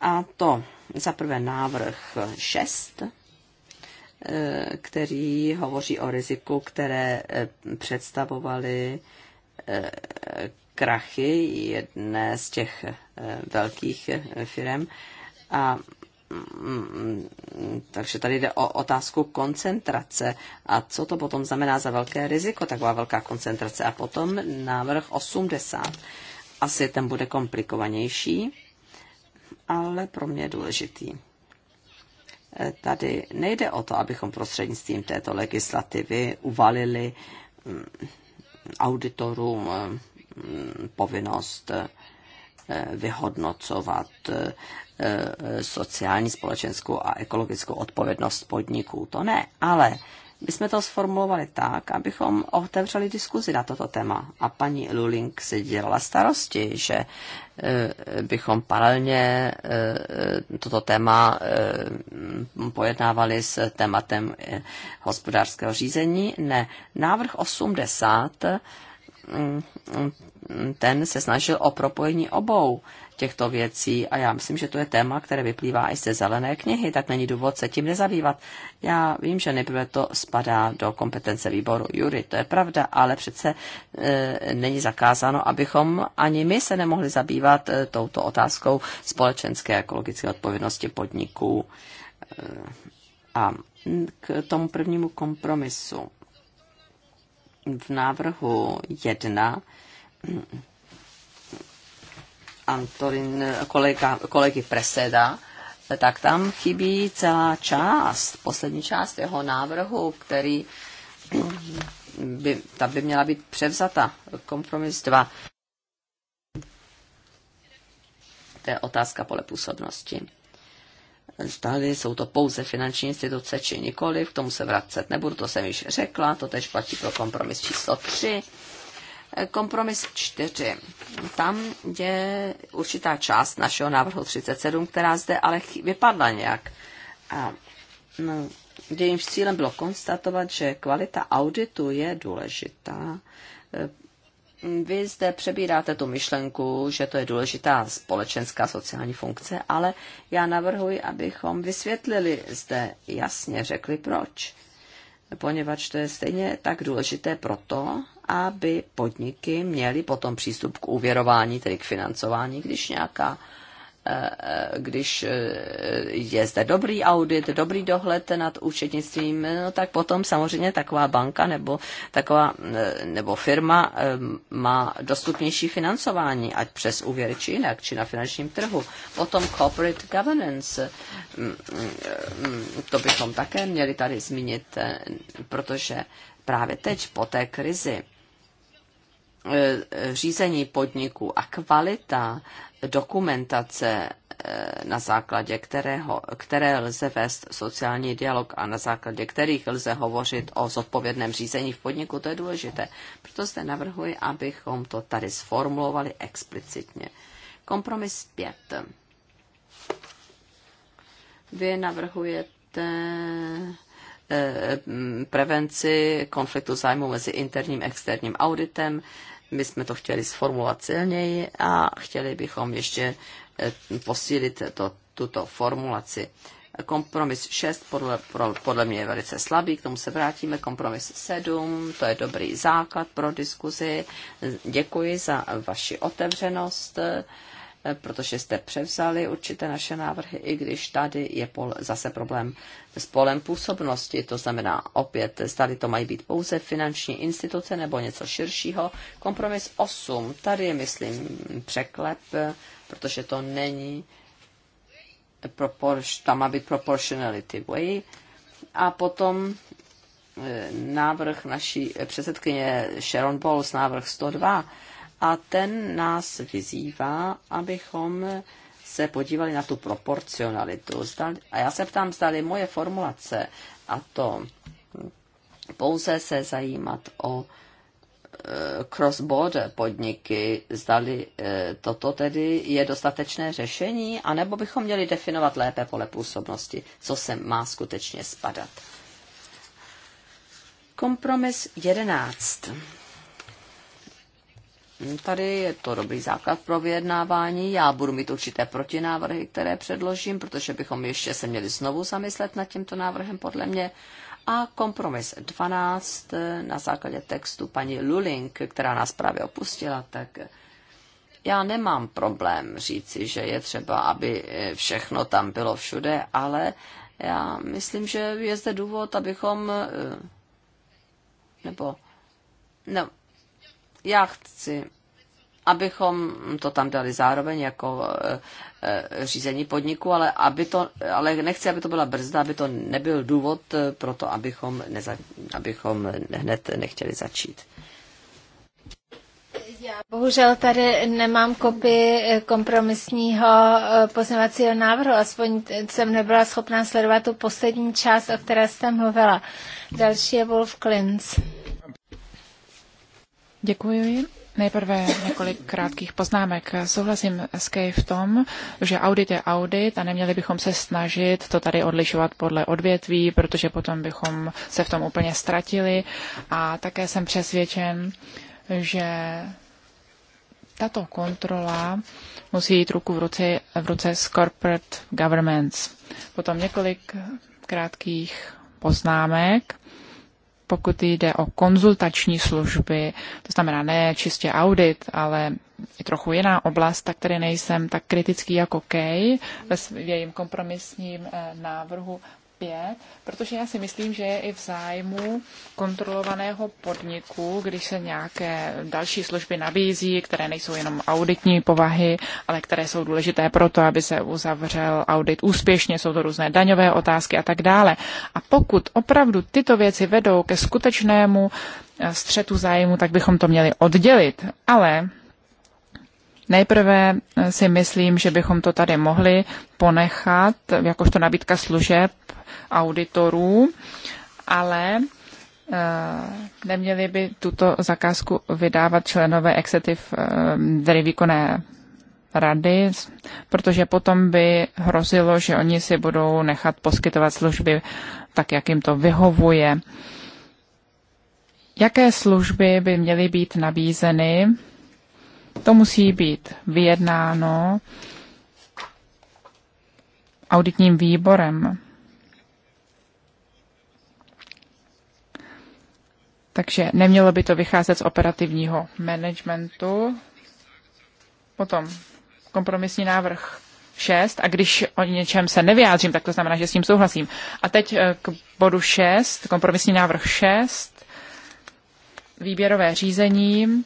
A to za prvé návrh 6, který hovoří o riziku, které eh, představovaly eh, krachy jedné z těch eh, velkých firm. A mm, mm, takže tady jde o otázku koncentrace a co to potom znamená za velké riziko, taková velká koncentrace. A potom návrh 80. Asi ten bude komplikovanější, ale pro mě důležitý. Eh, tady nejde o to, abychom prostřednictvím této legislativy uvalili mm, auditorům mm, povinnost eh, vyhodnocovat eh, sociální, společenskou a ekologickou odpovědnost podniků. To ne, ale bychom to sformulovali tak, abychom otevřeli diskuzi na toto téma. A paní Luling si dělala starosti, že e, bychom paralelně e, toto téma e, pojednávali s tématem hospodářského řízení. Ne, návrh 80 mm, ten se snažil o propojení obou těchto věcí a já myslím, že to je téma, které vyplývá i ze zelené knihy, tak není důvod se tím nezabývat. Já vím, že nejprve to spadá do kompetence výboru Jury, to je pravda, ale přece e, není zakázáno, abychom ani my se nemohli zabývat e, touto otázkou společenské ekologické odpovědnosti podniků. E, a k tomu prvnímu kompromisu v návrhu 1 Antorin, kolega, kolegy Preseda, tak tam chybí celá část, poslední část jeho návrhu, který by, ta by měla být převzata, kompromis 2. To je otázka pole působnosti. Zdali jsou to pouze finanční instituce či nikoli, k tomu se vracet nebudu, to jsem již řekla, to tež platí pro kompromis číslo 3. Kompromis 4. Tam je určitá část našeho návrhu 37, která zde ale vypadla nějak. A, no, jejímž cílem bylo konstatovat, že kvalita auditu je důležitá. E, vy zde přebíráte tu myšlenku, že to je důležitá společenská sociální funkce, ale já navrhuji, abychom vysvětlili zde jasně, řekli proč. Poněvadž to je stejně tak důležité proto, aby podniky měly potom přístup k uvěrování, tedy k financování, když nějaká eh, eh, když eh, je zde dobrý audit, dobrý dohled nad účetnictvím, no tak potom samozřejmě taková banka nebo, taková, nebo firma má dostupnější financování, ať přes úvěry či jinak, či na finančním trhu. Potom corporate governance, to bychom také měli tady zmínit, protože právě teď po té krizi E, řízení podniku a kvalita dokumentace, e, na základě kterého, které lze vést sociální dialog a na základě kterých lze hovořit o zodpovědném řízení v podniku, to je důležité. Proto zde navrhuji, abychom to tady sformulovali explicitně. Kompromis 5. Vy navrhujete e, prevenci konfliktu zájmu mezi interním a externím auditem. My jsme to chtěli sformulovat silněji a chtěli bychom ještě eh, posílit to, tuto formulaci. Kompromis 6 podle, pro, podle mě je velice slabý, k tomu se vrátíme. Kompromis 7, to je dobrý základ pro diskuzi. Děkuji za vaši otevřenost protože jste převzali určité naše návrhy, i když tady je pol, zase problém s polem působnosti, to znamená opět, tady to mají být pouze finanční instituce nebo něco širšího. Kompromis 8, tady je, myslím, překlep, protože to není, tam má být proportionality way. A potom eh, návrh naší předsedkyně Sharon Bowles, návrh 102, a ten nás vyzývá, abychom se podívali na tu proporcionalitu. A já se ptám, zdali moje formulace a to pouze se zajímat o e, cross-border podniky, zdali e, toto tedy je dostatečné řešení, anebo bychom měli definovat lépe pole působnosti, co se má skutečně spadat. Kompromis 11. Tady je to dobrý základ pro vyjednávání. Já budu mít určité protinávrhy, které předložím, protože bychom ještě se měli znovu zamyslet nad tímto návrhem, podle mě. A kompromis 12 eh, na základě textu paní Luling, která nás právě opustila, tak já nemám problém říci, že je třeba, aby eh, všechno tam bylo všude, ale já myslím, že je zde důvod, abychom eh, nebo no, já chci, abychom to tam dali zároveň jako e, e, řízení podniku, ale, aby to, ale nechci, aby to byla brzda, aby to nebyl důvod e, pro to, abychom, neza, abychom hned nechtěli začít. Já bohužel tady nemám kopii kompromisního pozměvacího návrhu, aspoň jsem nebyla schopná sledovat tu poslední část, o které jste mluvila. Další je Wolf Klins. Děkuji. Nejprve několik krátkých poznámek. Souhlasím s Kej v tom, že audit je audit a neměli bychom se snažit to tady odlišovat podle odvětví, protože potom bychom se v tom úplně ztratili. A také jsem přesvědčen, že tato kontrola musí jít ruku v ruce, v ruce s corporate governments. Potom několik krátkých poznámek pokud jde o konzultační služby, to znamená ne čistě audit, ale i trochu jiná oblast, tak tady nejsem tak kritický jako Kej ve jejím kompromisním eh, návrhu 5, protože já si myslím, že je i v zájmu kontrolovaného podniku, když se nějaké další služby nabízí, které nejsou jenom auditní povahy, ale které jsou důležité pro to, aby se uzavřel audit úspěšně, jsou to různé daňové otázky a tak dále. A pokud opravdu tyto věci vedou ke skutečnému eh, střetu zájmu, tak bychom to měli oddělit. Ale Nejprve eh, si myslím, že bychom to tady mohli ponechat jakožto nabídka služeb auditorů, ale eh, neměli by tuto zakázku vydávat členové executive, eh, tedy výkonné rady, protože potom by hrozilo, že oni si budou nechat poskytovat služby tak, jak jim to vyhovuje. Jaké služby by měly být nabízeny to musí být vyjednáno auditním výborem. Takže nemělo by to vycházet z operativního managementu. Potom kompromisní návrh 6 a když o něčem se nevyjádřím, tak to znamená, že s tím souhlasím. A teď eh, k bodu 6, kompromisní návrh 6, výběrové řízení.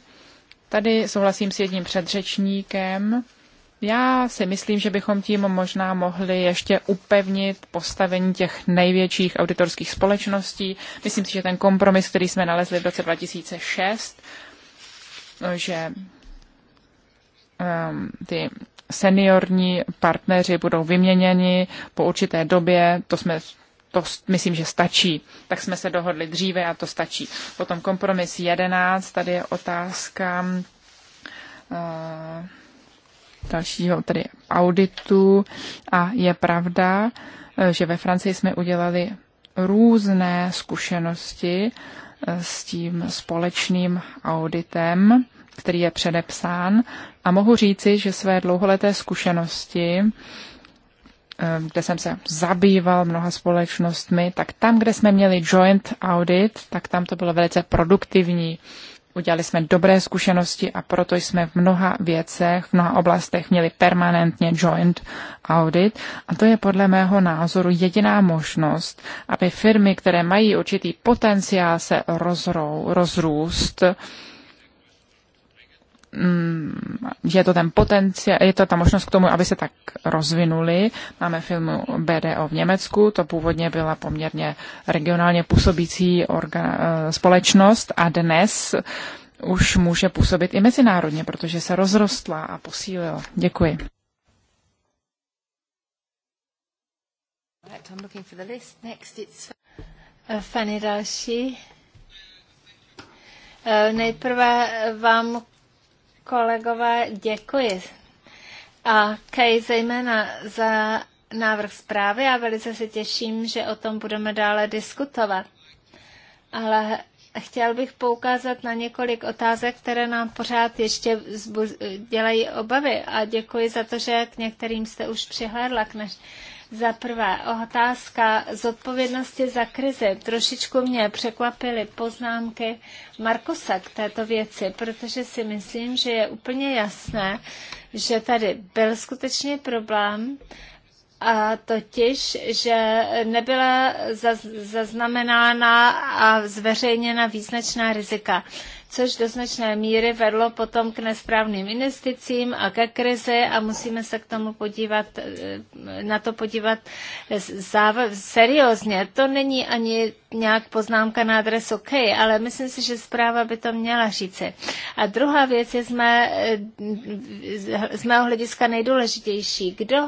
Tady souhlasím s jedním předřečníkem. Já si myslím, že bychom tím možná mohli ještě upevnit postavení těch největších auditorských společností. Myslím si, že ten kompromis, který jsme nalezli v roce 2006, že um, ty seniorní partneři budou vyměněni po určité době, to jsme to myslím, že stačí. Tak jsme se dohodli dříve a to stačí. Potom kompromis 11, tady je otázka uh, dalšího tady auditu a je pravda, eh, že ve Francii jsme udělali různé zkušenosti eh, s tím společným auditem, který je předepsán a mohu říci, že své dlouholeté zkušenosti uh, Eh, kde jsem se zabýval mnoha společnostmi, tak tam, kde jsme měli joint audit, tak tam to bylo velice produktivní. Udělali jsme dobré zkušenosti a proto jsme v mnoha věcech, v mnoha oblastech měli permanentně joint audit. A to je podle mého názoru jediná možnost, aby firmy, které mají určitý potenciál se rozrou, rozrůst, Mm, že je to ten potenciál, je to ta možnost k tomu, aby se tak rozvinuli. Máme filmu BDO v Německu, to původně byla poměrně regionálně působící orga, eh, společnost a dnes už může působit i mezinárodně, protože se rozrostla a posílila. Děkuji. Uh, Fanny další. Uh, nejprve vám Kolegové, děkuji. A Kej zejména za návrh zprávy a velice se těším, že o tom budeme dále diskutovat. Ale chtěl bych poukázat na několik otázek, které nám pořád ještě dělají obavy a děkuji za to, že k některým jste už přihlédla k naš- za prvé, otázka zodpovědnosti za krizi. Trošičku mě překvapily poznámky Markusa k této věci, protože si myslím, že je úplně jasné, že tady byl skutečně problém, a totiž, že nebyla zaznamenána a zveřejněna význačná rizika což do značné míry vedlo potom k nesprávným investicím a ke krizi a musíme se k tomu podívat, eh, na to podívat záv- seriózně. To není ani nějak poznámka na adresu OK, ale myslím si, že zpráva by to měla říci. A druhá věc je z, mé, eh, z mého hlediska nejdůležitější. Kdo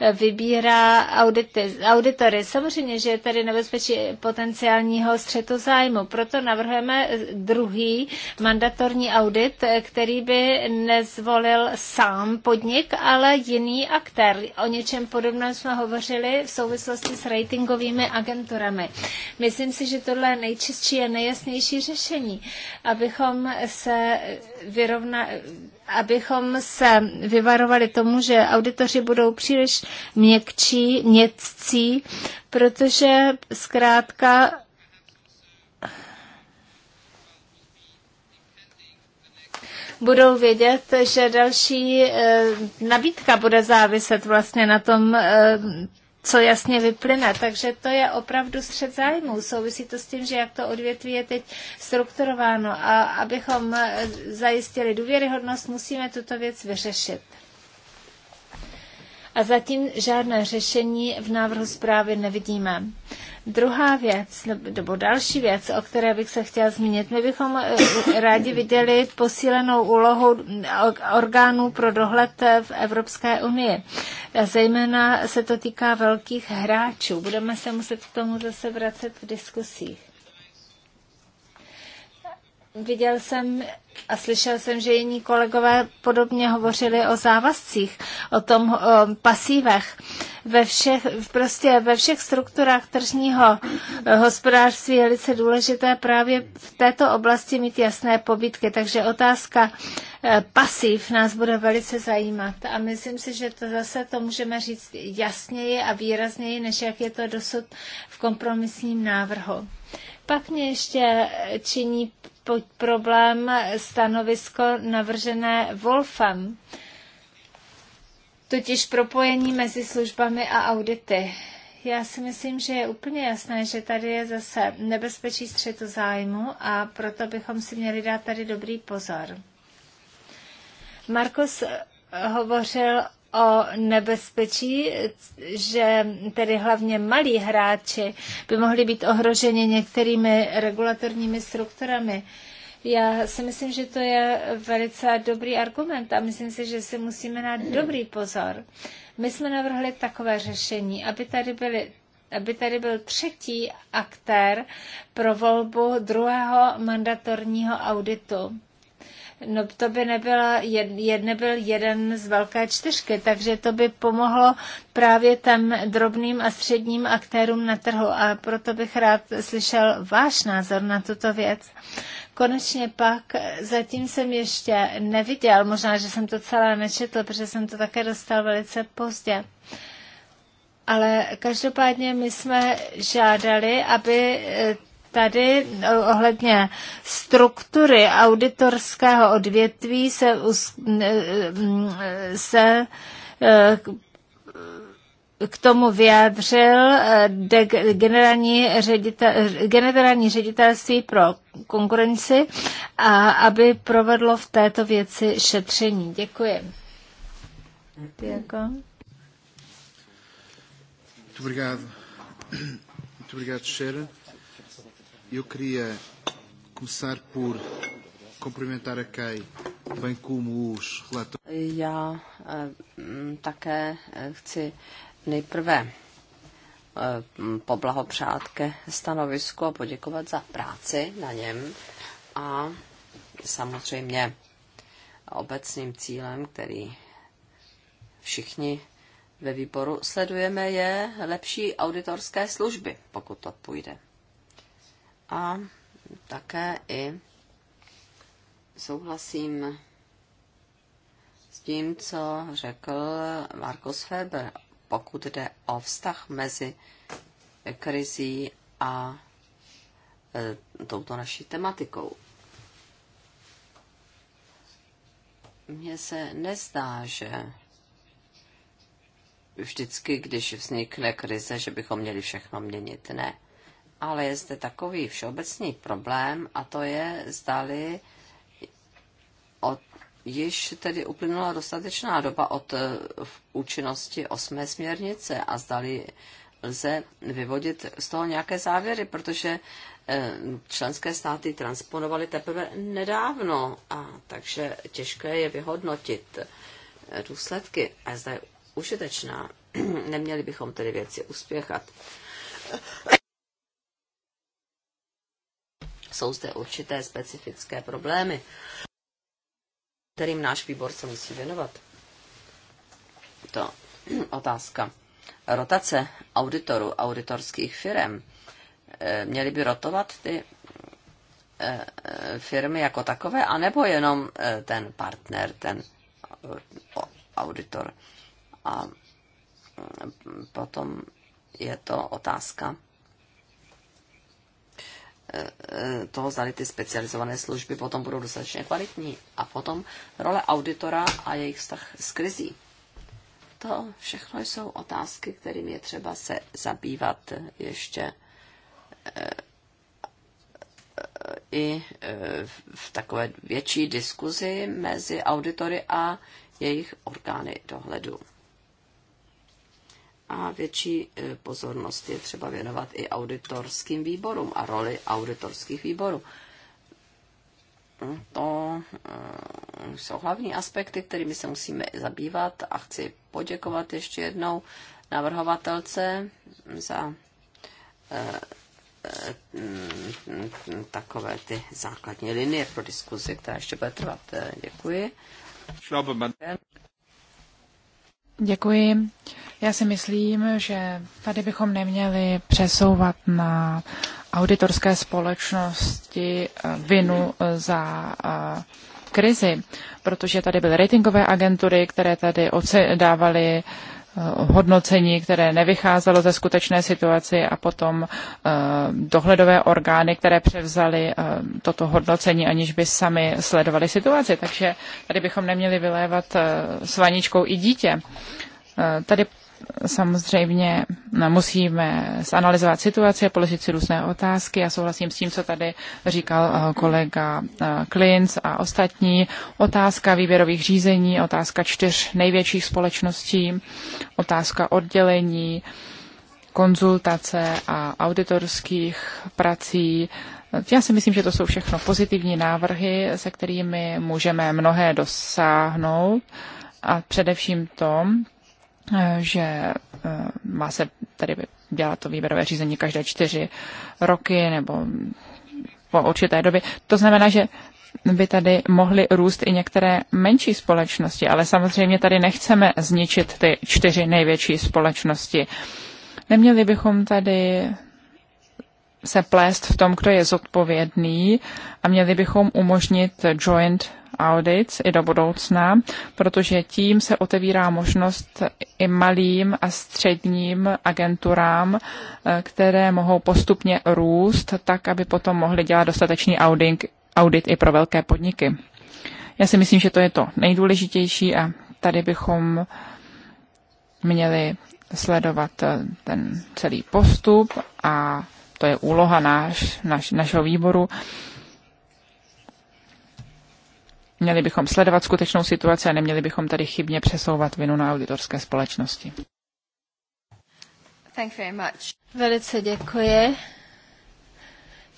eh, vybírá audity, auditory? Samozřejmě, že je tady nebezpečí potenciálního střetu zájmu. Proto navrhujeme druhý mandatorní audit, který by nezvolil sám podnik, ale jiný aktér. O něčem podobném jsme hovořili v souvislosti s ratingovými agenturami. Myslím si, že tohle je nejčistší a nejjasnější řešení, abychom se vyrovna, abychom se vyvarovali tomu, že auditoři budou příliš měkčí, měkcí, protože zkrátka budou vědět, že další eh, nabídka bude záviset vlastně na tom, eh, co jasně vyplyne. Takže to je opravdu střed zájmů. Souvisí to s tím, že jak to odvětví je teď strukturováno. A abychom eh, zajistili důvěryhodnost, musíme tuto věc vyřešit a zatím žádné řešení v návrhu zprávy nevidíme. Druhá věc, nebo další věc, o které bych se chtěla zmínit, my bychom eh, rádi viděli posílenou úlohu orgánů pro dohled eh, v Evropské unii. Zejména se to týká velkých hráčů. Budeme se muset k tomu zase vracet v diskusích. Viděl jsem a slyšel jsem, že jiní kolegové podobně hovořili o závazcích, o tom o pasívech. Ve všech, prostě ve všech strukturách tržního eh, hospodářství je velice důležité právě v této oblasti mít jasné pobytky. Takže otázka eh, pasiv nás bude velice zajímat. A myslím si, že to zase to můžeme říct jasněji a výrazněji, než jak je to dosud v kompromisním návrhu. Pak mě ještě eh, činí problém stanovisko navržené Wolfem, totiž propojení mezi službami a audity. Já si myslím, že je úplně jasné, že tady je zase nebezpečí střetu zájmu a proto bychom si měli dát tady dobrý pozor. Markus hovořil o nebezpečí, že tedy hlavně malí hráči by mohli být ohroženi některými regulatorními strukturami. Já si myslím, že to je velice dobrý argument a myslím si, že si musíme dát dobrý pozor. My jsme navrhli takové řešení, aby tady byly aby tady byl třetí aktér pro volbu druhého mandatorního auditu no to by nebyl jed, jed, nebyl jeden z velké čtyřky, takže to by pomohlo právě tam drobným a středním aktérům na trhu a proto bych rád slyšel váš názor na tuto věc. Konečně pak, zatím jsem ještě neviděl, možná, že jsem to celé nečetl, protože jsem to také dostal velice pozdě. Ale každopádně my jsme žádali, aby eh, tady eh, ohledně struktury auditorského odvětví se, eh, eh, se k tomu vyjádřil generální, ředitel, generální ředitelství pro konkurenci, a aby provedlo v této věci šetření. Děkuji. Děkuji. Jako? Muito obrigado. Muito obrigado, Sharon eu queria começar por cumprimentar a Kay, bem como os relatores. Já eh, také eh, chci nejprve eh, poblahopřát ke stanovisku a poděkovat za práci na něm. A samozřejmě obecným cílem, který všichni ve výboru sledujeme, je lepší auditorské služby, pokud to půjde. A také i souhlasím s tím, co řekl Markus Weber, pokud jde o vztah mezi krizí a e, touto naší tematikou. Mně se nezdá, že vždycky, když vznikne krize, že bychom měli všechno měnit. Ne ale je zde takový všeobecný problém a to je, zdali od, již tedy uplynula dostatečná doba od eh, účinnosti osmé směrnice a zdali lze vyvodit z toho nějaké závěry, protože eh, členské státy transponovaly teprve nedávno a takže těžké je vyhodnotit eh, důsledky a zda je užitečná. Neměli bychom tedy věci uspěchat jsou zde určité specifické problémy, kterým náš výbor se musí věnovat. To otázka. Rotace auditorů, auditorských firm. Eh, měly by rotovat ty eh, eh, firmy jako takové, anebo jenom ten partner, ten auditor. A mm, potom je to otázka Eh, toho, zda ty specializované služby potom budou dostatečně kvalitní. A potom role auditora a jejich vztah s krizí. To všechno jsou otázky, kterým je třeba se zabývat ještě eh, i eh, v takové větší diskuzi mezi auditory a jejich orgány dohledu a větší e, pozornost je třeba věnovat i auditorským výborům a roli auditorských výborů. No, to e, jsou hlavní aspekty, kterými se musíme zabývat a chci poděkovat ještě jednou navrhovatelce za e, takové ty základní linie pro diskuzi, která ještě bude trvat. Děkuji. Děkuji. Já si myslím, že tady bychom neměli přesouvat na auditorské společnosti eh, vinu za eh, krizi, protože tady byly ratingové agentury, které tady dávaly hodnocení, které nevycházelo ze skutečné situaci a potom eh, dohledové orgány, které převzaly eh, toto hodnocení, aniž by sami sledovali situaci. Takže tady bychom neměli vylévat eh, s vaničkou i dítě. Tady samozřejmě no, musíme zanalizovat situaci a položit si různé otázky. Já souhlasím s tím, co tady říkal eh, kolega eh, Klinc a ostatní. Otázka výběrových řízení, otázka čtyř největších společností, otázka oddělení, konzultace a auditorských prací. Já si myslím, že to jsou všechno pozitivní návrhy, se kterými můžeme mnohé dosáhnout a především tom, Eh, že eh, má se tady dělat to výběrové řízení každé čtyři roky nebo po určité době. To znamená, že by tady mohly růst i některé menší společnosti, ale samozřejmě tady nechceme zničit ty čtyři největší společnosti. Neměli bychom tady se plést v tom, kdo je zodpovědný a měli bychom umožnit joint Audic i do budoucna, protože tím se otevírá možnost i malým a středním agenturám, eh, které mohou postupně růst, tak aby potom mohly dělat dostatečný audit, audit i pro velké podniky. Já si myslím, že to je to nejdůležitější a tady bychom měli sledovat eh, ten celý postup a to je úloha náš, naš, našeho výboru. Měli bychom sledovat skutečnou situaci a neměli bychom tady chybně přesouvat vinu na auditorské společnosti. Thank you very much. Velice děkuji.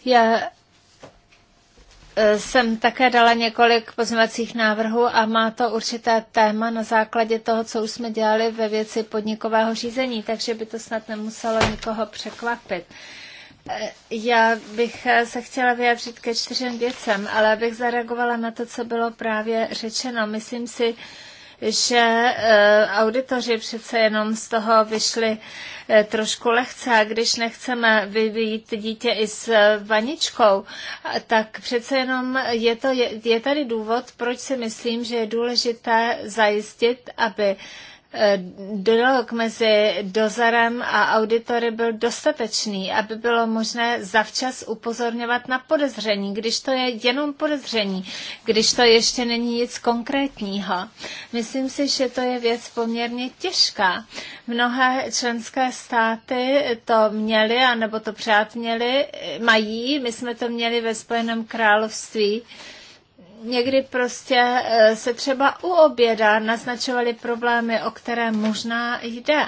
Já eh, jsem také dala několik pozměvacích návrhů a má to určité téma na základě toho, co už jsme dělali ve věci podnikového řízení, takže by to snad nemuselo nikoho překvapit. Já bych se chtěla vyjádřit ke čtyřem věcem, ale abych zareagovala na to, co bylo právě řečeno. Myslím si, že eh, auditoři přece jenom z toho vyšli eh, trošku lehce a když nechceme vyvíjet dítě i s vaničkou, tak přece jenom je, to, je, je tady důvod, proč si myslím, že je důležité zajistit, aby Eh, dialog mezi dozorem a auditory byl dostatečný, aby bylo možné zavčas upozorňovat na podezření, když to je jenom podezření, když to ještě není nic konkrétního. Myslím si, že to je věc poměrně těžká. Mnohé členské státy to měly, anebo to přát měli, mají, my jsme to měli ve Spojeném království, někdy prostě eh, se třeba u oběda naznačovaly problémy, o které možná jde.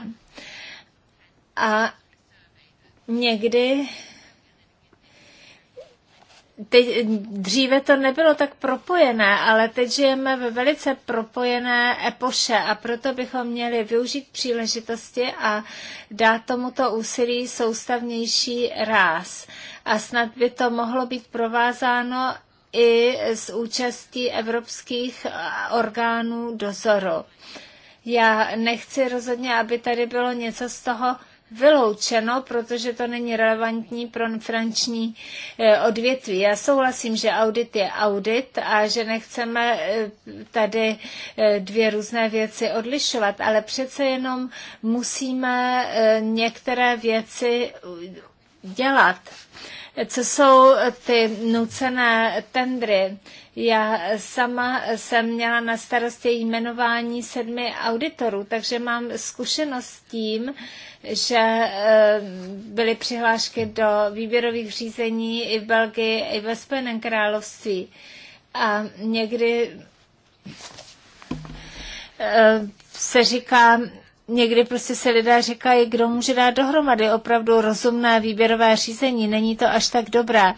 A někdy teď, dříve to nebylo tak propojené, ale teď žijeme ve velice propojené epoše a proto bychom měli využít příležitosti a dát tomuto úsilí soustavnější ráz. A snad by to mohlo být provázáno i s účastí evropských eh, orgánů dozoru. Já nechci rozhodně, aby tady bylo něco z toho vyloučeno, protože to není relevantní pro franční eh, odvětví. Já souhlasím, že audit je audit a že nechceme eh, tady dvě různé věci odlišovat, ale přece jenom musíme některé věci dělat co jsou ty nucené tendry. Já sama jsem měla na starosti jmenování sedmi auditorů, takže mám zkušenost s tím, že eh, byly přihlášky do výběrových řízení i v Belgii, i ve Spojeném království. A někdy eh, se říká, někdy prostě se lidé říkají, kdo může dát dohromady opravdu rozumné výběrové řízení. Není to až tak dobré.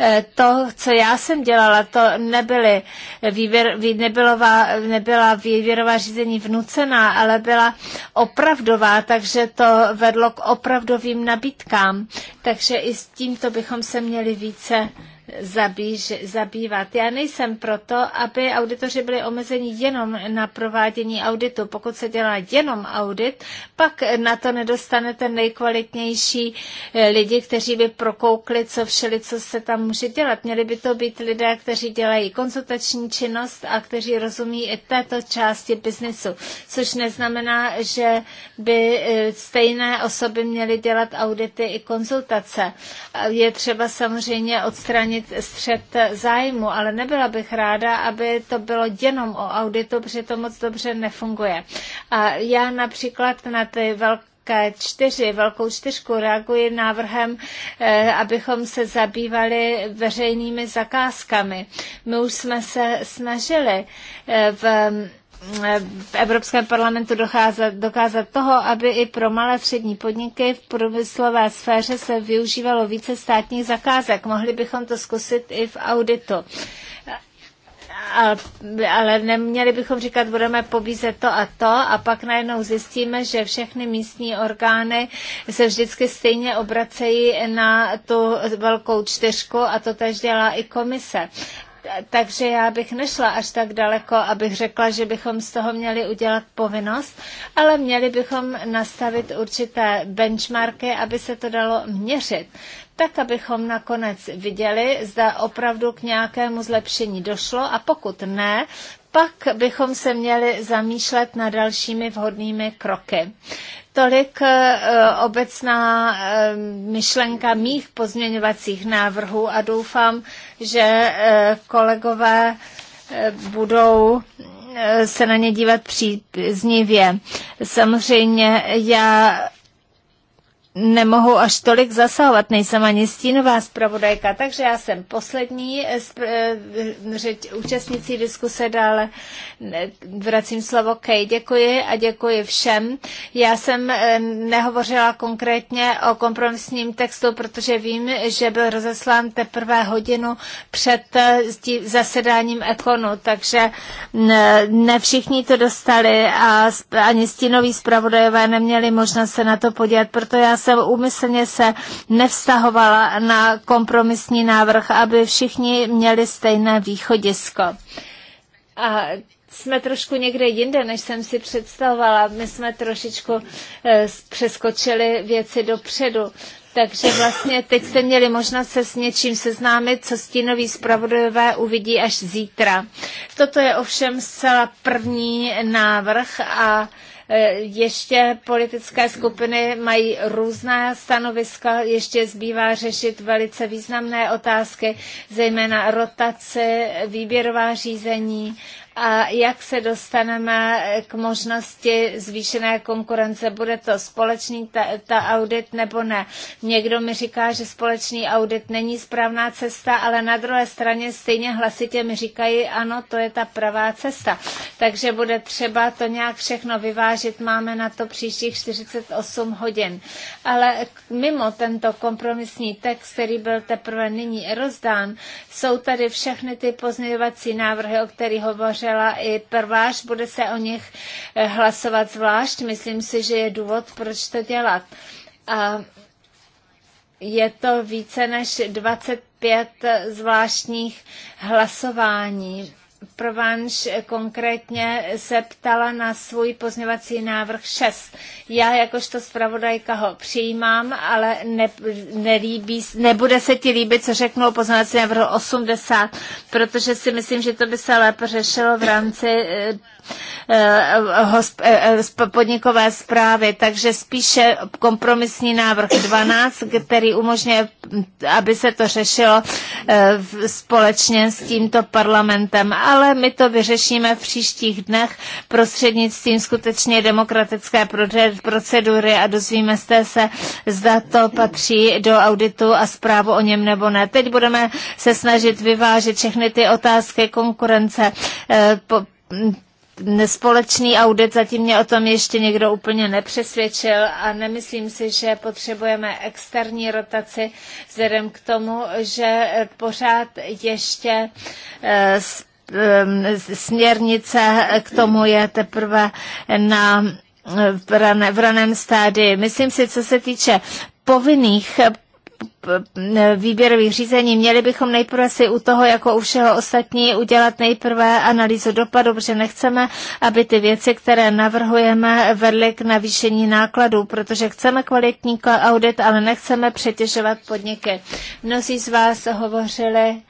Eh, to, co já jsem dělala, to nebyly výběr, nebylová, nebyla výběrová řízení vnucená, ale byla opravdová, takže to vedlo k opravdovým nabídkám. Takže i s tímto bychom se měli více zabíž, zabývat. Já nejsem proto, aby auditoři byli omezeni jenom na provádění auditu. Pokud se dělá jenom audit, pak na to nedostanete nejkvalitnější eh, lidi, kteří by prokoukli, co všeli, co se tam může dělat. Měli by to být lidé, kteří dělají konzultační činnost a kteří rozumí i této části biznesu, což neznamená, že by eh, stejné osoby měly dělat audity i konzultace. Je třeba samozřejmě odstranit mít střed zájmu, ale nebyla bych ráda, aby to bylo jenom o auditu, protože to moc dobře nefunguje. A já například na ty velké čtyři, velkou čtyřku reaguji návrhem, eh, abychom se zabývali veřejnými zakázkami. My už jsme se snažili eh, v v Evropském parlamentu docházet, dokázat toho, aby i pro malé střední podniky v průmyslové sféře se využívalo více státních zakázek. Mohli bychom to zkusit i v auditu. A, ale neměli bychom říkat, budeme pobízet to a to a pak najednou zjistíme, že všechny místní orgány se vždycky stejně obracejí na tu velkou čtyřku a to tež dělá i komise takže já bych nešla až tak daleko, abych řekla, že bychom z toho měli udělat povinnost, ale měli bychom nastavit určité benchmarky, aby se to dalo měřit tak abychom nakonec viděli, zda opravdu k nějakému zlepšení došlo a pokud ne, pak bychom se měli zamýšlet na dalšími vhodnými kroky. Tolik eh, obecná eh, myšlenka mých pozměňovacích návrhů a doufám, že eh, kolegové budou se na ně dívat příznivě. Samozřejmě já nemohu až tolik zasahovat, nejsem ani stínová zpravodajka, takže já jsem poslední eh, eh, řeč, účastnicí diskuse, dále vracím slovo Kej. Děkuji a děkuji všem. Já jsem eh, nehovořila konkrétně o kompromisním textu, protože vím, že byl rozeslán teprve hodinu před zasedáním Ekonu, takže ne všichni to dostali a ani stínoví zpravodajové neměli možnost se na to podívat, proto já jsem úmyslně se nevztahovala na kompromisní návrh, aby všichni měli stejné východisko. A jsme trošku někde jinde, než jsem si představovala. My jsme trošičku e, přeskočili věci dopředu. Takže vlastně teď jste měli možnost se s něčím seznámit, co stínoví zpravodajové uvidí až zítra. Toto je ovšem zcela první návrh a Eh, ještě politické skupiny mají různá stanoviska, ještě zbývá řešit velice významné otázky, zejména rotace, výběrová řízení a jak se dostaneme k možnosti zvýšené konkurence. Bude to společný ta, ta audit nebo ne? Někdo mi říká, že společný audit není správná cesta, ale na druhé straně stejně hlasitě mi říkají, ano, to je ta pravá cesta. Takže bude třeba to nějak všechno vyvážit. Máme na to příštích 48 hodin. Ale mimo tento kompromisní text, který byl teprve nyní rozdán, jsou tady všechny ty pozměňovací návrhy, o kterých hovořím otevřela i prváš, bude se o nich eh, hlasovat zvlášť. Myslím si, že je důvod, proč to dělat. A je to více než 25 zvláštních hlasování Provanš konkrétně se ptala na svůj pozměvací návrh 6. Já jakožto zpravodajka ho přijímám, ale ne, nelíbí, nebude se ti líbit, co řeknou pozměvací návrh 80, protože si myslím, že to by se lépe řešilo v rámci eh, eh, eh, podnikové zprávy, takže spíše kompromisní návrh 12, který umožňuje, aby se to řešilo společně s tímto parlamentem. A ale my to vyřešíme v příštích dnech prostřednictvím skutečně demokratické procedury a dozvíme jste se, zda to patří do auditu a zprávu o něm nebo ne. Teď budeme se snažit vyvážit všechny ty otázky konkurence, eh, po, společný audit, zatím mě o tom ještě někdo úplně nepřesvědčil a nemyslím si, že potřebujeme externí rotaci vzhledem k tomu, že pořád ještě eh, Ehm, směrnice k tomu je teprve na v, rané, v raném stádii. Myslím si, co se týče povinných výběrových řízení, měli bychom nejprve si u toho, jako u všeho ostatní, udělat nejprve analýzu dopadu, protože nechceme, aby ty věci, které navrhujeme, vedly k navýšení nákladů, protože chceme kvalitní audit, ale nechceme přetěžovat podniky. Mnozí z vás hovořili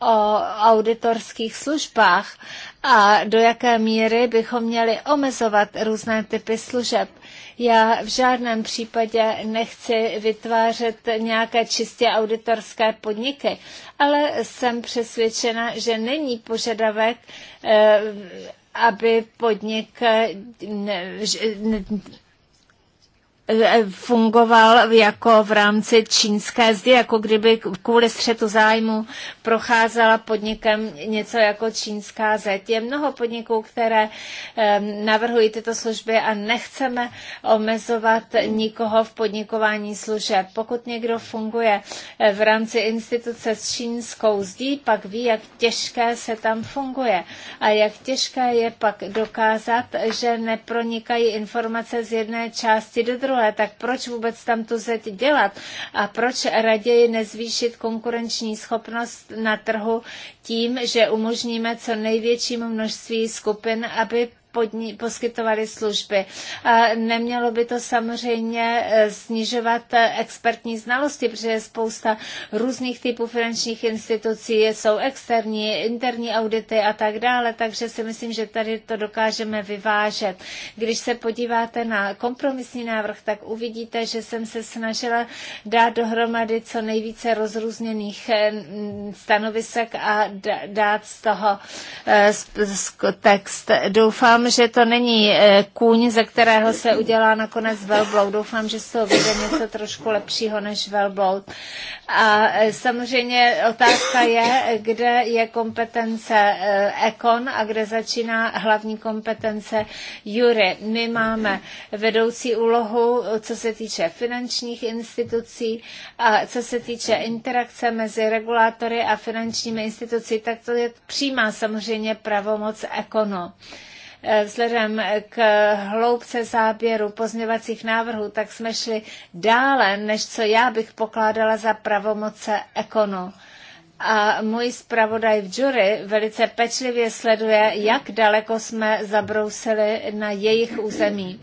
o auditorských službách a do jaké míry bychom měli omezovat různé typy služeb. Já v žádném případě nechci vytvářet nějaké čistě auditorské podniky, ale jsem přesvědčena, že není požadavek, eh, aby podnik eh, Eh, fungoval jako v rámci čínské zdi, jako kdyby kvůli střetu zájmu procházela podnikem něco jako čínská zeď. Je mnoho podniků, které eh, navrhují tyto služby a nechceme omezovat nikoho v podnikování služeb. Pokud někdo funguje eh, v rámci instituce s čínskou zdí, pak ví, jak těžké se tam funguje a jak těžké je pak dokázat, že nepronikají informace z jedné části do druhé minulé, tak proč vůbec tam to zeď dělat? A proč raději nezvýšit konkurenční schopnost na trhu tím, že umožníme co největšímu množství skupin, aby podni, poskytovali služby. A nemělo by to samozřejmě e, snižovat e, expertní znalosti, protože je spousta různých typů finančních institucí, jsou externí, interní audity a tak dále, takže si myslím, že tady to dokážeme vyvážet. Když se podíváte na kompromisní návrh, tak uvidíte, že jsem se snažila dát dohromady co nejvíce rozrůzněných e, stanovisek a dát z toho text. Doufám, že to není eh, kůň, ze kterého se udělá nakonec velbloud. Doufám, že z toho vyjde něco trošku lepšího než velbloud. A eh, samozřejmě otázka je, kde je kompetence Ekon eh, a kde začíná hlavní kompetence Jury. My máme vedoucí úlohu, co se týče finančních institucí a co se týče interakce mezi regulátory a finančními institucí, tak to je přímá samozřejmě pravomoc Ekonu. Eh, vzhledem k hloubce záběru pozměvacích návrhů, tak jsme šli dále, než co já bych pokládala za pravomoce ekonu a můj zpravodaj v jury velice pečlivě sleduje, jak daleko jsme zabrousili na jejich území.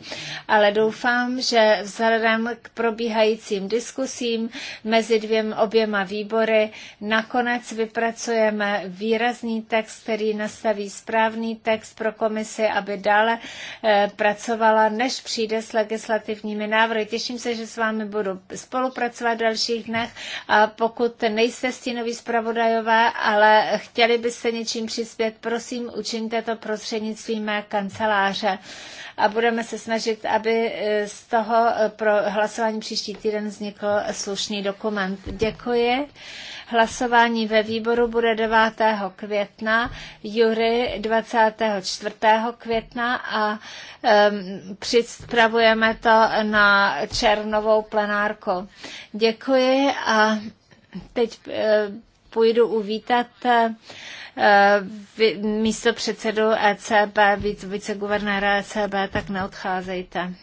Ale doufám, že vzhledem k probíhajícím diskusím mezi dvěm oběma výbory nakonec vypracujeme výrazný text, který nastaví správný text pro komisi, aby dále eh, pracovala, než přijde s legislativními návrhy. Těším se, že s vámi budu spolupracovat v dalších dnech a pokud nejste stínový zpravodaj, zpravodajové, ale chtěli byste něčím přispět, prosím, učiňte to prostřednictvím mé kanceláře a budeme se snažit, aby e, z toho e, pro hlasování příští týden vznikl slušný dokument. Děkuji. Hlasování ve výboru bude 9. května, jury 24. května a um, připravujeme to na červnovou plenárku. Děkuji a teď uh, půjdu uvítat eh, místo předsedu ECB, viceguvernéra ECB, tak neodcházejte.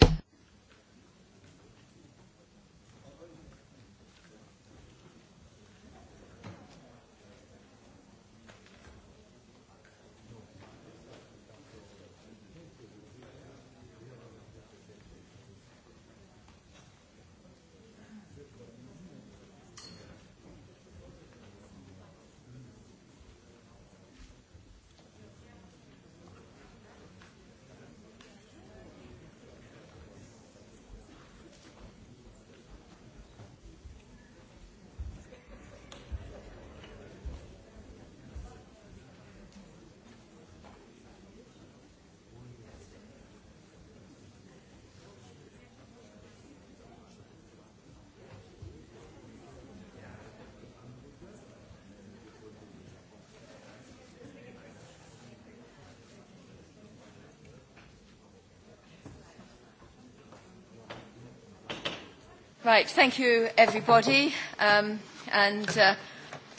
Right, thank you everybody um, and uh,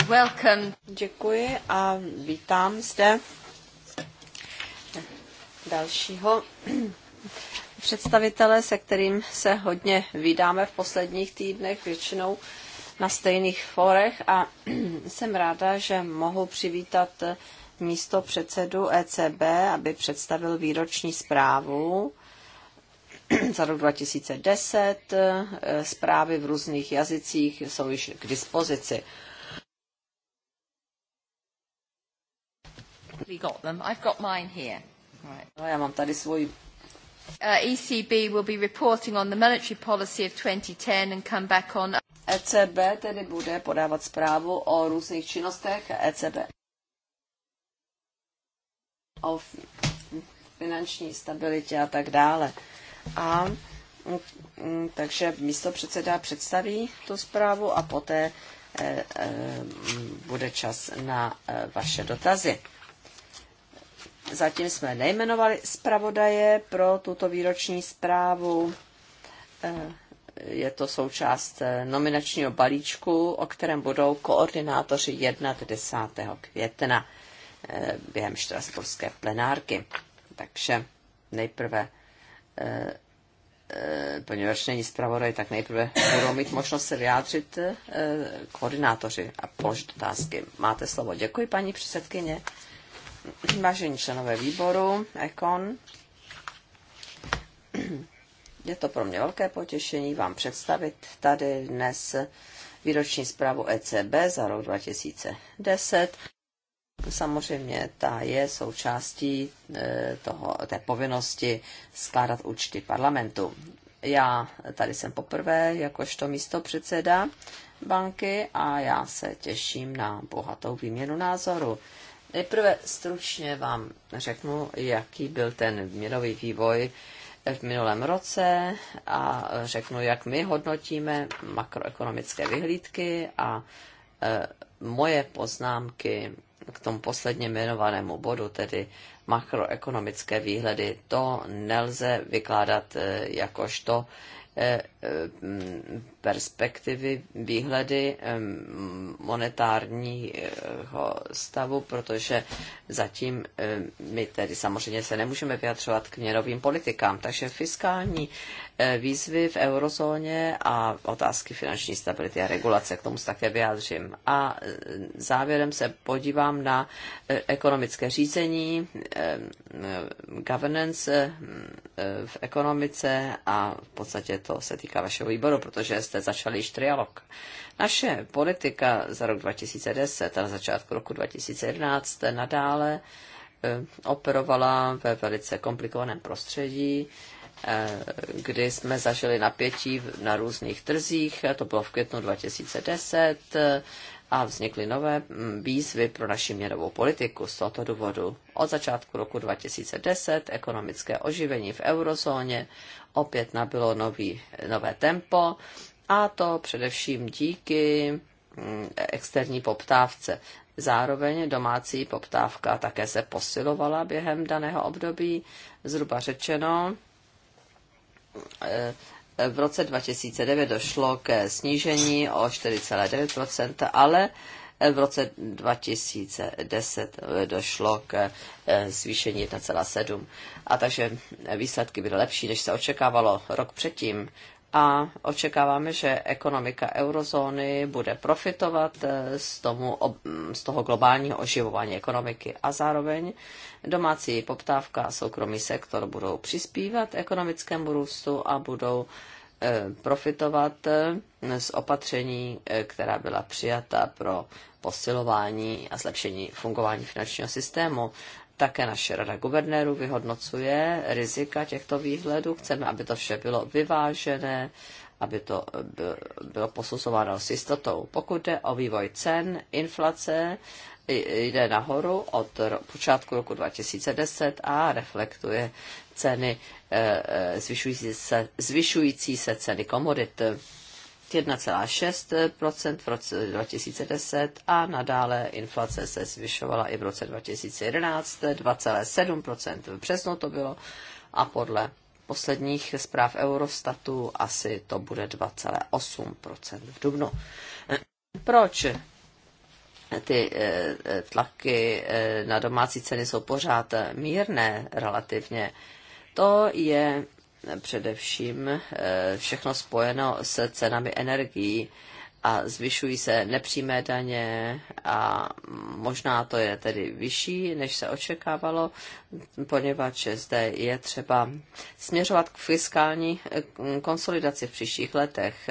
welcome. Děkuji a vítám zde dalšího představitele, se kterým se hodně vydáme v posledních týdnech, většinou na stejných forech a jsem ráda, že mohu přivítat místo předsedu ECB, aby představil výroční zprávu za rok 2010. Eh, zprávy v různých jazycích jsou již k dispozici. No, já mám tady svůj uh, ECB will be reporting on the monetary policy of 2010 and come back on ECB tedy bude podávat zprávu o různých činnostech ECB. O finanční stabilitě a tak dále a mm, takže místo předseda představí tu zprávu a poté eh, eh, bude čas na eh, vaše dotazy. Zatím jsme nejmenovali zpravodaje pro tuto výroční zprávu. Je to součást nominačního balíčku, o kterém budou koordinátoři jednat 10. května během štrasburské plenárky. Takže nejprve Eh, poněvadž není zpravodaj, tak nejprve budou mít možnost se vyjádřit eh, koordinátoři a položit otázky. Máte slovo. Děkuji, paní předsedkyně. Vážení členové výboru, Ekon. Je to pro mě velké potěšení vám představit tady dnes výroční zprávu ECB za rok 2010 samozřejmě ta je součástí e, toho, té povinnosti skládat účty parlamentu. Já tady jsem poprvé jakožto místo předseda banky a já se těším na bohatou výměnu názoru. Nejprve stručně vám řeknu, jaký byl ten měnový vývoj v minulém roce a řeknu, jak my hodnotíme makroekonomické vyhlídky a e, moje poznámky k tomu posledně jmenovanému bodu, tedy makroekonomické výhledy, to nelze vykládat eh, jakožto eh, eh, perspektivy, výhledy monetárního stavu, protože zatím my tedy samozřejmě se nemůžeme vyjadřovat k měnovým politikám. Takže fiskální E, výzvy v eurozóně a otázky finanční stability a regulace, k tomu se také vyjádřím. A e, závěrem se podívám na e, ekonomické řízení, governance v ekonomice a v podstatě to se týká vašeho výboru, protože jste začali již trialog. Naše politika za rok 2010 a na začátku roku 2011 nadále operovala ve velice komplikovaném prostředí, Eh, kdy jsme zažili napětí na různých trzích, to bylo v květnu 2010, eh, a vznikly nové mm, výzvy pro naši měnovou politiku z tohoto důvodu. Od začátku roku 2010 ekonomické oživení v eurozóně opět nabilo nový, nové tempo, a to především díky mm, externí poptávce. Zároveň domácí poptávka také se posilovala během daného období, zhruba řečeno Eh, v roce 2009 došlo ke snížení o 4,9%, ale eh, v roce 2010 eh, došlo k zvýšení 1,7. A takže výsledky byly lepší, než se očekávalo rok předtím a očekáváme, že ekonomika eurozóny bude profitovat eh, z, tomu, z toho globálního oživování ekonomiky a zároveň domácí poptávka a soukromý sektor budou přispívat ekonomickému růstu a budou eh, profitovat eh, z opatření, která byla přijata pro posilování a zlepšení fungování finančního systému. Také naše rada guvernérů vyhodnocuje rizika těchto výhledů. Chceme, aby to vše bylo vyvážené, aby to bylo posuzováno s jistotou. Pokud jde o vývoj cen, inflace jde nahoru od počátku roku 2010 a reflektuje ceny, eh, eh, zvyšující se, zvyšující se ceny komodit. 1,6 v roce 2010 a nadále inflace se zvyšovala i v roce 2011 2,7 v březnu to bylo a podle posledních zpráv Eurostatu asi to bude 2,8 v dubnu. Proč ty eh, eh, tlaky eh, na domácí ceny jsou pořád mírné relativně? To je především eh, všechno spojeno s cenami energií a zvyšují se nepřímé daně a možná to je tedy vyšší, než se očekávalo, poněvadž zde je třeba směřovat k fiskální eh, konsolidaci v příštích letech.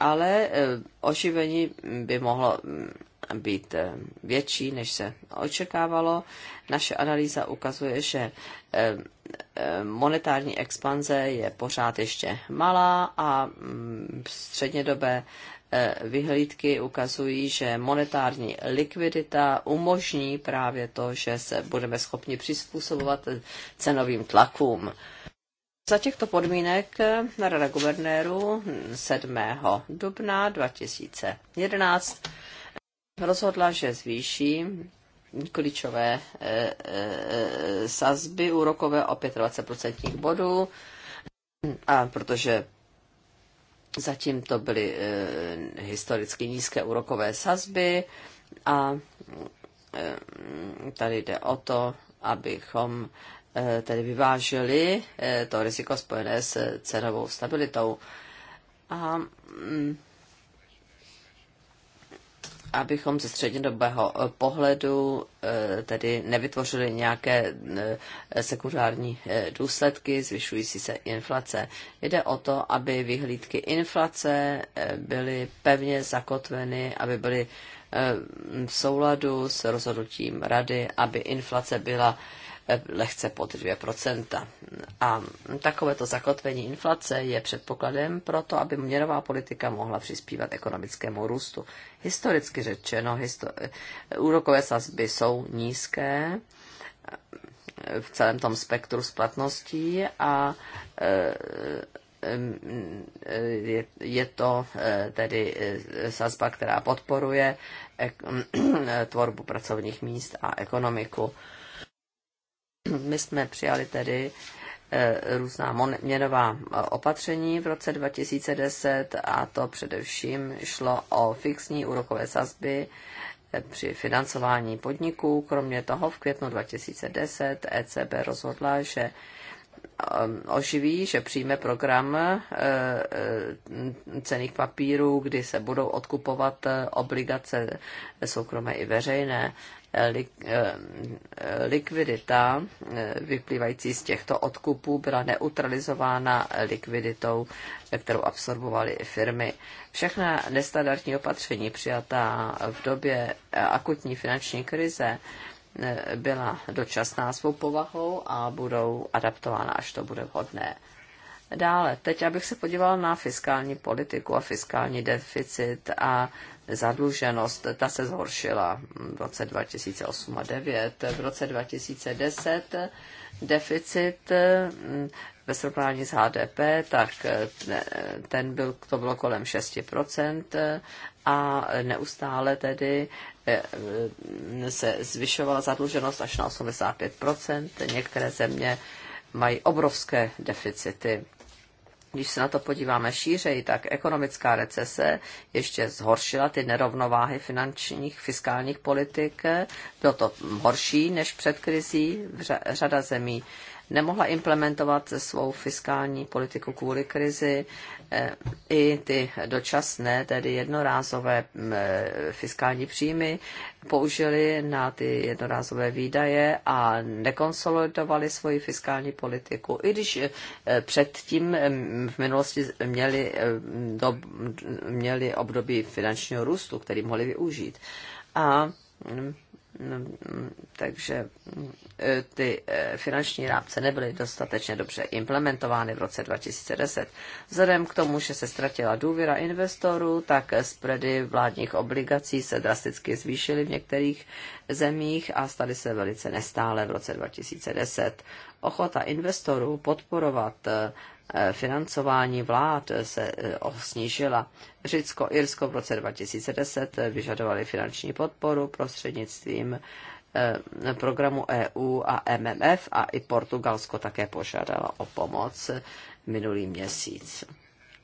Ale eh, oživení by mohlo mm, být eh, větší, než se očekávalo. Naše analýza ukazuje, že eh, eh, monetární expanze je pořád ještě malá a mm, střednědobé vyhlídky ukazují, že monetární likvidita umožní právě to, že se budeme schopni přizpůsobovat cenovým tlakům. Za těchto podmínek Rada guvernéru 7. dubna 2011 rozhodla, že zvýší klíčové e, e, sazby úrokové o 25% bodů, a protože zatím to byly e, historicky nízké úrokové sazby a e, tady jde o to, abychom e, tedy vyvážili e, to riziko spojené s cenovou stabilitou. A mm, abychom ze střednědobého eh, pohledu eh, tedy nevytvořili nějaké eh, sekundární důsledky zvyšující se inflace. Jde o to, aby vyhlídky inflace byly pevně zakotveny, aby byly v souladu s rozhodnutím rady, aby inflace byla lehce pod 2%. A takovéto zakotvení inflace je předpokladem pro to, aby měnová politika mohla přispívat ekonomickému růstu. Historicky řečeno, histo- úrokové sazby jsou nízké v celém tom spektru splatností a e, e, je, je to e, tedy sazba, která podporuje tvorbu pracovních míst a ekonomiku. My jsme přijali tedy eh, různá měnová eh, opatření v roce 2010 a to především šlo o fixní úrokové sazby eh, při financování podniků. Kromě toho v květnu 2010 ECB rozhodla, že oživí, že přijme program cených papírů, kdy se budou odkupovat obligace soukromé i veřejné. Eh, eh, likvidita eh, vyplývající z těchto odkupů byla neutralizována likviditou, kterou absorbovaly firmy. Všechna nestandardní opatření přijatá v době akutní finanční krize byla dočasná svou povahou a budou adaptována, až to bude vhodné. Dále, teď abych se podíval na fiskální politiku a fiskální deficit a zadluženost, ta se zhoršila v roce 2008 a 2009. V roce 2010 deficit mm, ve srovnání s HDP, tak e, ten byl, to bylo kolem 6% a neustále tedy e, e, se zvyšovala zadluženost až na 85%. Některé země mají obrovské deficity když se na to podíváme šířej, tak ekonomická recese ještě zhoršila ty nerovnováhy finančních, fiskálních politik. Bylo to horší než před krizí. Řada zemí nemohla implementovat svou fiskální politiku kvůli krizi. Eh, I ty dočasné, tedy jednorázové mm, eh, fiskální příjmy použili na ty jednorázové výdaje a nekonsolidovali svoji fiskální politiku. I když eh, předtím mm, v minulosti měli, do, měli období finančního růstu, který mohli využít. A mm, No, mm, takže mm, e, ty e, finanční rámce nebyly dostatečně dobře implementovány v roce 2010. Vzhledem k tomu, že se ztratila důvěra investorů, tak spready vládních obligací se drasticky zvýšily v některých zemích a staly se velice nestále v roce 2010. Ochota investorů podporovat e, financování vlád se eh, snížila. Řecko, Irsko v roce 2010 eh, vyžadovali finanční podporu prostřednictvím eh, programu EU a MMF a i Portugalsko také požádalo o pomoc minulý měsíc.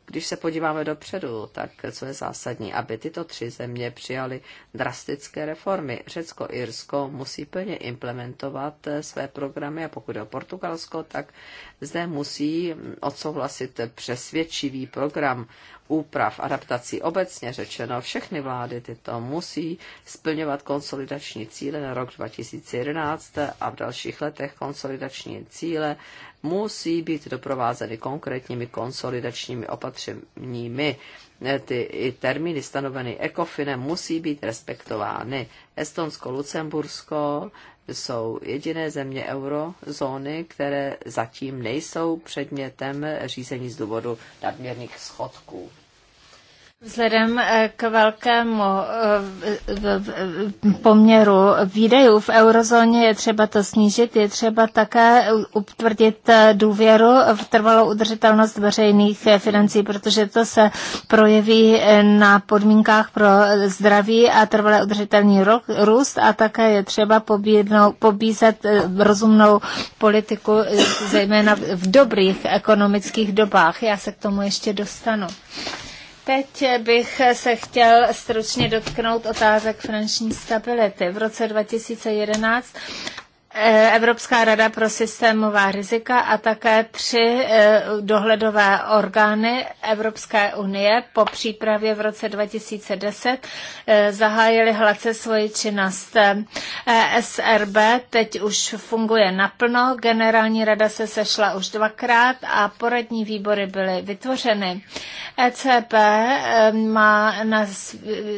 Když se podíváme dopředu, tak co je zásadní, aby tyto tři země přijaly drastické reformy. Řecko, Irsko musí plně implementovat eh, své programy a pokud je o Portugalsko, tak zde musí odsouhlasit přesvědčivý program úprav, adaptací. Obecně řečeno, všechny vlády tyto musí splňovat konsolidační cíle na rok 2011 a v dalších letech konsolidační cíle musí být doprovázeny konkrétními konsolidačními opatřeními. Ty i termíny stanovené ECOFINem musí být respektovány. Estonsko, Lucembursko jsou jediné země eurozóny, které zatím nejsou předmětem řízení z důvodu nadměrných schodků. Vzhledem eh, k velkému eh, poměru výdejů v eurozóně je třeba to snížit, je třeba také utvrdit eh, důvěru v trvalou udržitelnost veřejných financí, protože to se projeví na podmínkách pro zdraví a trvalé udržitelný růst a také je třeba pobízet rozumnou politiku, zejména v dobrých ekonomických dobách. Já se k tomu ještě dostanu. Teď bych se chtěl stručně dotknout otázek finanční stability. V roce 2011 E, Evropská rada pro systémová rizika a také tři e, dohledové orgány Evropské unie po přípravě v roce 2010 e, zahájily hladce svoji činnost. SRB teď už funguje naplno, generální rada se sešla už dvakrát a poradní výbory byly vytvořeny. ECB má na,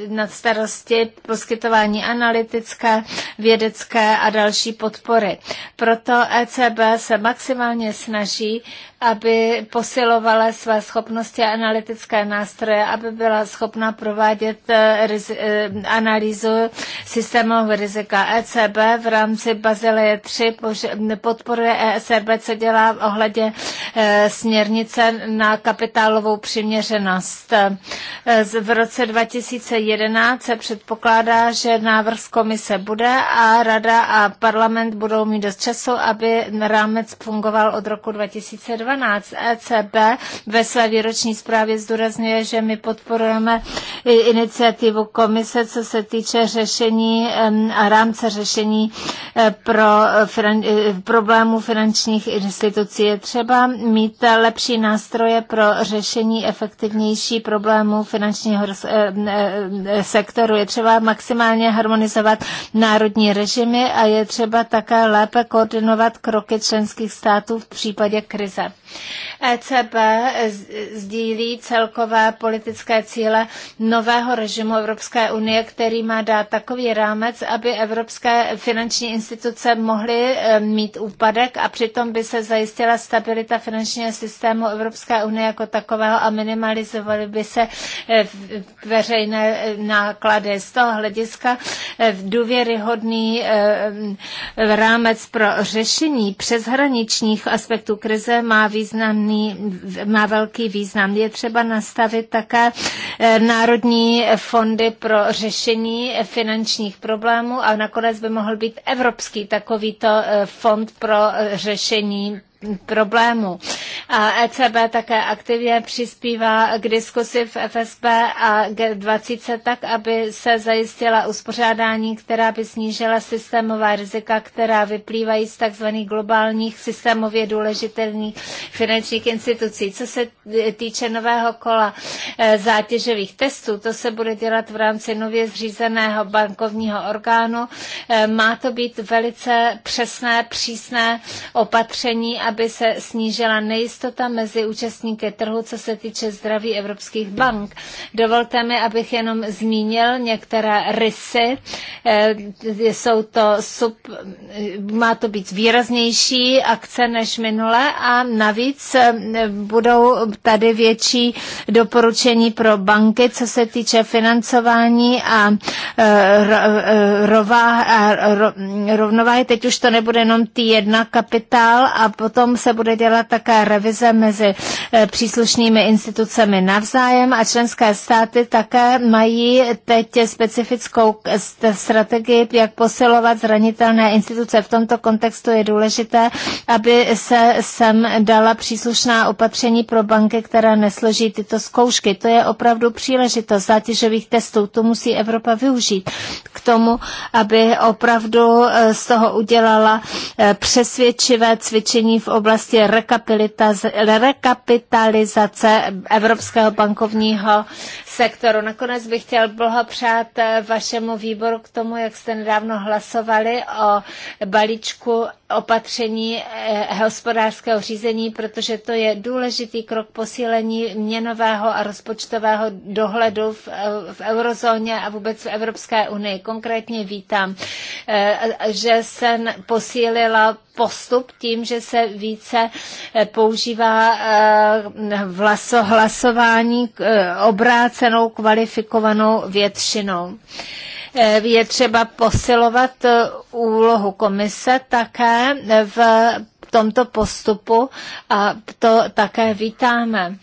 na starosti poskytování analytické, vědecké a další podpory podpory. Proto ECB se maximálně snaží aby posilovala své schopnosti a analytické nástroje, aby byla schopna provádět eh, eh, analýzu systémového rizika. ECB v rámci Bazileje 3 podporuje ECB, co dělá ohledě eh, směrnice na kapitálovou přiměřenost. V roce 2011 se předpokládá, že návrh z komise bude a rada a parlament budou mít dost času, aby rámec fungoval od roku 2020. 12. ECB ve své výroční zprávě zdůrazňuje, že my podporujeme iniciativu komise, co se týče řešení a rámce řešení eh, pro finan- eh, problémů finančních institucí. Je třeba mít lepší nástroje pro řešení efektivnější problémů finančního eh, sektoru. Je třeba maximálně harmonizovat národní režimy a je třeba také lépe koordinovat kroky členských států v případě krize. ECB sdílí celkové politické cíle nového režimu Evropské unie, který má dát takový rámec, aby evropské finanční instituce mohly e, mít úpadek a přitom by se zajistila stabilita finančního systému Evropské unie jako takového a minimalizovaly by se e, veřejné e, náklady. Z toho hlediska důvěryhodný rámec pro řešení přeshraničních aspektů krize má má významný, má velký význam. Je třeba nastavit také eh, národní fondy pro řešení finančních problémů a nakonec by mohl být evropský takovýto eh, fond pro eh, řešení problémů. A ECB také aktivně přispívá k diskusi v FSB a G20 tak, aby se zajistila uspořádání, která by snížila systémová rizika, která vyplývají z tzv. globálních systémově důležitelných finančních institucí. Co se týče nového kola eh, zátěžových testů, to se bude dělat v rámci nově zřízeného bankovního orgánu. Eh, má to být velice přesné, přísné opatření, aby aby se snížila nejistota mezi účastníky trhu, co se týče zdraví evropských bank. Dovolte mi, abych jenom zmínil některé rysy. Eh, jsou to sub, eh, má to být výraznější akce než minule a navíc eh, budou tady větší doporučení pro banky, co se týče financování a, rovnováhy. Teď už to nebude jenom T1 kapitál a potom potom se bude dělat také revize mezi eh, příslušnými institucemi navzájem a členské státy také mají teď specifickou strategii, jak posilovat zranitelné instituce. V tomto kontextu je důležité, aby se sem dala příslušná opatření pro banky, které nesloží tyto zkoušky. To je opravdu příležitost zátěžových testů. To musí Evropa využít k tomu, aby opravdu eh, z toho udělala eh, přesvědčivé cvičení v oblasti rekapitalizace Evropského bankovního sektoru. Nakonec bych chtěl blahopřát eh, vašemu výboru k tomu, jak jste nedávno hlasovali o balíčku opatření eh, hospodářského řízení, protože to je důležitý krok posílení měnového a rozpočtového dohledu v, eh, v eurozóně a vůbec v Evropské unii. Konkrétně vítám, že se posílila postup tím, že se více používá vlaso, hlasování obráce cenou kvalifikovanou většinou eh, je třeba posilovat eh, úlohu komise také v tomto postupu a to také vítáme.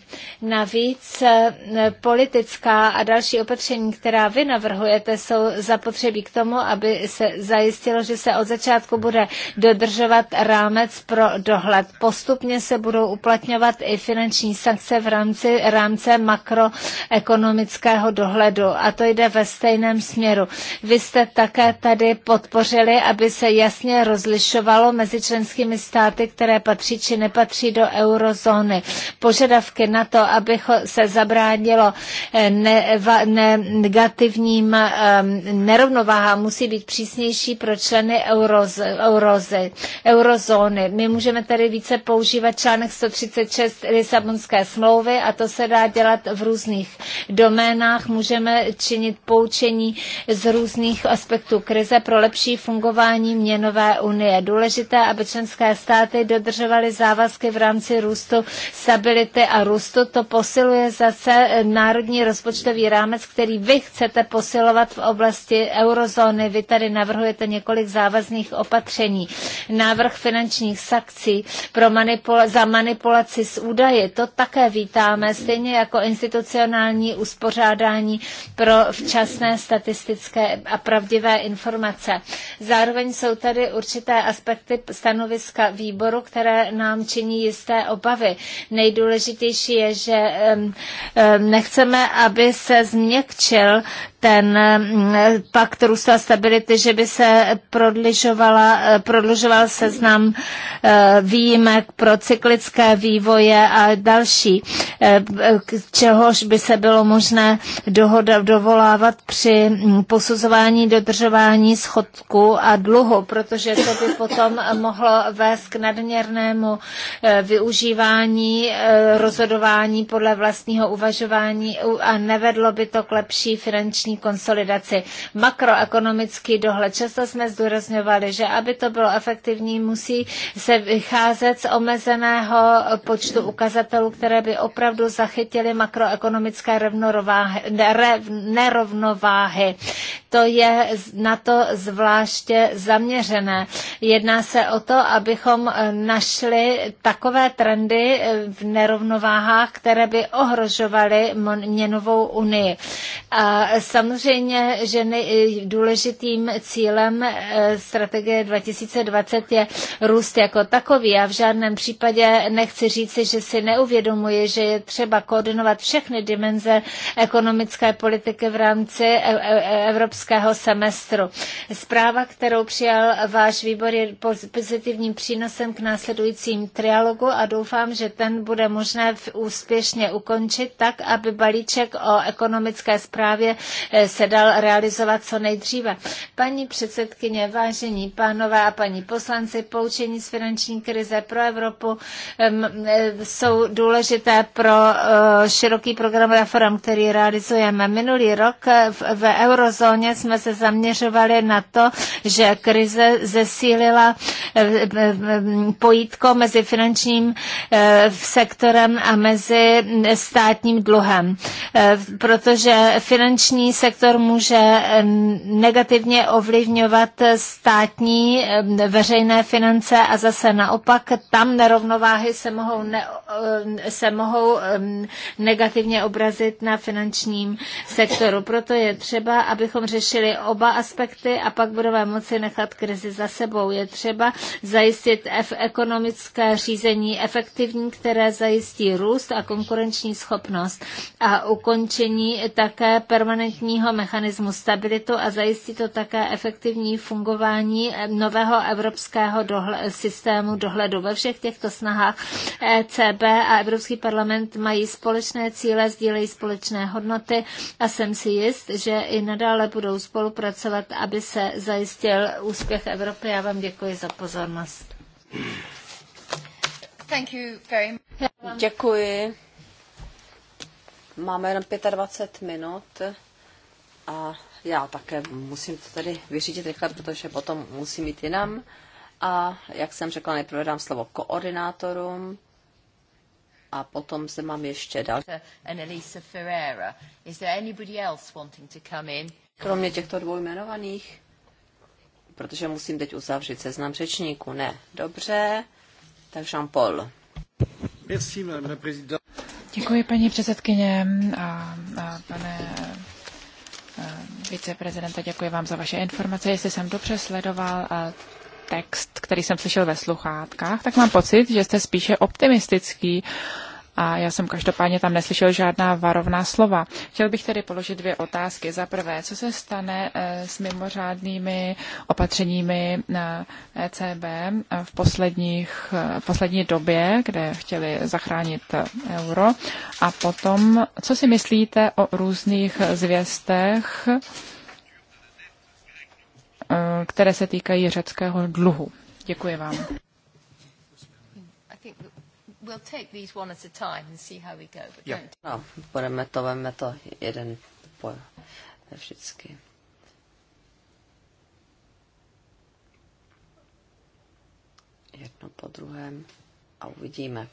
Navíc eh, politická a další opatření, která vy navrhujete, jsou zapotřebí k tomu, aby se zajistilo, že se od začátku bude dodržovat rámec pro dohled. Postupně se budou uplatňovat i finanční sankce v rámci rámce makroekonomického dohledu a to jde ve stejném směru. Vy jste také tady podpořili, aby se jasně rozlišovalo mezi členskými státy státy, které patří či nepatří do eurozóny. Požadavky na to, aby se zabránilo eh, negativním ehm, nerovnováhám, musí být přísnější pro členy euroz, eurozóny. My můžeme tady více používat článek 136 Lisabonské smlouvy a to se dá dělat v různých doménách. Můžeme činit poučení z různých aspektů krize pro lepší fungování měnové unie. Důležité, aby členské státy státy dodržovaly závazky v rámci růstu, stability a růstu. To posiluje zase národní rozpočtový rámec, který vy chcete posilovat v oblasti eurozóny. Vy tady navrhujete několik závazných opatření. Návrh finančních sankcí pro manipula- za manipulaci s údaji, to také vítáme, stejně jako institucionální uspořádání pro včasné statistické a pravdivé informace. Zároveň jsou tady určité aspekty stanoviska výboru, výboru, které nám činí jisté obavy. Nejdůležitější je, že nechceme, aby se změkčil ten mm, pakt růstu a stability, že by se eh, prodlužoval seznam eh, výjimek pro cyklické vývoje a další, eh, čehož by se bylo možné dohoda, dovolávat při mm, posuzování dodržování schodku a dluhu, protože to by potom mohlo vést k nadměrnému využívání rozhodování podle vlastního uvažování a nevedlo by to k lepší finanční finanční konsolidaci, makroekonomický dohled. Často jsme zdůrazňovali, že aby to bylo efektivní, musí se vycházet z omezeného počtu ukazatelů, které by opravdu zachytily makroekonomické nerovnováhy. To je na to zvláště zaměřené. Jedná se o to, abychom eh, našli takové trendy eh, v nerovnováhách, které by ohrožovaly měnovou unii. A Samozřejmě, že důležitým cílem eh, strategie 2020 je růst jako takový. Já v žádném případě nechci říci, že si neuvědomuji, že je třeba koordinovat všechny dimenze ekonomické politiky v rámci eh, eh, evropského semestru. Zpráva, kterou přijal váš výbor, je pozitivním přínosem k následujícím trialogu a doufám, že ten bude možné úspěšně ukončit tak, aby balíček o ekonomické zprávě Eh, se dal realizovat co nejdříve. Paní předsedkyně, vážení pánové a paní poslanci, poučení z finanční krize pro Evropu eh, jsou důležité pro eh, široký program reform, který realizujeme. Minulý rok v eurozóně jsme se zaměřovali na to, že krize zesílila pojítko mezi finančním sektorem a mezi státním dluhem, protože finanční sektor může eh, negativně ovlivňovat státní eh, veřejné finance a zase naopak tam nerovnováhy se mohou, ne, eh, se mohou negativně obrazit na finančním sektoru. Proto je třeba, abychom řešili oba aspekty a pak budeme moci nechat krizi za sebou. Je třeba zajistit ekonomické řízení efektivní, které zajistí růst a konkurenční schopnost a ukončení také permanentní interního mechanismu stabilitu a zajistí to také efektivní fungování nového evropského dohle- systému dohledu. Ve všech těchto snahách ECB a Evropský parlament mají společné cíle, sdílejí společné hodnoty a jsem si jist, že i nadále budou spolupracovat, aby se zajistil úspěch Evropy. Já vám děkuji za pozornost. Thank you very much. Děkuji. Máme jenom 25 minut. A já také musím to tady vyřídit rychle, protože potom musím jít jinam. A jak jsem řekla, nejprve dám slovo koordinátorům a potom se mám ještě další. Ferreira. Is there anybody else wanting to come in? Kromě těchto dvou jmenovaných, protože musím teď uzavřít seznam řečníků. Ne, dobře. Tak Jean-Paul. Děkuji, paní předsedkyně a, a pane Eh, viceprezidenta, děkuji vám za vaše informace. Jestli jsem dobře sledoval eh, text, který jsem slyšel ve sluchátkách, tak mám pocit, že jste spíše optimistický a já jsem každopádně tam neslyšel žádná varovná slova. Chtěl bych tedy položit dvě otázky. Za prvé, co se stane eh, s mimořádnými opatřeními na ECB eh, v, posledních, eh, v poslední době, kde chtěli zachránit euro? A potom, co si myslíte o různých zvěstech, které se týkají řeckého dluhu? Děkuji vám. We'll take these one at a time and see how we go. But yeah. don't... No, budeme to, budeme to jeden po vždycky. Jedno po druhém a uvidíme.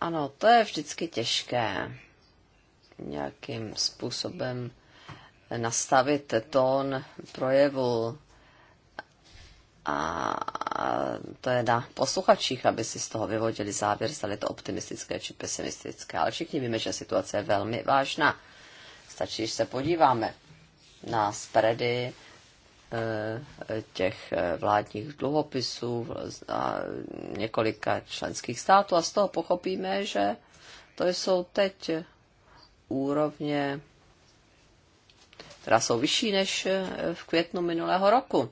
Ano, to je vždycky těžké nějakým způsobem nastavit tón projevu a to je na posluchačích, aby si z toho vyvodili závěr, zda je to optimistické či pesimistické. Ale všichni víme, že situace je velmi vážná. Stačí, když se podíváme na spready e, těch e, vládních dluhopisů a několika členských států a z toho pochopíme, že to jsou teď úrovně, která jsou vyšší než v květnu minulého roku.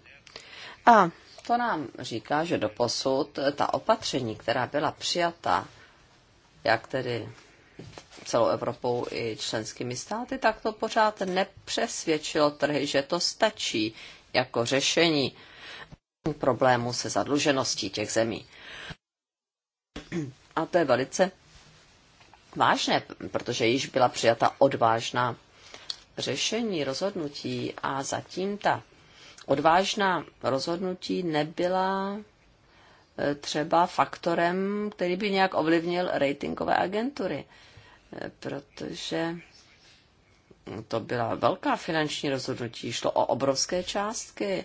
A to nám říká, že do posud ta opatření, která byla přijata, jak tedy celou Evropou i členskými státy, tak to pořád nepřesvědčilo trhy, že to stačí jako řešení problému se zadlužeností těch zemí. A to je velice vážné, protože již byla přijata odvážná řešení, rozhodnutí a zatím ta odvážná rozhodnutí nebyla eh, třeba faktorem, který by nějak ovlivnil ratingové agentury, eh, protože to byla velká finanční rozhodnutí, šlo o obrovské částky.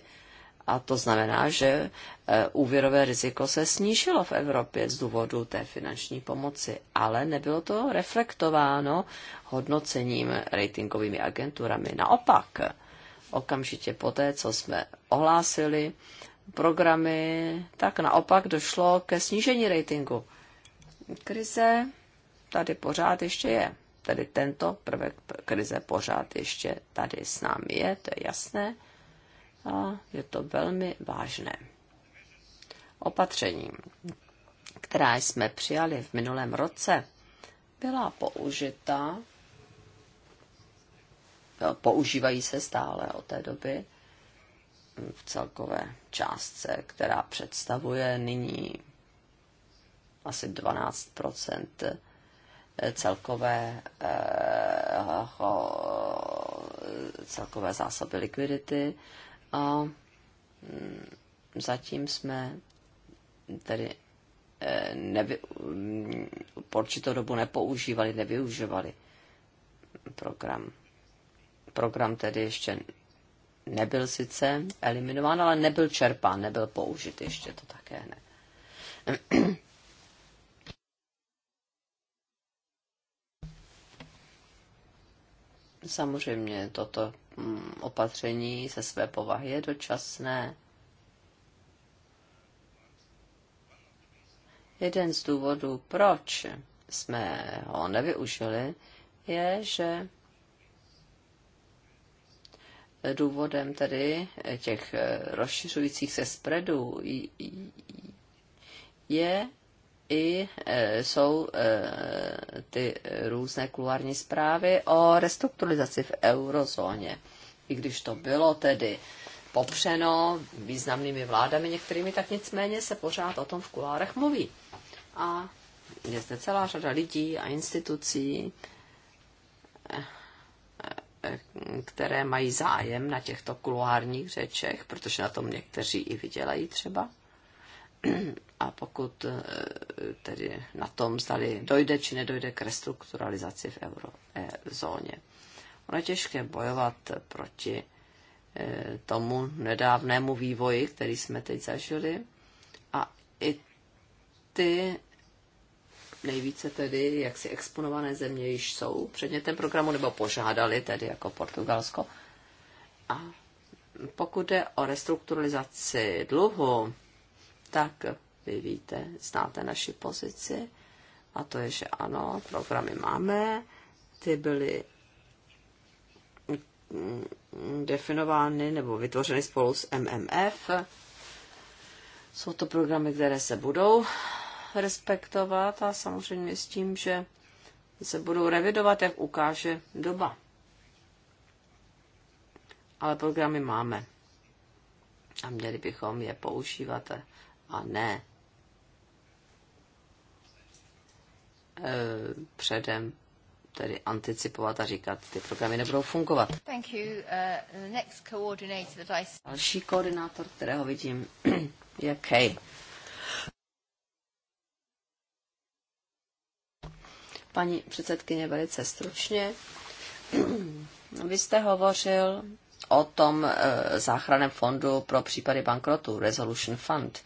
A to znamená, že eh, úvěrové riziko se snížilo v Evropě z důvodu té finanční pomoci, ale nebylo to reflektováno hodnocením ratingovými agenturami. Naopak, okamžitě poté, co jsme ohlásili programy, tak naopak došlo ke snížení ratingu. Krize tady pořád ještě je. Tedy tento prvek krize pořád ještě tady s námi je, to je jasné. A je to velmi vážné. Opatření, která jsme přijali v minulém roce, byla použita Eh, používají se stále od té doby v celkové částce, která představuje nyní asi 12 eh, celkové, eh, celkové zásoby likvidity a mm, zatím jsme tedy nevy, mm, po určitou dobu nepoužívali, nevyužívali program. Program tedy ještě nebyl sice eliminován, ale nebyl čerpán, nebyl použit ještě, to také ne. Samozřejmě toto mm, opatření se své povahy je dočasné. Jeden z důvodů, proč jsme ho nevyužili, je, že důvodem tedy těch eh, rozšiřujících se spreadů je i eh, jsou eh, ty různé kulární zprávy o restrukturalizaci v eurozóně. I když to bylo tedy popřeno významnými vládami některými, tak nicméně se pořád o tom v kulárech mluví. A je zde celá řada lidí a institucí, které mají zájem na těchto kuloárních řečech, protože na tom někteří i vydělají třeba. A pokud eh, tedy na tom zdali dojde či nedojde k restrukturalizaci v eurozóně. Eh, ono je těžké bojovat proti eh, tomu nedávnému vývoji, který jsme teď zažili. A i ty nejvíce tedy jak si exponované země již jsou předmětem programu, nebo požádali tedy jako Portugalsko. A pokud jde o restrukturalizaci dluhu, tak vy víte, znáte naši pozici, a to je, že ano, programy máme, ty byly mm, definovány nebo vytvořeny spolu s MMF. Jsou to programy, které se budou respektovat a samozřejmě s tím, že se budou revidovat, jak ukáže doba. Ale programy máme a měli bychom je používat a ne eh, předem tedy anticipovat a říkat, ty programy nebudou fungovat. Thank you. Uh, next coordinator that I... Další koordinátor, kterého vidím, je Kay. Paní předsedkyně, velice stručně. Vy jste hovořil o tom eh, záchraném fondu pro případy bankrotu, Resolution Fund.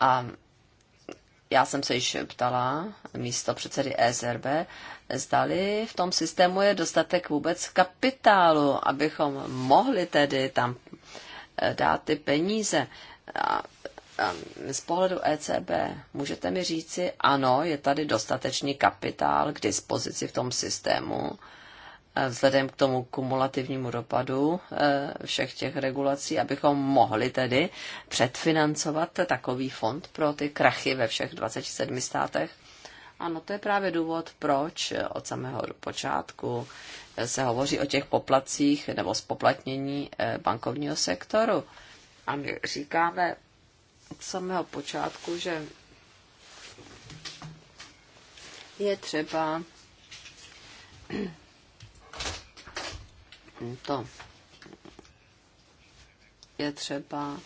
A já jsem se již ptala místo předsedy ESRB, zdali v tom systému je dostatek vůbec kapitálu, abychom mohli tedy tam eh, dát ty peníze. A z pohledu ECB můžete mi říci, ano, je tady dostatečný kapitál k dispozici v tom systému, eh, vzhledem k tomu kumulativnímu dopadu eh, všech těch regulací, abychom mohli tedy předfinancovat takový fond pro ty krachy ve všech 27 státech. Ano, to je právě důvod, proč od samého počátku eh, se hovoří o těch poplacích nebo spoplatnění bankovního sektoru. A my říkáme, od samého počátku, že je třeba to je třeba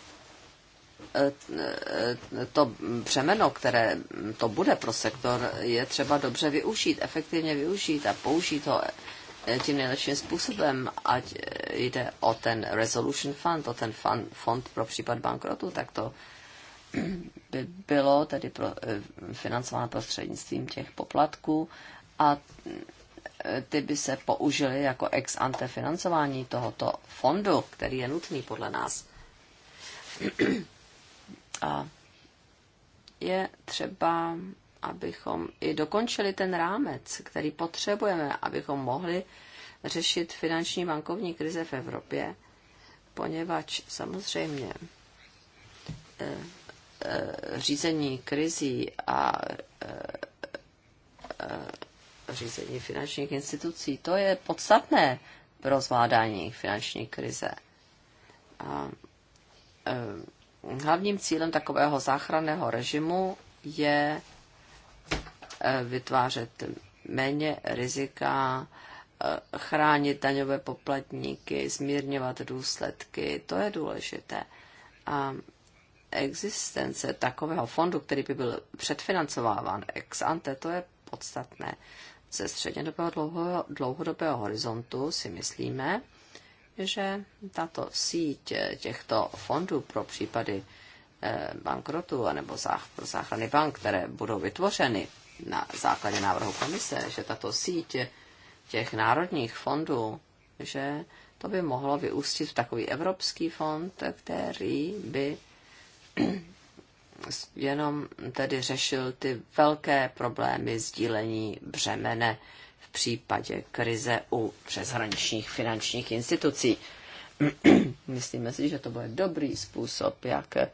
eh, eh, to břemeno, které to bude pro sektor, je třeba dobře využít, efektivně využít a použít ho eh, tím nejlepším způsobem, ať jde o ten Resolution Fund, o ten fund, fond pro případ bankrotu, tak to by bylo tedy pro, eh, financováno prostřednictvím těch poplatků a eh, ty by se použily jako ex ante financování tohoto fondu, který je nutný podle nás. A je třeba, abychom i dokončili ten rámec, který potřebujeme, abychom mohli řešit finanční bankovní krize v Evropě, poněvadž samozřejmě eh, Eh, řízení krizí a eh, eh, řízení finančních institucí, to je podstatné pro zvládání finanční krize. A hlavním cílem takového záchranného režimu je vytvářet méně rizika, chránit daňové poplatníky, zmírňovat důsledky. To je důležité. A existence takového fondu, který by byl předfinancováván ex ante, to je podstatné. Ze střednědobého dlouho, dlouhodobého horizontu si myslíme, že tato síť eh, těchto fondů pro případy eh, bankrotu anebo pro záchrany bank, které budou vytvořeny na základě návrhu komise, že tato síť těch národních fondů, že to by mohlo vyústit v takový evropský fond, který by jenom tedy řešil ty velké problémy sdílení břemene v případě krize u přeshraničních finančních institucí. Myslíme si, že to bude dobrý způsob, jak eh,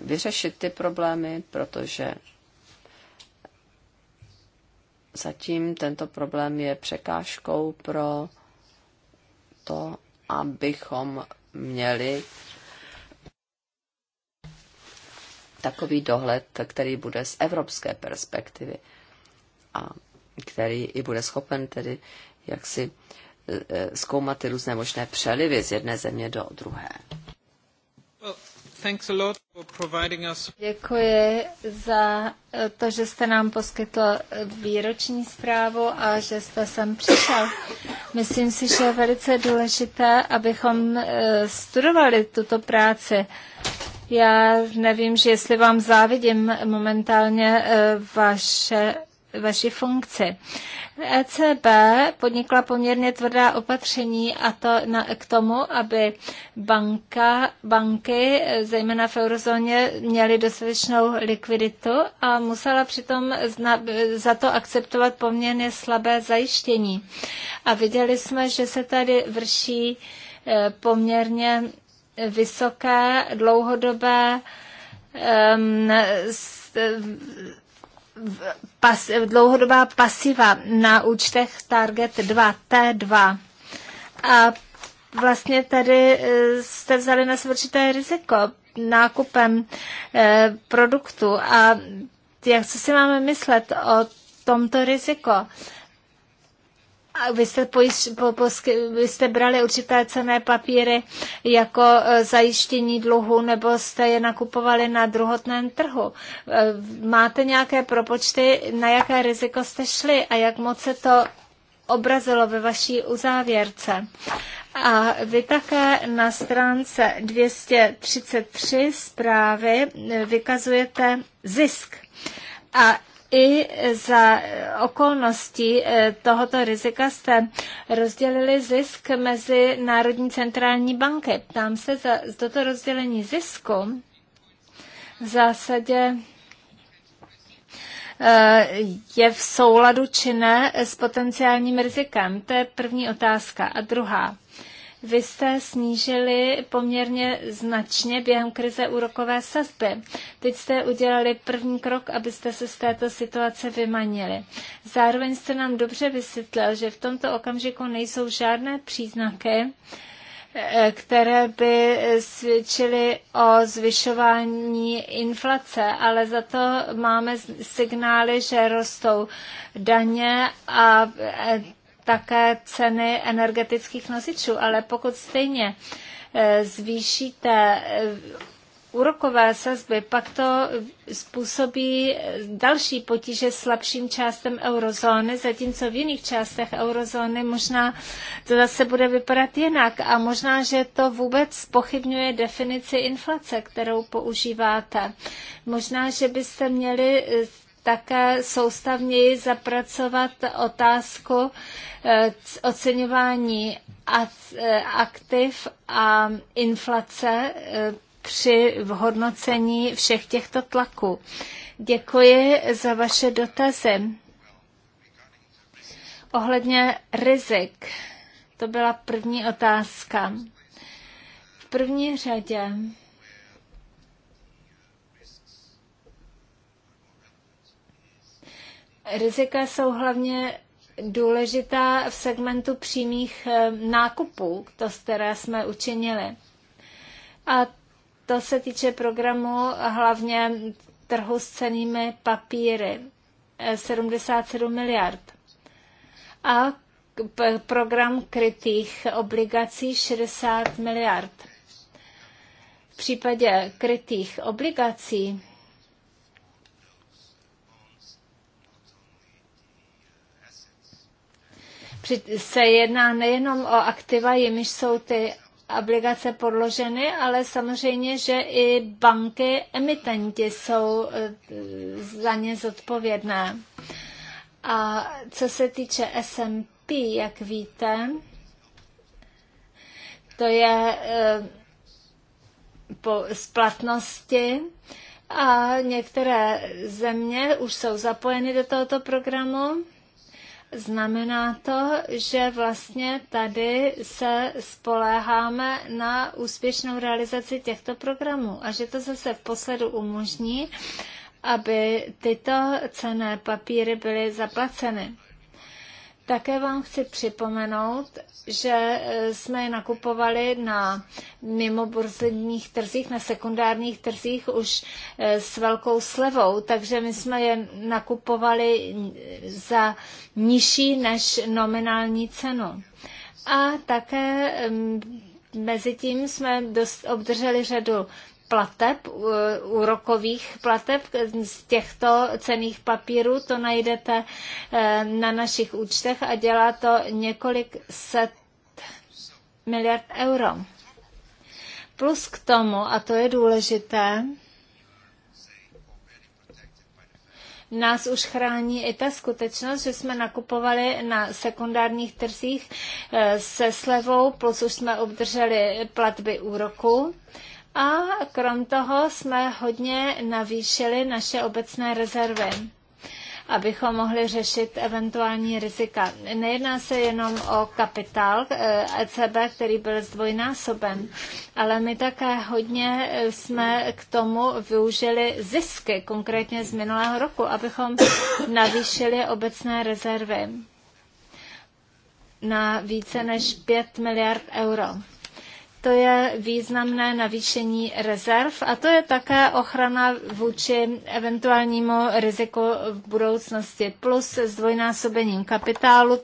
vyřešit ty problémy, protože zatím tento problém je překážkou pro to, abychom měli takový dohled, který bude z evropské perspektivy a který i bude schopen tedy jaksi e, e, zkoumat ty různé možné přelivy z jedné země do druhé. Děkuji za e, to, že jste nám poskytl výroční zprávu a že jste sem přišel. Myslím si, že je velice důležité, abychom studovali tuto práci já nevím, že jestli vám závidím momentálně eh, vaše vaši funkci. ECB podnikla poměrně tvrdá opatření a to na, k tomu, aby banka, banky, eh, zejména v eurozóně, měly dostatečnou likviditu a musela přitom zna, za to akceptovat poměrně slabé zajištění. A viděli jsme, že se tady vrší eh, poměrně vysoké dlouhodobé um, s, pas, dlouhodobá pasiva na účtech Target 2, T2. A vlastně tady eh, jste vzali na určité riziko nákupem eh, produktu a jak co si máme myslet o tomto riziko? Eh, a vy jste, pojiš, po, po, vy jste brali určité cené papíry jako e, zajištění dluhu, nebo jste je nakupovali na druhotném trhu. E, máte nějaké propočty, na jaké riziko jste šli a jak moc se to obrazilo ve vaší uzávěrce. A vy také na stránce 233 zprávy e, vykazujete zisk. A i za okolnosti eh, tohoto rizika jste rozdělili zisk mezi Národní centrální banky. Ptám se, za toto rozdělení zisku v zásadě eh, je v souladu či ne s potenciálním rizikem? To je první otázka. A druhá. Vy jste snížili poměrně značně během krize úrokové sazby. Teď jste udělali první krok, abyste se z této situace vymanili. Zároveň jste nám dobře vysvětlil, že v tomto okamžiku nejsou žádné příznaky, eh, které by svědčily o zvyšování inflace, ale za to máme signály, že rostou daně a eh, také ceny energetických nosičů, ale pokud stejně eh, zvýšíte eh, úrokové sazby, pak to způsobí eh, další potíže slabším částem eurozóny, zatímco v jiných částech eurozóny možná to zase bude vypadat jinak a možná, že to vůbec pochybňuje definici inflace, kterou používáte. Možná, že byste měli také soustavněji zapracovat otázku eh, oceňování eh, aktiv a inflace eh, při hodnocení všech těchto tlaků. Děkuji za vaše dotazy. Ohledně rizik, to byla první otázka. V první řadě Rizika jsou hlavně důležitá v segmentu přímých eh, nákupů, to, které jsme učinili. A to se týče programu hlavně trhu s cenými papíry 77 eh, miliard. A program krytých obligací 60 miliard. V případě krytých obligací se jedná nejenom o aktiva, jimiž jsou ty obligace podloženy, ale samozřejmě, že i banky emitenti jsou eh, za ně zodpovědné. A co se týče SMP, jak víte, to je eh, po splatnosti a některé země už jsou zapojeny do tohoto programu Znamená to, že vlastně tady se spoléháme na úspěšnou realizaci těchto programů a že to zase v posledu umožní, aby tyto cené papíry byly zaplaceny. Také vám chci připomenout, že e, jsme je nakupovali na mimoburzních trzích, na sekundárních trzích už e, s velkou slevou, takže my jsme je nakupovali za nižší než nominální cenu. A také mezi tím jsme obdrželi řadu plateb, úrokových plateb z těchto cených papírů. To najdete eh, na našich účtech a dělá to několik set miliard euro. Plus k tomu, a to je důležité, nás už chrání i ta skutečnost, že jsme nakupovali na sekundárních trzích eh, se slevou, plus už jsme obdrželi platby úroku. A krom toho jsme hodně navýšili naše obecné rezervy abychom mohli řešit eventuální rizika. Nejedná se jenom o kapitál ECB, eh, e který byl zdvojnásoben, ale my také hodně eh, jsme k tomu využili zisky, konkrétně z minulého roku, abychom navýšili obecné rezervy na více než 5 miliard euro to je významné navýšení rezerv a to je také ochrana vůči eventuálnímu riziku v budoucnosti plus dvojnásobením kapitálu.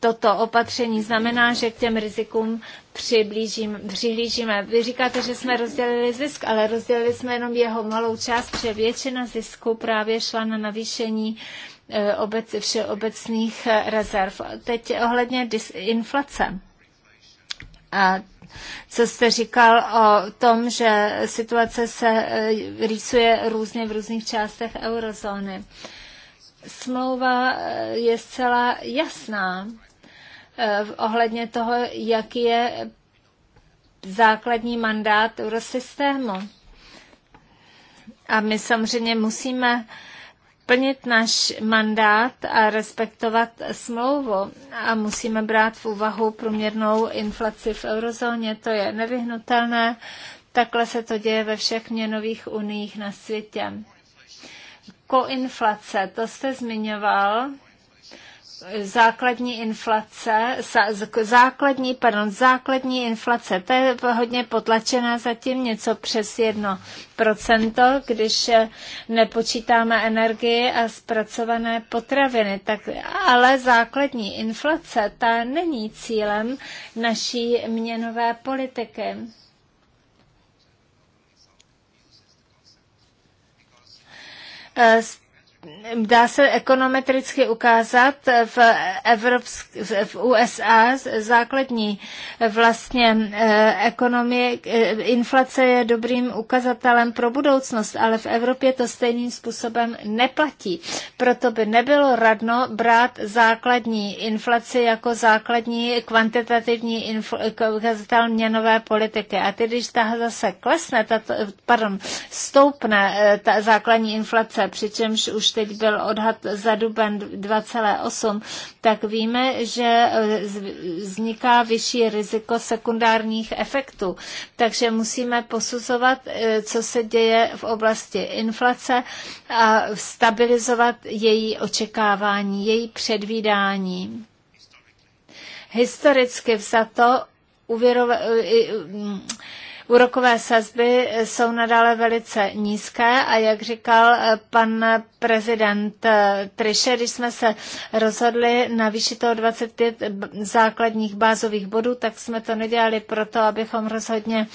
Toto opatření znamená, že k těm rizikům přiblížím, přihlížíme. Vy říkáte, že jsme rozdělili zisk, ale rozdělili jsme jenom jeho malou část, protože většina zisku právě šla na navýšení eh, obec, všeobecných eh, rezerv. Teď ohledně dis- inflace. A co jste říkal o tom, že situace se eh, rýsuje různě v různých částech eurozóny. Smlouva eh, je zcela jasná eh, ohledně toho, jaký je základní mandát eurosystému. A my samozřejmě musíme plnit náš mandát a respektovat smlouvu a musíme brát v úvahu průměrnou inflaci v eurozóně, to je nevyhnutelné. Takhle se to děje ve všech měnových uniích na světě. Koinflace, to jste zmiňoval základní inflace, základní, pardon, základní inflace, to je hodně potlačená zatím něco přes jedno procento, když nepočítáme energii a zpracované potraviny. Tak, ale základní inflace, ta není cílem naší měnové politiky. Z eh, dá se ekonometricky ukázat v, Evropsk, v USA základní vlastně eh, ekonomie, eh, inflace je dobrým ukazatelem pro budoucnost, ale v Evropě to stejným způsobem neplatí. Proto by nebylo radno brát základní inflaci jako základní kvantitativní infl, ukazatel měnové politiky. A tedy, když ta zase klesne, tato, pardon, stoupne eh, ta základní inflace, přičemž už teď byl odhad za duben 2,8, tak víme, že e, vzniká vyšší riziko sekundárních efektů. Takže musíme posuzovat, e, co se děje v oblasti inflace a stabilizovat její očekávání, její předvídání. Historicky vzato uvěrové, e, Úrokové sazby jsou nadále velice nízké a jak říkal eh, pan prezident eh, Triše, když jsme se rozhodli navýšit toho 25 základních bázových bodů, tak jsme to nedělali proto, abychom rozhodně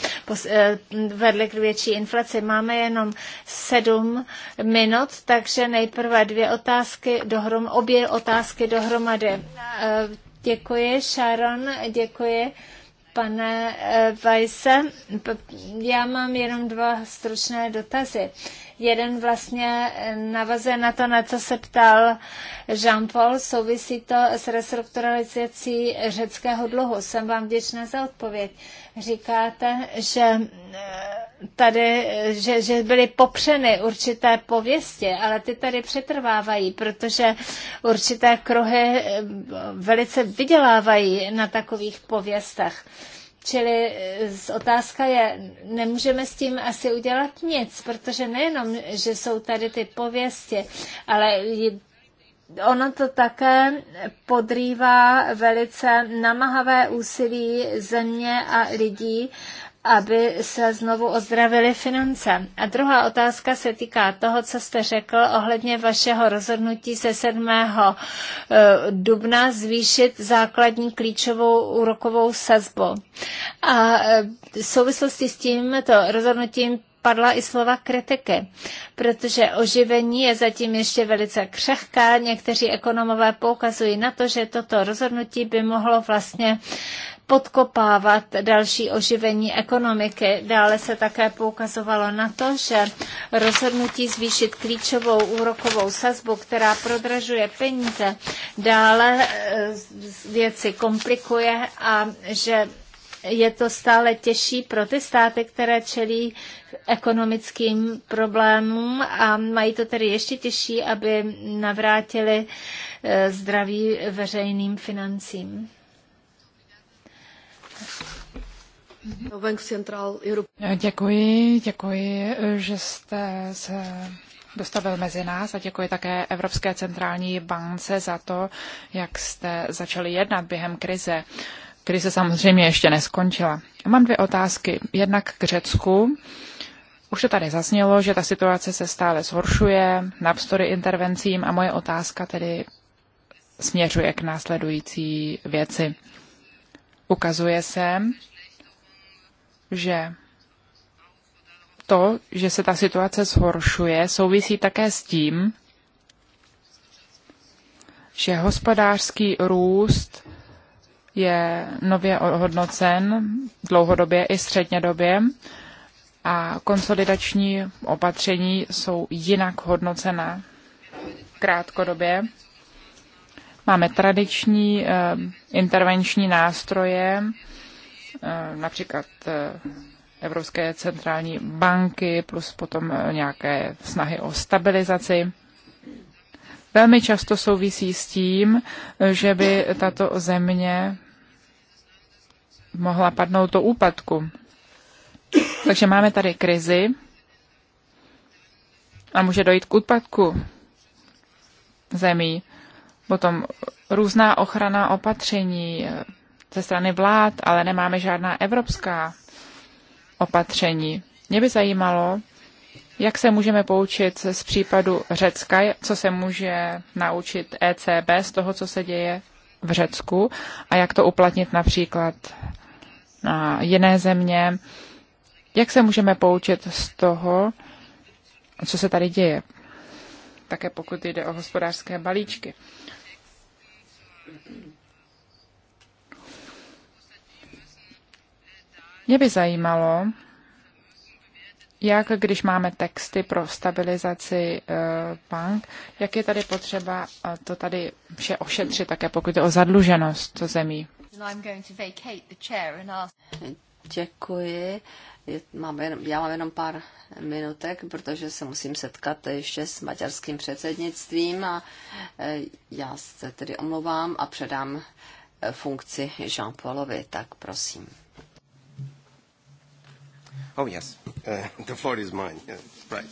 eh, vedli k větší inflaci. Máme jenom sedm minut, takže nejprve dvě otázky, dohrom, obě otázky dohromady. Děkuji, Sharon, děkuji Pane Vajse, eh, já mám jenom dva stručné dotazy. Jeden vlastně eh, navazuje na to, na co se ptal Jean-Paul, souvisí to s restrukturalizací řeckého dluhu. Jsem vám vděčná za odpověď. Říkáte, že eh, tady, eh, že, že byly popřeny určité pověsti, ale ty tady přetrvávají, protože určité kruhy velice vydělávají na takových pověstech. Čili eh, otázka je, nemůžeme s tím asi udělat nic, protože nejenom, že jsou tady ty pověsti, ale ono to také podrývá velice namahavé úsilí země a lidí, aby se znovu ozdravily finance. A druhá otázka se týká toho, co jste řekl ohledně vašeho rozhodnutí se 7. Eh, dubna zvýšit základní klíčovou úrokovou sazbu. A eh, v souvislosti s tímto rozhodnutím padla i slova kritiky, protože oživení je zatím ještě velice křehká. Někteří ekonomové poukazují na to, že toto rozhodnutí by mohlo vlastně podkopávat další oživení ekonomiky. Dále se také poukazovalo na to, že rozhodnutí zvýšit klíčovou úrokovou sazbu, která prodražuje peníze, dále e, věci komplikuje a že je to stále těžší pro ty státy, které čelí ekonomickým problémům a mají to tedy ještě těžší, aby navrátili e, zdraví veřejným financím. Děkuji, děkuji, že jste se dostavil mezi nás a děkuji také Evropské centrální bance za to, jak jste začali jednat během krize. Krize samozřejmě ještě neskončila. Mám dvě otázky. Jednak k Řecku. Už to tady zaznělo, že ta situace se stále zhoršuje, navzdory intervencím a moje otázka tedy směřuje k následující věci. Ukazuje se, že to, že se ta situace zhoršuje, souvisí také s tím, že hospodářský růst je nově hodnocen dlouhodobě i střednědobě a konsolidační opatření jsou jinak hodnocena krátkodobě. Máme tradiční eh, intervenční nástroje, Eh, například eh, Evropské centrální banky, plus potom eh, nějaké snahy o stabilizaci. Velmi často souvisí s tím, že by tato země mohla padnout do úpadku. Takže máme tady krizi a může dojít k úpadku zemí. Potom různá ochrana opatření, ze strany vlád, ale nemáme žádná evropská opatření. Mě by zajímalo, jak se můžeme poučit z případu Řecka, co se může naučit ECB z toho, co se děje v Řecku a jak to uplatnit například na jiné země. Jak se můžeme poučit z toho, co se tady děje? Také pokud jde o hospodářské balíčky. Mě by zajímalo, jak když máme texty pro stabilizaci eh, bank, jak je tady potřeba eh, to tady vše ošetřit, také pokud je o zadluženost zemí. Děkuji. Mám já mám jenom pár minutek, protože se musím setkat ještě s maďarským předsednictvím a eh, já se tedy omlouvám a předám funkci Jean-Paulovi, tak prosím. Oh, yes. Uh, the floor is mine. Yeah, right.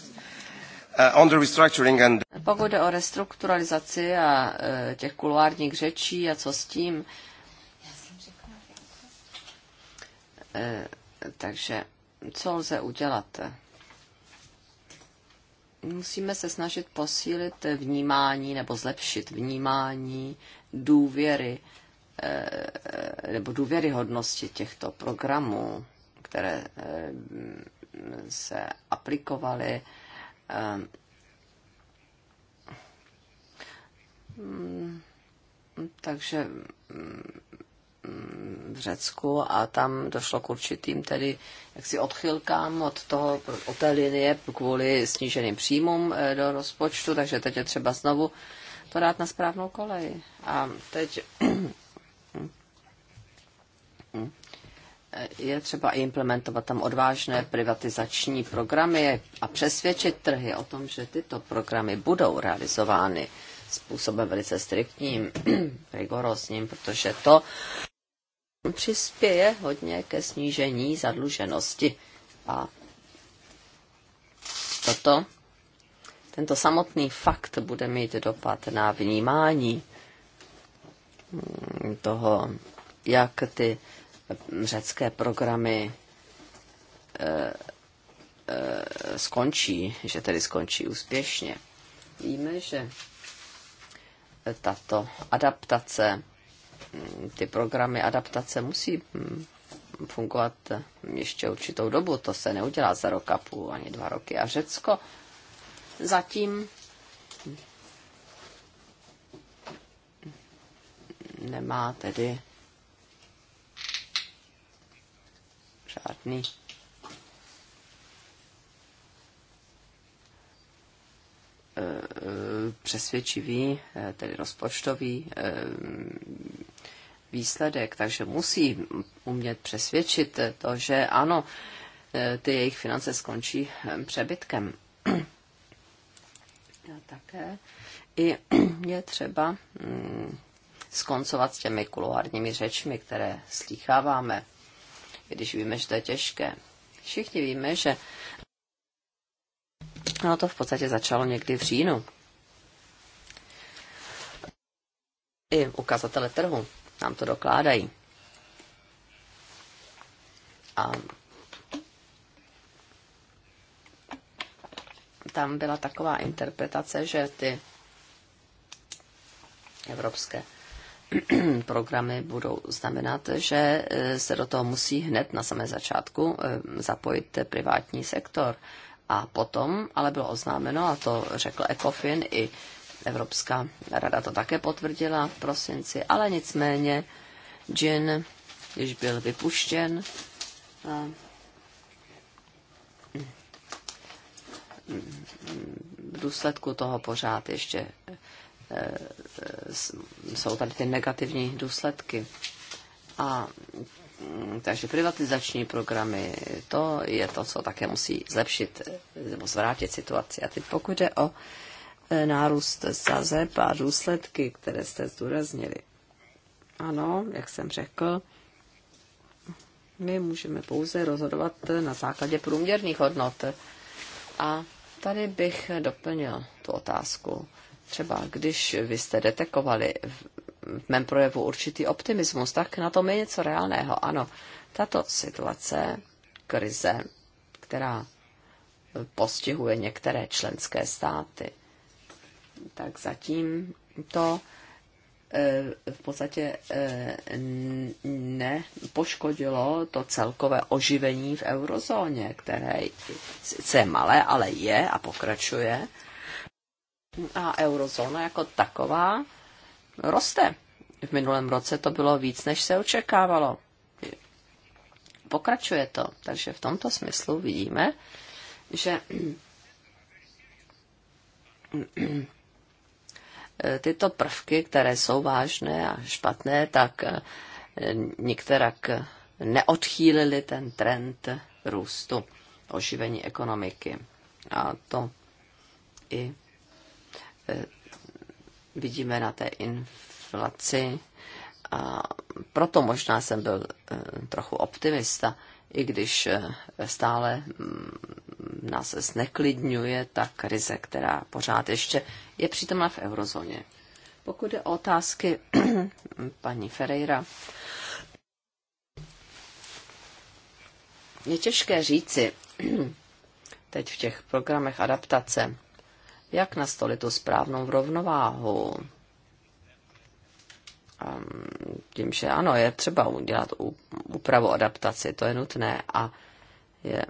Uh, on the restructuring and... Pokud jde o restrukturalizaci a uh, těch kulvárních řečí a co s tím, eh, takže co lze udělat? Musíme se snažit posílit vnímání nebo zlepšit vnímání důvěry eh, nebo důvěryhodnosti těchto programů které eh, se aplikovaly. Eh, mm, takže mm, v Řecku a tam došlo k určitým tedy jaksi odchylkám od, toho, od té linie kvůli sníženým příjmům eh, do rozpočtu, takže teď je třeba znovu to dát na správnou kolej. A teď je třeba implementovat tam odvážné privatizační programy a přesvědčit trhy o tom, že tyto programy budou realizovány způsobem velice striktním, rigorózním, protože to přispěje hodně ke snížení zadluženosti. A toto, tento samotný fakt bude mít dopad na vnímání toho, jak ty řecké programy eh, eh, skončí, že tedy skončí úspěšně. Víme, že tato adaptace, hm, ty programy adaptace musí hm, fungovat ještě určitou dobu. To se neudělá za rok a půl, ani dva roky. A Řecko zatím nemá tedy žádný. E, e, přesvědčivý, e, tedy rozpočtový výsledek, takže musí umět přesvědčit to, že ano, ty jejich finance skončí přebytkem. A také i je třeba mm, skoncovat s těmi kuloárními řečmi, které slýcháváme když víme, že to je těžké. Všichni víme, že no to v podstatě začalo někdy v říjnu. I ukazatele trhu nám to dokládají. A tam byla taková interpretace, že ty evropské programy budou znamenat, že eh, se do toho musí hned na samé začátku eh, zapojit privátní sektor. A potom ale bylo oznámeno, a to řekl ECOFIN, i Evropská rada to také potvrdila v prosinci, ale nicméně Jin již byl vypuštěn. A v důsledku toho pořád ještě Eh, jsou tady ty negativní důsledky. A mm, takže privatizační programy, to je to, co také musí zlepšit eh, nebo zvrátit situaci. A teď pokud jde o eh, nárůst sazeb a důsledky, které jste zdůraznili. Ano, jak jsem řekl, my můžeme pouze rozhodovat na základě průměrných hodnot. A tady bych doplnil tu otázku třeba když vy jste detekovali v mém projevu určitý optimismus, tak na tom je něco reálného. Ano, tato situace, krize, která postihuje některé členské státy, tak zatím to eh, v podstatě eh, nepoškodilo to celkové oživení v eurozóně, které sice je malé, ale je a pokračuje a eurozóna jako taková roste. V minulém roce to bylo víc, než se očekávalo. Pokračuje to. Takže v tomto smyslu vidíme, že tyto prvky, které jsou vážné a špatné, tak eh, některak neodchýlili ten trend růstu oživení ekonomiky. A to i Eh, vidíme na té inflaci. A proto možná jsem byl eh, trochu optimista, i když eh, stále mm, nás zneklidňuje ta krize, která pořád ještě je přítomna v eurozóně. Pokud je o otázky paní Ferreira, je těžké říci teď v těch programech adaptace, jak nastolit tu správnou rovnováhu. A ehm, tím, že ano, je třeba udělat úpravu adaptaci, to je nutné a je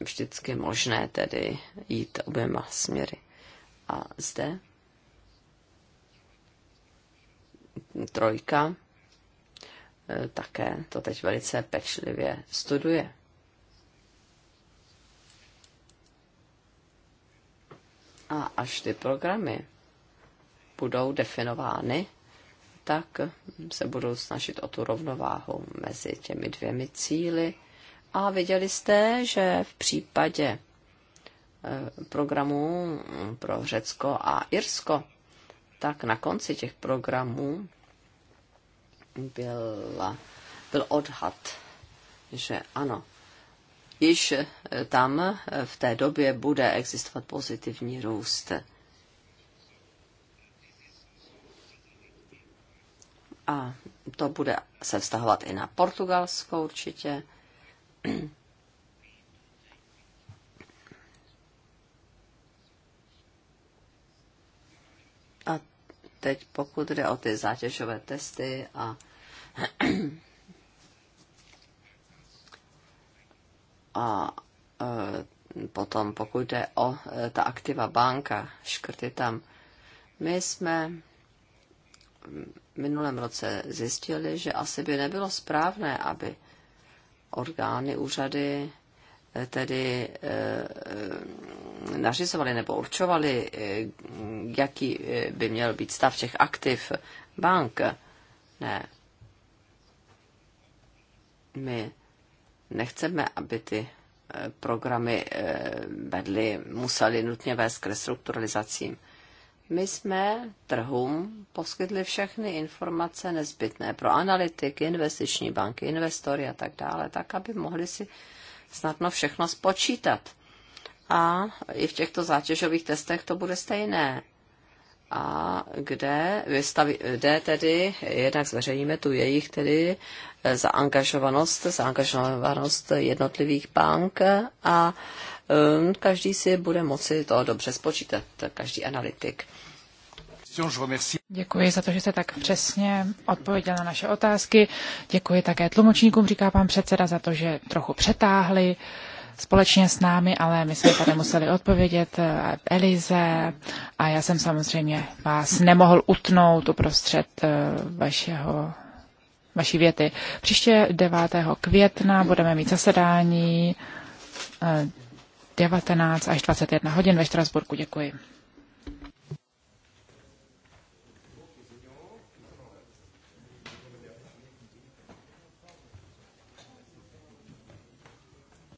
vždycky možné tedy jít oběma směry. A zde trojka eh, také to teď velice pečlivě studuje. A až ty programy budou definovány, tak se budou snažit o tu rovnováhu mezi těmi dvěmi cíly. A viděli jste, že v případě e, programů pro Řecko a Irsko, tak na konci těch programů byl, byl odhad, že ano, již eh, tam eh, v té době bude existovat pozitivní růst. A to bude se vztahovat i na Portugalsko určitě. A teď pokud jde o ty zátěžové testy a A e, potom, pokud jde o e, ta aktiva banka, škrty tam, my jsme v minulém roce zjistili, že asi by nebylo správné, aby orgány, úřady e, tedy nařizovali nebo určovali, jaký by měl být stav těch aktiv bank. Ne. My Nechceme, aby ty eh, programy eh, vedly, museli nutně vést k restrukturalizacím. My jsme trhům poskytli všechny informace nezbytné pro analytiky, investiční banky, investory a tak dále, tak aby mohli si snadno všechno spočítat. A i v těchto zátěžových testech to bude stejné a kde, vystaví, kde tedy jednak zveřejníme tu jejich tedy e, zaangažovanost, zaangažovanost jednotlivých bank a um, každý si bude moci to dobře spočítat, každý analytik. Děkuji za to, že jste tak přesně odpověděl na naše otázky. Děkuji také tlumočníkům, říká pan předseda, za to, že trochu přetáhli společně s námi, ale my jsme tady museli odpovědět eh, Elize a já jsem samozřejmě vás nemohl utnout uprostřed eh, vašeho vaší věty. Příště 9. května budeme mít zasedání 19 eh, až 21 hodin ve Štrasburku. Děkuji.